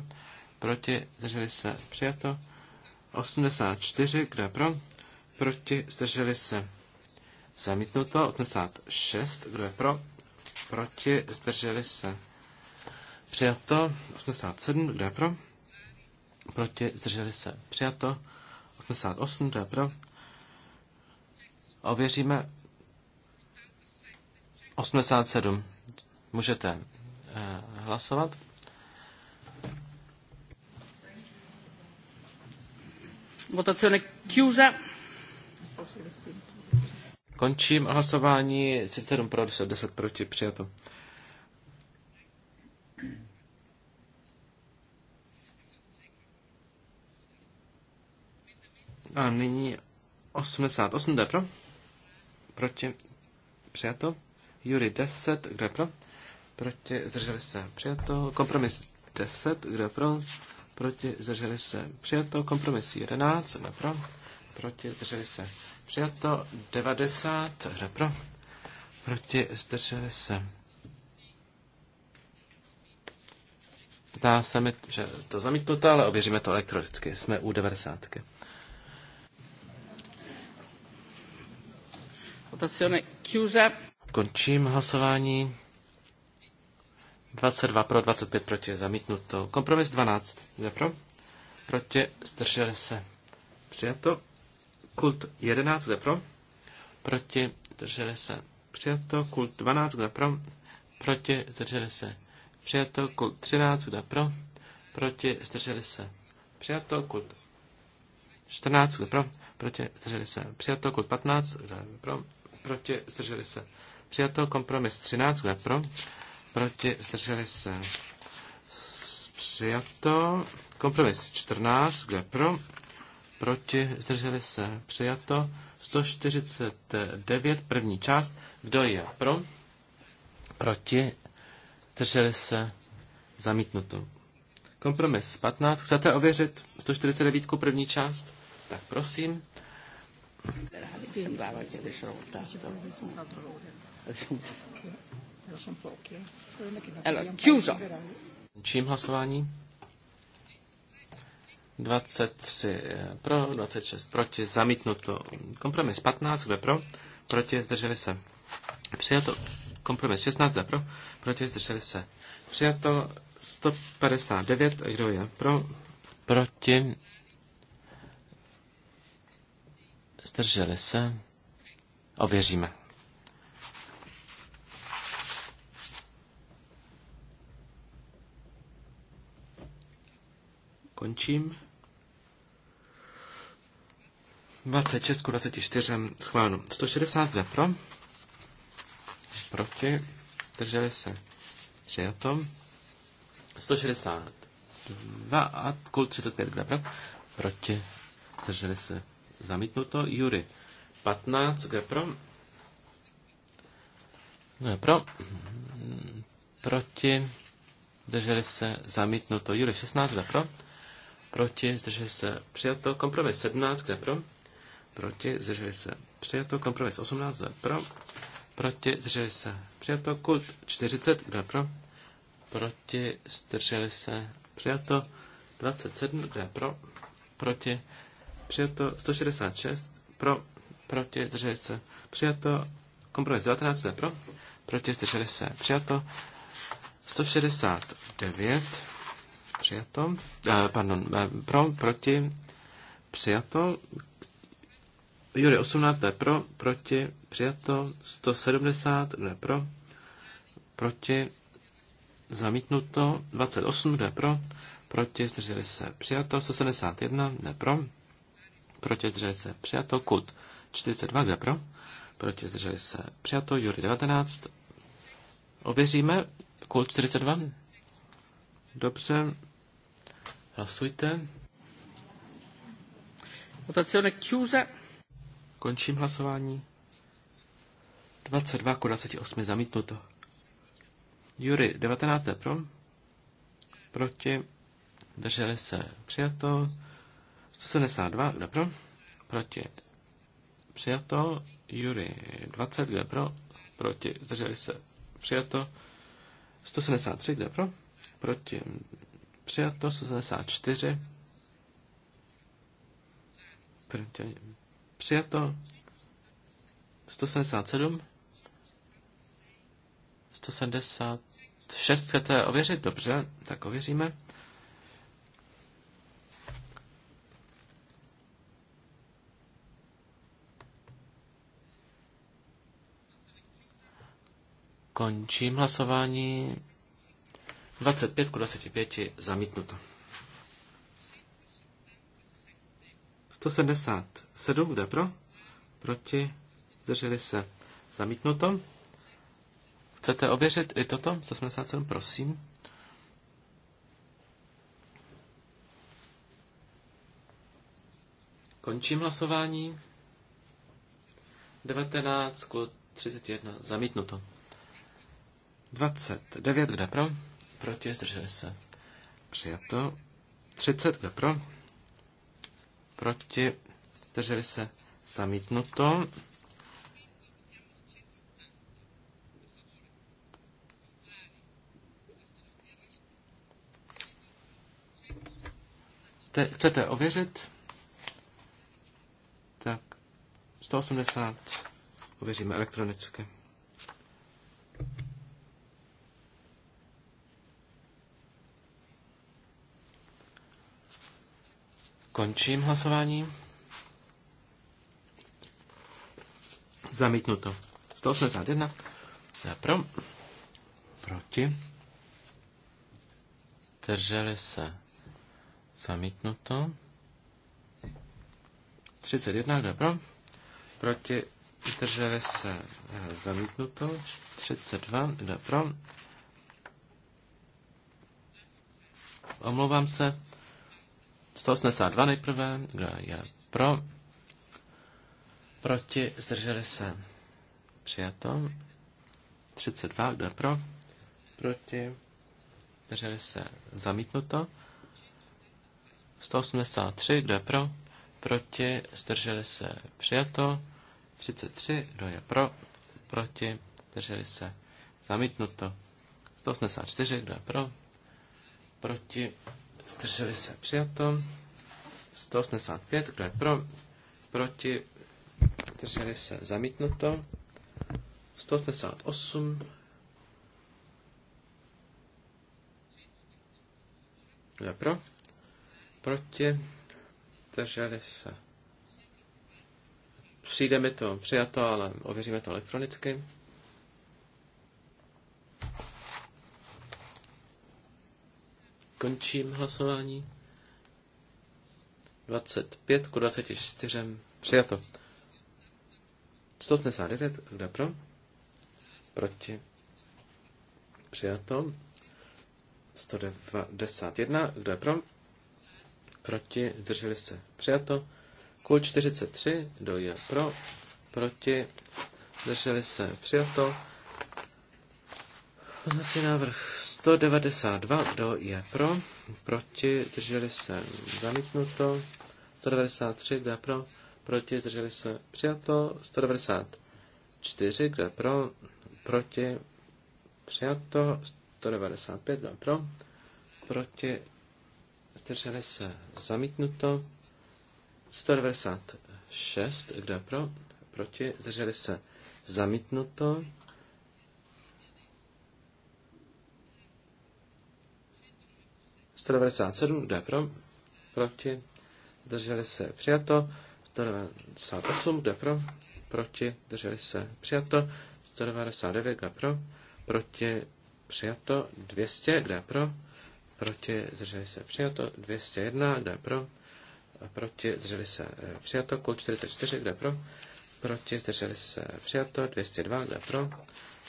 proti, zdrželi se, přijato. 84, kde pro, proti, zdrželi se, Zamítnuto 86, kdo je pro? Proti, zdrželi se. Přijato 87, kdo je pro? Proti, zdrželi se. Přijato 88, kdo je pro? Ověříme 87. Můžete eh, hlasovat. Votazione chiusa. Končím hlasování 37 pro 10, 10 proti přijato. A nyní 88 jde pro. Proti přijato. Jury 10, kdo je pro? Proti zdrželi se přijato. Kompromis 10, kdo je pro? Proti zdrželi se přijato. Kompromis 11, kdo je pro? proti, zdrželi se. Přijato 90, hra pro, proti, zdrželi se. Dá se mi, že to zamítnuté, ale ověříme to elektronicky. Jsme u 90. Votazione chiusa. Končím hlasování. 22 pro, 25 proti, zamítnuto. Kompromis 12. Je pro? Proti, zdrželi se. Přijato. Kult 11, kde pro? Proti, drželi se. Přijato. Kult 12, kde pro? Proti, zdrželi se. Přijato. Kult 13, kde pro? Proti, zdrželi se. Přijato. Kult 14, kde pro? Proti, zdrželi se. Přijato. Kult 15, kde pro? Proti, zdrželi se. Přijato. Kompromis 13, kde pro? Proti, zdrželi se. Přijato. Kompromis 14, kde pro? proti, zdrželi se, přijato. 149, první část, kdo je pro, proti, zdrželi se, zamítnuto. Kompromis 15, chcete ověřit 149, první část? Tak prosím. Čím hlasování? 23 eh, pro, 26 proti, zamítnuto. Kompromis 15, kde pro, proti, zdrželi se. Přijato. Kompromis 16, kde pro, proti, zdrželi se. Přijato 159, kdo je pro, proti, zdrželi se. Ověříme. končím. 26 ku 24 schváleno. 162 pro. Proti. Drželi se. Přijato. 162 a kult 35 kde pro. Proti. Drželi se. Zamítnuto. Jury. 15 kde pro. Kde pro. Proti. Drželi se. Zamítnuto. Jury 16 kde pro. Proti. Zdrželi se. Přijato. Kompromis 17 kde pro proti, zdrželi se přijato, kompromis 18, kdo je pro, proti, zdrželi se přijato, kult 40, kdo je pro, proti, zdrželi se přijato, 27, kdo je pro, proti, přijato, 166, pro, proti, zdrželi se přijato, kompromis 19, kdo je pro, proti, zdrželi se přijato, 169, přijato, eh, pardon, eh, pro, proti, přijato, Jury 18, to je pro, proti, přijato, 170, to je pro, proti, zamítnuto, 28, to je pro, proti, zdrželi se, přijato, 171, to pro, proti, zdrželi se, přijato, kut 42, to je pro, proti, zdrželi se, přijato, Jury 19, ověříme, kut, 42, dobře, hlasujte. Votazione chiusa. Končím hlasování. 22 k 28 zamítnuto. Jury 19. pro. Proti. Drželi se. Přijato. 172. kde pro? Proti. Přijato. Jury 20. kde pro? Proti. Drželi se. Přijato. 173. kde pro? Proti. Přijato. 174. Proti. Přijato 177. 176 chcete ověřit? Dobře, tak ověříme. Končím hlasování. 25 k 25 zamítnuto. 177, kde pro? Proti, zdrželi se. Zamítnuto. Chcete ověřit i toto? 177, prosím. Končím hlasování. 19 ku 31. Zamítnuto. 29 kde pro? Proti zdrželi se. Přijato. 30 kde pro? proti, drželi se zamítnuto. Te, chcete ověřit? Tak 180 ověříme elektronicky. Končím hlasování. Zamítnuto. 181. Pro. Proti. Drželi se. Zamítnuto. 31. Kdo pro? Proti. Drželi se. Eh, zamítnuto. 32. Kdo pro? Omlouvám se. 182 nejprve, kdo je pro, proti, zdrželi se, přijato. 32, kdo je pro, proti, zdrželi se, zamítnuto. 183, kdo je pro, proti, zdrželi se, přijato. 33, kdo je pro, proti, zdrželi se, zamítnuto. 184, kdo je pro, proti, Zdrželi se přijato. 185, kdo je pro, proti, zdrželi se zamítnuto. 188, kdo je pro, proti, zdrželi se. Přijde mi to přijato, ale ověříme to elektronicky. Končím hlasování. 25 ku 24. Přijato. 189, kdo pro? Proti. Přijato. 191, kdo je pro? Proti, zdrželi se. Přijato. Kul 43, kdo je pro? Proti, zdrželi se. Přijato. Poznací návrh 192, kdo je pro, proti, zdrželi se, zamítnuto. 193, kdo je pro, proti, zdrželi se, přijato. 194, kdo je pro, proti, přijato. 195, kdo je pro, proti, zdrželi se, zamítnuto. 196, kdo je pro, proti, zdrželi se, zamítnuto. 197, kdo je pro? Proti. Drželi se přijato. 198, kdo je pro? Proti. Drželi se přijato. 199, kdo je pro? Proti. Přijato. 200, kdo je pro? Proti. Drželi se přijato. 201, kdo je pro? Proti. Drželi se eh, přijato. Kul 44, kdo je pro? Proti. Zdrželi se přijato. 202, kdo je pro?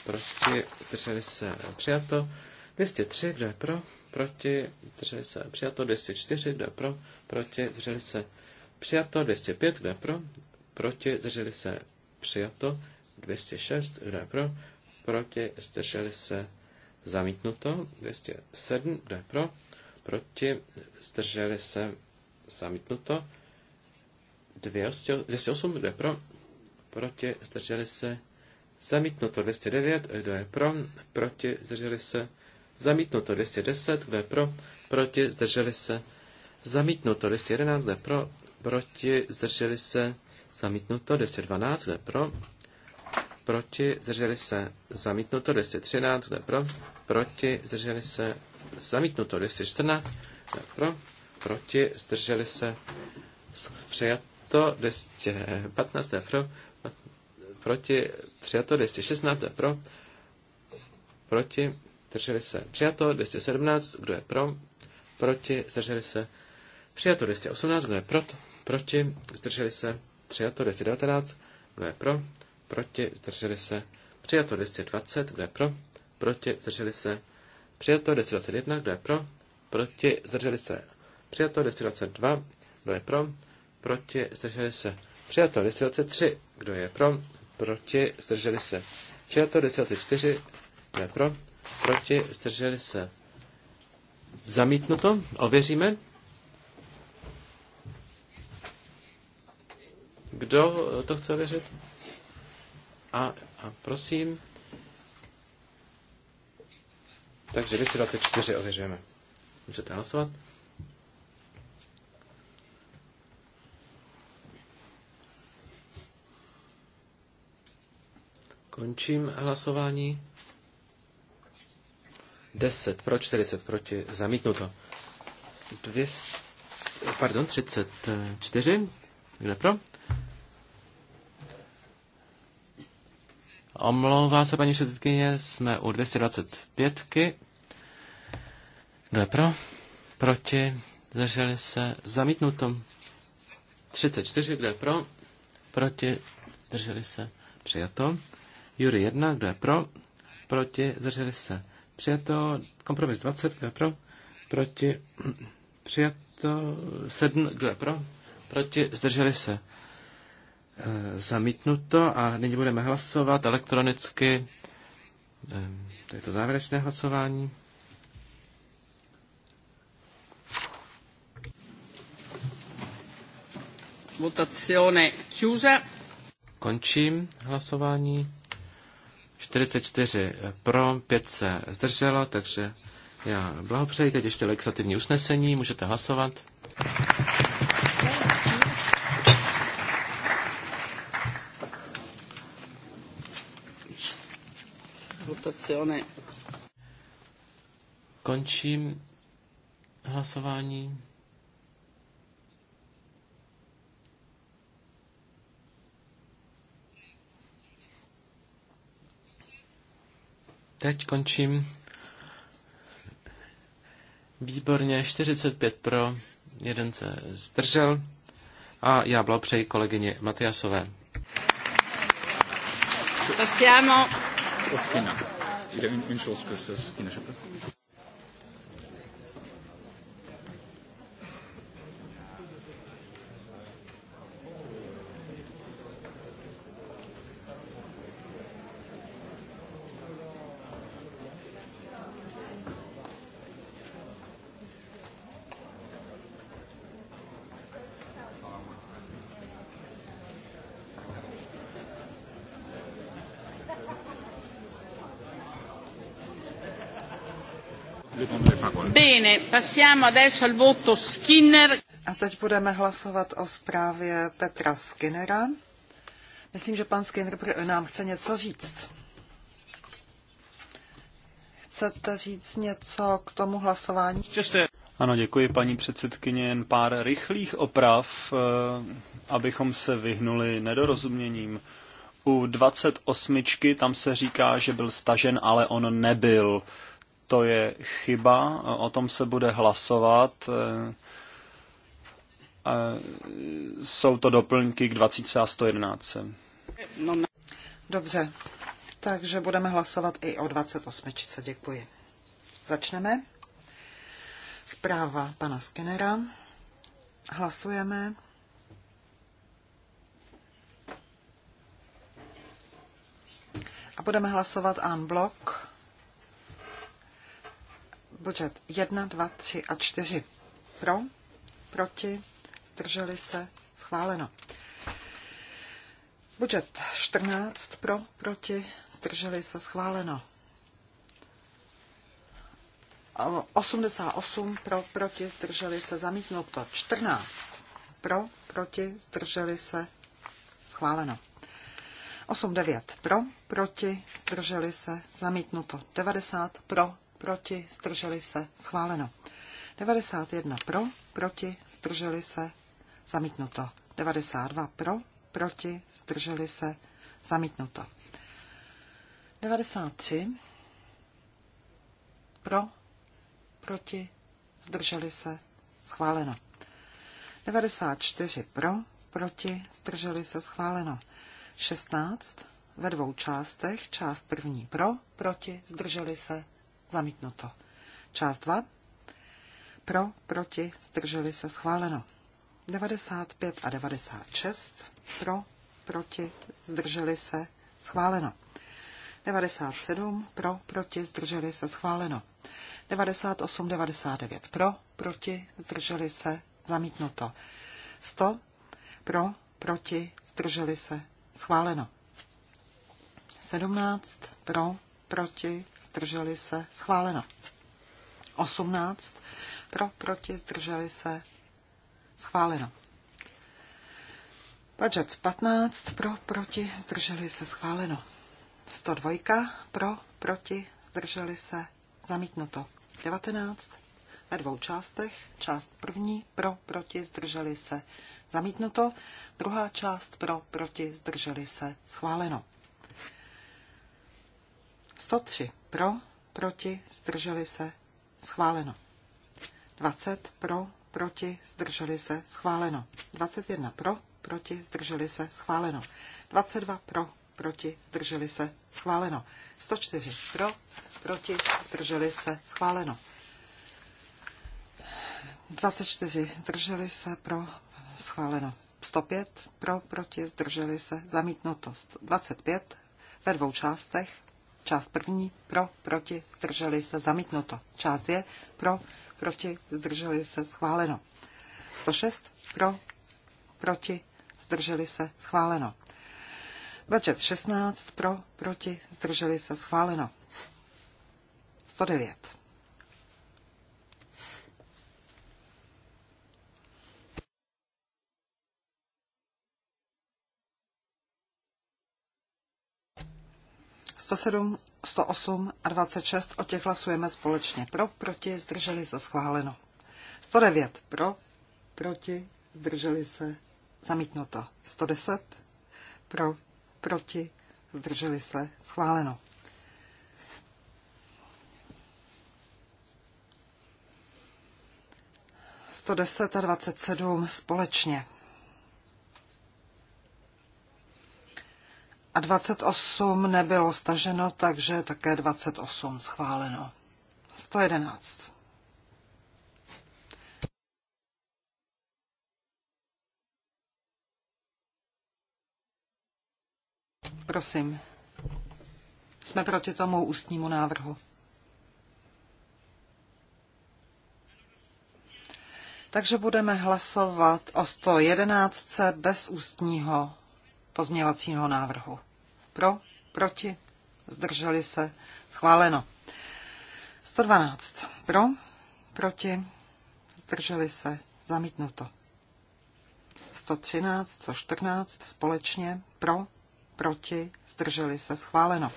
Proti. Drželi se přijato. 203, kdo je pro? proti, zdrželi se, přijato 204, kdo je pro, proti, zdrželi se, přijato 205, kdo je pro, proti, zdrželi se, přijato 206, kdo je pro, proti, zdrželi se, zamítnuto 207, kdo je pro, proti, zdrželi se, zamítnuto 208, kdo je pro, proti, zdrželi se, zamítnuto 209, kdo je pro, proti, zdrželi se, Zamítnuto 210, kdo je pro, proti, zdrželi se. Zamítnuto 211, kdo je pro, proti, zdrželi se. Zamítnuto 212, kdo je pro, proti, zdrželi se. Zamítnuto 213, kdo je pro, proti, zdrželi se. Zamítnuto 214, kdo je pro, proti, zdrželi se. Přijato 215, kdo je pro, proti, přijato 216, kdo je pro, proti, zdrželi se, přijato, 217, kdo je pro, proti, zdrželi se, přijato, 218, kdo je pro, proti, zdrželi se, přijato, 219, kdo je pro, proti, zdrželi se, přijato, 220, kdo je pro, proti, zdrželi se, přijato, 221, kdo je pro, proti, zdrželi se, přijato, 222, kdo je pro, proti, zdrželi se, přijato, 223, kdo je pro, proti, zdrželi se, přijato, 224, kdo je pro, proti, zdrželi se. Zamítnuto, ověříme. Kdo to chce ověřit? A, a prosím. Takže 224 ověřujeme. Můžete hlasovat. Končím hlasování. 10 pro, 40 proti, zamítnuto. 200, pardon, 34, kde pro? Omlouvá se paní předsedkyně, jsme u 225. Kdo je pro? Proti? Zdrželi se zamítnutom. 34, kdo je pro? Proti? Zdrželi se přijato. Jury 1, kdo je pro? Proti? Zdrželi se přijato, kompromis 20, kdo je pro, proti, přijato, 7, kdo je pro, proti, zdrželi se. E, zamítnuto a nyní budeme hlasovat elektronicky. E, to je to závěrečné hlasování. Votazione chiusa. Končím hlasování. 44 pro, 5 se zdrželo, takže já blahopřeji. Teď ještě legislativní usnesení, můžete hlasovat. Končím hlasování. Teď končím. Výborně, 45 pro, jeden se zdržel a já blahopřeji kolegyně Matiasové. Passiamo. A teď budeme hlasovat o zprávě Petra Skinnera. Myslím, že pan Skinner nám chce něco říct. Chcete říct něco k tomu hlasování? Ano, děkuji paní předsedkyně. Jen pár rychlých oprav, eh, abychom se vyhnuli nedorozuměním. U 28. tam se říká, že byl stažen, ale on nebyl to je chyba, o tom se bude hlasovat. Jsou to doplňky k 20 a 111. Dobře, takže budeme hlasovat i o 28. Děkuji. Začneme. Zpráva pana Skinnera. Hlasujeme. A budeme hlasovat en bloc Budžet 1, 2, 3 a 4. Pro, proti, zdrželi se, schváleno. Budžet 14 pro, proti, zdrželi se, schváleno. 88 pro, proti, zdrželi se, zamítnuto. 14 pro, proti, zdrželi se, schváleno. 8, 9 pro, proti, zdrželi se, zamítnuto. 90 pro, proti, zdrželi se, schváleno. 91 pro, proti, zdrželi se, zamítnuto. 92 pro, proti, zdrželi se, zamítnuto. 93 pro, proti, zdrželi se, schváleno. 94 pro, proti, zdrželi se, schváleno. 16 ve dvou částech, část první pro, proti, zdrželi se, Zamítnuto. Část 2. Pro, proti, zdrželi se schváleno. 95 a 96. Pro, proti, zdrželi se schváleno. 97 pro, proti, zdrželi se schváleno. 98, 99 pro, proti, zdrželi se zamítnuto. 100 pro, proti, zdrželi se schváleno. 17 pro, proti, zdrželi se, schváleno. 18 pro, proti, zdrželi se, schváleno. Budget 15 pro, proti, zdrželi se, schváleno. 102 pro, proti, zdrželi se, zamítnuto. 19 ve dvou částech. Část první pro, proti, zdrželi se, zamítnuto. Druhá část pro, proti, zdrželi se, schváleno. 103 pro, proti, zdrželi se, schváleno. 20 pro, proti, zdrželi se, schváleno. 21 pro, proti, zdrželi se, schváleno. 22 pro, proti, zdrželi se, schváleno. 104 pro, proti, zdrželi se, schváleno. 24 zdrželi se, pro, schváleno. 105 pro, proti, zdrželi se, zamítnuto. 25 ve dvou částech. Část první pro, proti, zdrželi se, zamítnuto. Část dvě pro, proti, zdrželi se, schváleno. 106 pro, proti, zdrželi se, schváleno. Budget 16 pro, proti, zdrželi se, schváleno. 109 107, 108 a 26, o těch hlasujeme společně. Pro, proti, zdrželi se, schváleno. 109, pro, proti, zdrželi se, zamítnuto. 110, pro, proti, zdrželi se, schváleno. deset a 27 společně. A 28 nebylo staženo, takže také 28 schváleno. 111. Prosím. Jsme proti tomu ústnímu návrhu. Takže budeme hlasovat o 111 bez ústního pozměvacího návrhu. Pro, proti, zdrželi se, schváleno. 112. Pro, proti, zdrželi se, zamítnuto. 113, 114 společně, pro, proti, zdrželi se, schváleno.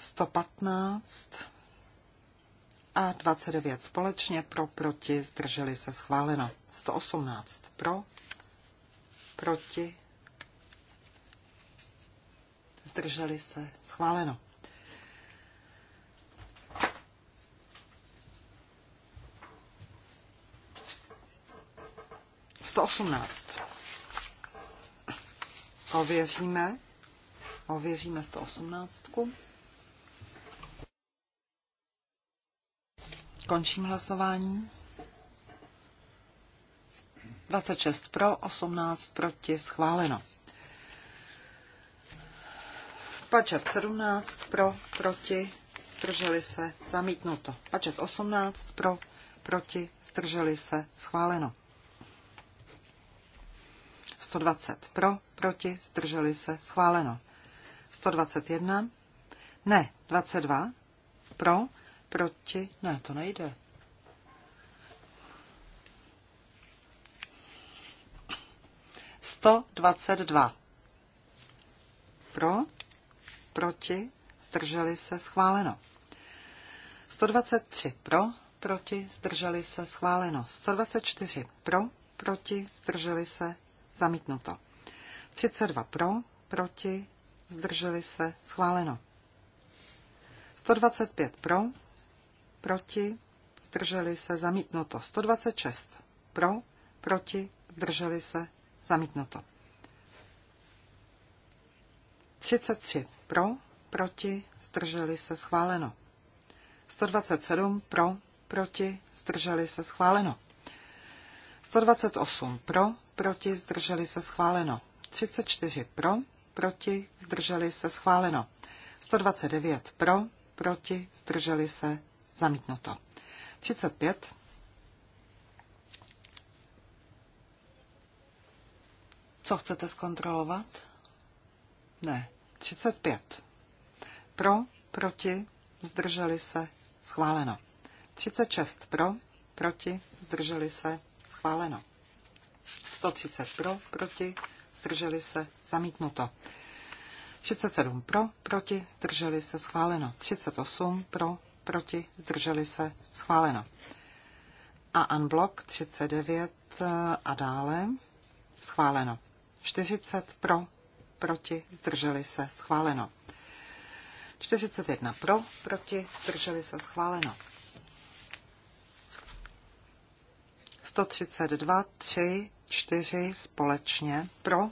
115 a 29 společně, pro, proti, zdrželi se, schváleno. 118 pro, proti, zdrželi se, schváleno. Sto osmnáct. Ověříme. Ověříme 118. Končím hlasování. 26 pro, 18 proti, schváleno. Budget 17 pro, proti, zdrželi se, zamítnuto. Budget 18 pro, proti, zdrželi se, schváleno. 120 pro, proti, zdrželi se, schváleno. 121, ne, 22, pro, proti, ne, to nejde. Sto dvacet dva. Pro, proti, zdrželi se, schváleno. 123 pro, proti, zdrželi se, schváleno. 124 pro, proti, zdrželi se, zamítnuto. 32 pro, proti, zdrželi se, schváleno. 125 pro, proti, zdrželi se, zamítnuto. 126 pro, proti, zdrželi se, zamítnuto. 33 pro, proti, zdrželi se schváleno. 127 pro, proti, zdrželi se schváleno. 128 pro, proti, zdrželi se schváleno. 34 pro, proti, zdrželi se schváleno. 129 pro, proti, zdrželi se zamítnuto. 35 Co chcete zkontrolovat? Ne. 35. Pro, proti, zdrželi se, schváleno. 36 pro, proti, zdrželi se, schváleno. 130 pro, proti, zdrželi se, zamítnuto. 37 pro, proti, zdrželi se, schváleno. 38 pro, proti, zdrželi se, schváleno. A unblock 39 eh, a dále, schváleno. 40 pro, proti, zdrželi se, schváleno. 41 pro, proti, zdrželi se, schváleno. 132, 3, 4 společně pro.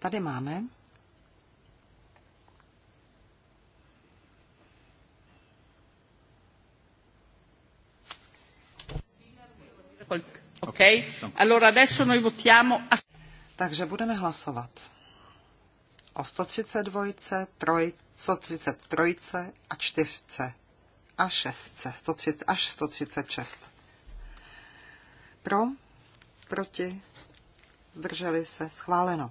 Tady máme Okay. Allora adesso noi votiamo Takže budeme hlasovat o 132, 3, 133 a 4 a 6, 130, až 136. Pro, proti, zdrželi se, schváleno.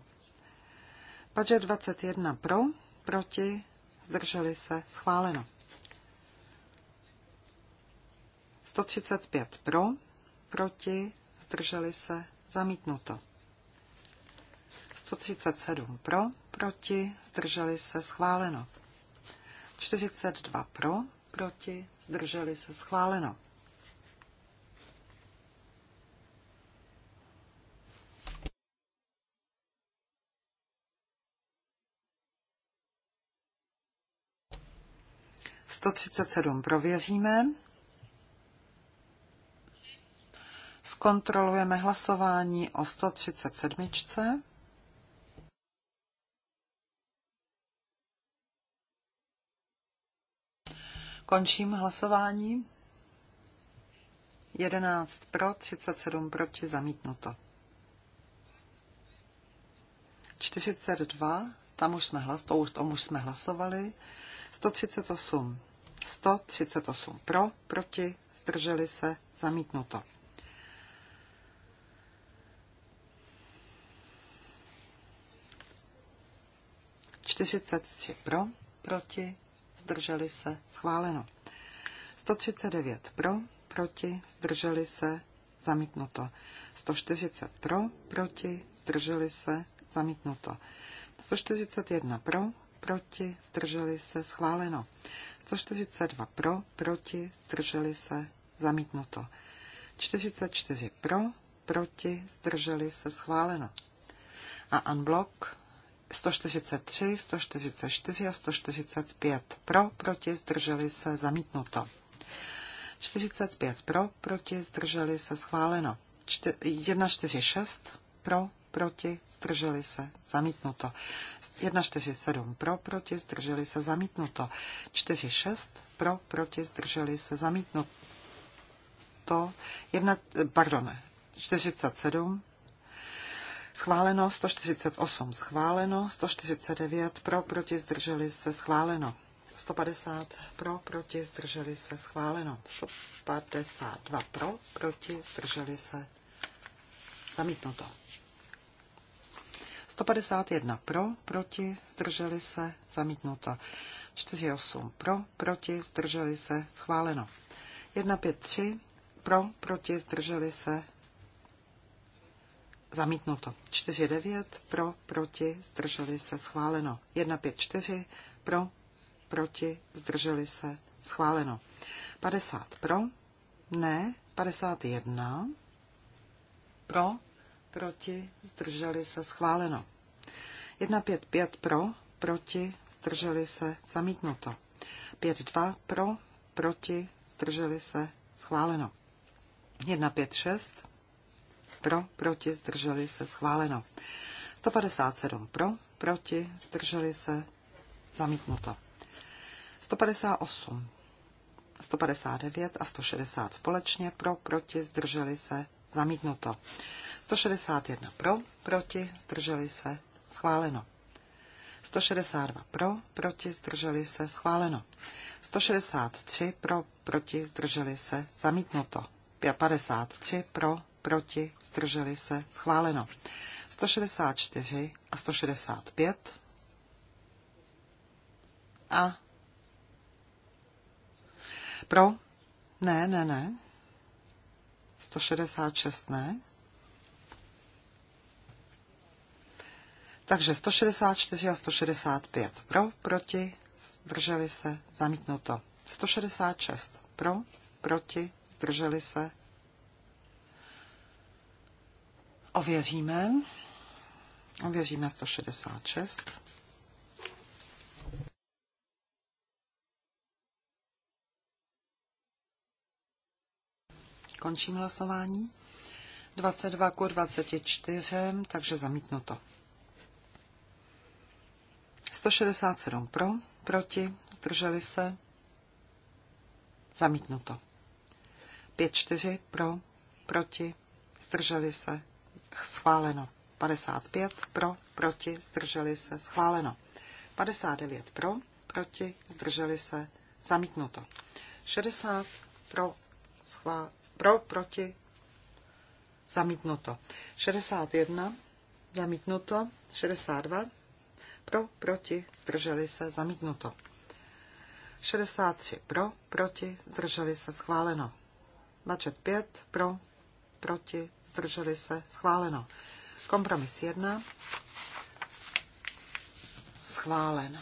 Budget 21 pro, proti, zdrželi se, schváleno. 135 pro, proti, zdrželi se, zamítnuto. 137 pro, proti, zdrželi se, schváleno. 42 pro, proti, zdrželi se, schváleno. Sto třicet sedm prověříme. zkontrolujeme hlasování o 137. Končím hlasování. 11 pro, 37 proti, zamítnuto. 42, tam už jsme, hlas, to už, tom už jsme hlasovali. 138, 138 pro, proti, zdrželi se, zamítnuto. 143 pro, proti, zdrželi se, schváleno. 139 pro, proti, zdrželi se, zamítnuto. 140 pro, proti, zdrželi se, zamítnuto. 141 pro, proti, zdrželi se, schváleno. 142 pro, proti, zdrželi se, zamítnuto. 44 pro, proti, zdrželi se, schváleno. A unblock 143, 144 a 145 pro, proti, zdrželi se, zamítnuto. 45 pro, proti, zdrželi se, schváleno. 146 pro, proti, zdrželi se, zamítnuto. 147 pro, proti, zdrželi se, zamítnuto. 46 pro, proti, zdrželi se, zamítnuto. Jedna, pardon, 47 schváleno, 148 schváleno, 149 pro, proti, zdrželi se, schváleno. 150 pro, proti, zdrželi se, schváleno. 152 pro, proti, zdrželi se, zamítnuto. 151 pro, proti, zdrželi se, zamítnuto. 48 pro, proti, zdrželi se, schváleno. 153 pro, proti, zdrželi se, Zamítnuto. 4-9 pro, proti, zdrželi se, schváleno. 1-5-4 pro, proti, zdrželi se, schváleno. 50 pro, ne, 51 pro, proti, zdrželi se, schváleno. 1-5-5 pro, proti, zdrželi se, zamítnuto. 5-2 pro, proti, zdrželi se, schváleno. 1-5-6 pro, proti, zdrželi se, schváleno. 157 pro, proti, zdrželi se, zamítnuto. 158, 159 a 160 společně pro, proti, zdrželi se, zamítnuto. 161 pro, proti, zdrželi se, schváleno. 162 pro, proti, zdrželi se, schváleno. 163 pro, proti, zdrželi se, zamítnuto. 53 pro, proti, zdrželi se, schváleno. 164 a 165 a pro? Ne, ne, ne. 166 ne. Takže 164 a 165 pro, proti, zdrželi se, zamítnuto. 166 pro, proti, zdrželi se, Ověříme. Ověříme 166. Končím hlasování. 22 ku 24, takže zamítnuto. 167 pro, proti, zdrželi se, zamítnuto. 5-4 pro, proti, zdrželi se, schváleno. 55 pro, proti, zdrželi se, schváleno. 59 pro, proti, zdrželi se, zamítnuto. 60 pro, schvá, pro, proti, zamítnuto. 61 zamítnuto, 62 pro, proti, zdrželi se, zamítnuto. 63 pro, proti, zdrželi se, schváleno. 25 pro, proti, zdrželi se, schváleno. Kompromis 1, schválen.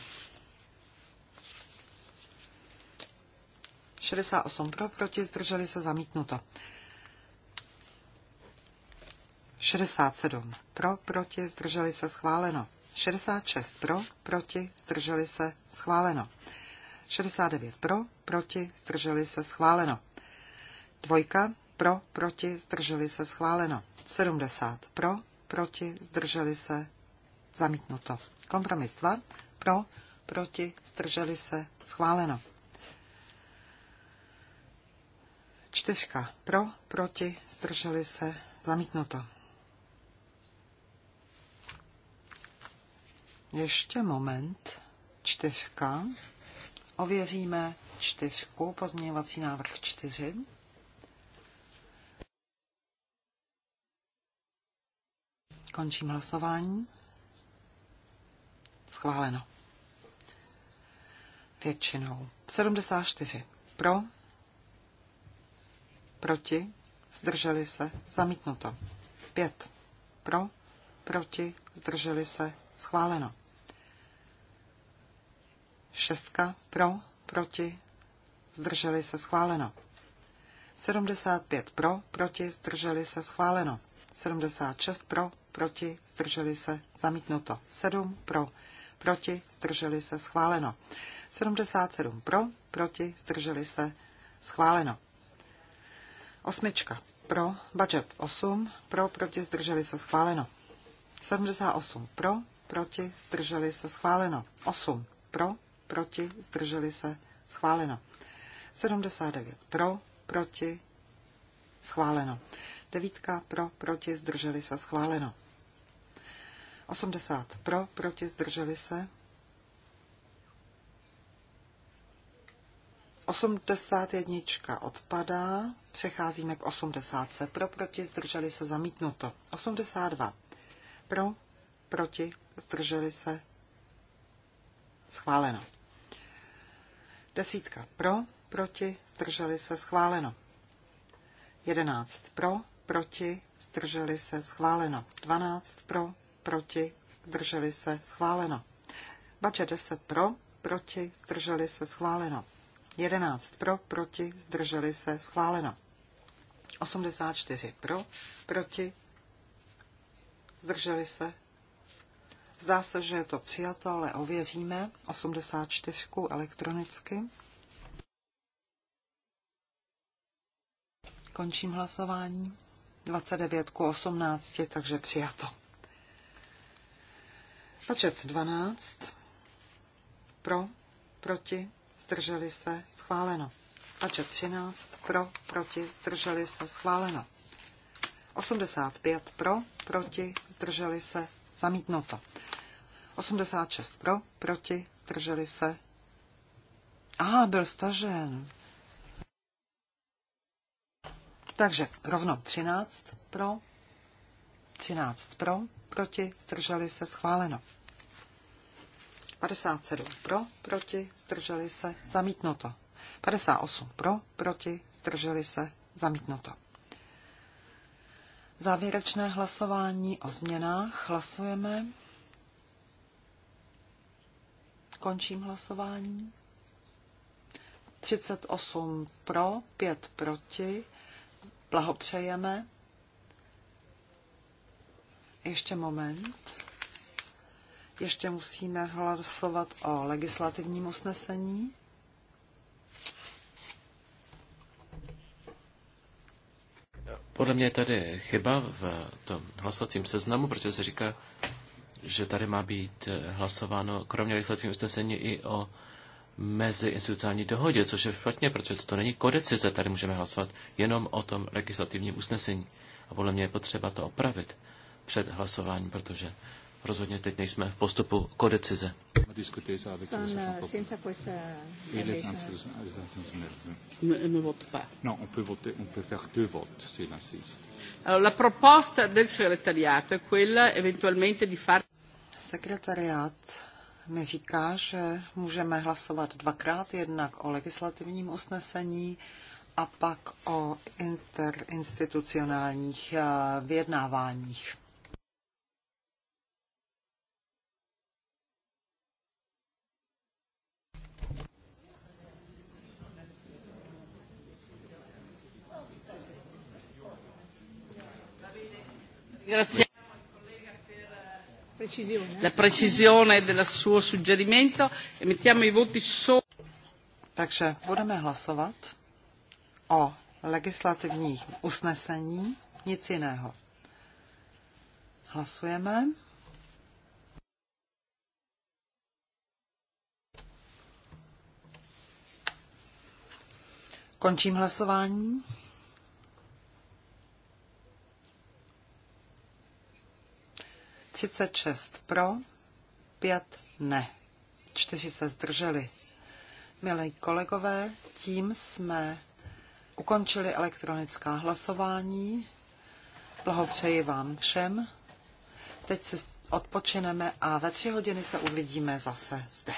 68 pro, proti, zdrželi se, zamítnuto. 67 pro, proti, zdrželi se, schváleno. 66 pro, proti, zdrželi se, schváleno. 69 pro, proti, zdrželi se, schváleno. Dvojka pro, proti, zdrželi se, schváleno. 70 pro, proti, zdrželi se, zamítnuto. Kompromis 2 pro, proti, zdrželi se, schváleno. Čtyřka pro, proti, zdrželi se, zamítnuto. Ještě moment. Čtyřka. Ověříme čtyřku, pozměňovací návrh čtyři. Končím hlasování. Schváleno. Většinou. 74. Pro. Proti. Zdrželi se. Zamítnuto. 5. Pro. Proti. Zdrželi se. Schváleno. Šestka pro, proti, zdrželi se schváleno. 75 pro, proti, zdrželi se schváleno. 76 pro, proti, zdrželi se, zamítnuto. 7 pro, proti, zdrželi se, schváleno. 77 pro, proti, zdrželi se, schváleno. Osmička pro, budget 8, pro, proti, zdrželi se, schváleno. 78 pro, proti, zdrželi se, schváleno. 8 pro, proti, zdrželi se, schváleno. 79 pro, proti, schváleno. Devítka pro, proti, zdrželi se, schváleno. 80 pro, proti, zdrželi se. 81 odpadá, přecházíme k 80. Pro, proti, zdrželi se, zamítnuto. 82. Pro, proti, zdrželi se, schváleno. Desítka. Pro, proti, zdrželi se, schváleno. 11. Pro, proti, zdrželi se, schváleno. 12. Pro, proti, zdrželi se, schváleno. Bače 10 pro, proti, zdrželi se, schváleno. 11 pro, proti, zdrželi se, schváleno. 84 pro, proti, zdrželi se. Zdá se, že je to přijato, ale ověříme 84 elektronicky. Končím hlasování. 29 ku 18, takže přijato. Počet 12. Pro, proti, zdrželi se, schváleno. Počet 13. Pro, proti, zdrželi se, schváleno. 85 pro, proti, zdrželi se, zamítnuto. 86 pro, proti, zdrželi se. A, ah, byl stažen. Takže rovno 13 pro, 13 pro, proti, zdrželi se, schváleno. 57 pro, proti, zdrželi se, zamítnuto. 58 pro, proti, zdrželi se, zamítnuto. Závěrečné hlasování o změnách. Hlasujeme. Končím hlasování. 38 pro, 5 proti. Blahopřejeme ještě moment. Ještě musíme hlasovat o legislativním usnesení. Podle mě je tady chyba v tom hlasovacím seznamu, protože se říká, že tady má být hlasováno kromě legislativního usnesení i o meziinstitucionální dohodě, což je špatně, protože toto není kodecize, tady můžeme hlasovat jenom o tom legislativním usnesení. A podle mě je potřeba to opravit před hlasováním, protože rozhodně teď nejsme v postupu kodecize. Eh, la proposta del segretariato di far... Sekretariát mi říká, že můžeme hlasovat dvakrát, jednak o legislativním usnesení a pak o interinstitucionálních eh, vyjednáváních. Grazie. La precisione del suo suggerimento e mettiamo i voti solo. Takže budeme hlasovat o legislativních usnesení, nic jiného. Hlasujeme. Končím hlasování. 36 pro, 5 ne. 4 se zdrželi. Milí kolegové, tím jsme ukončili elektronická hlasování. Blahopřeji vám všem. Teď se odpočineme a ve tři hodiny se uvidíme zase zde.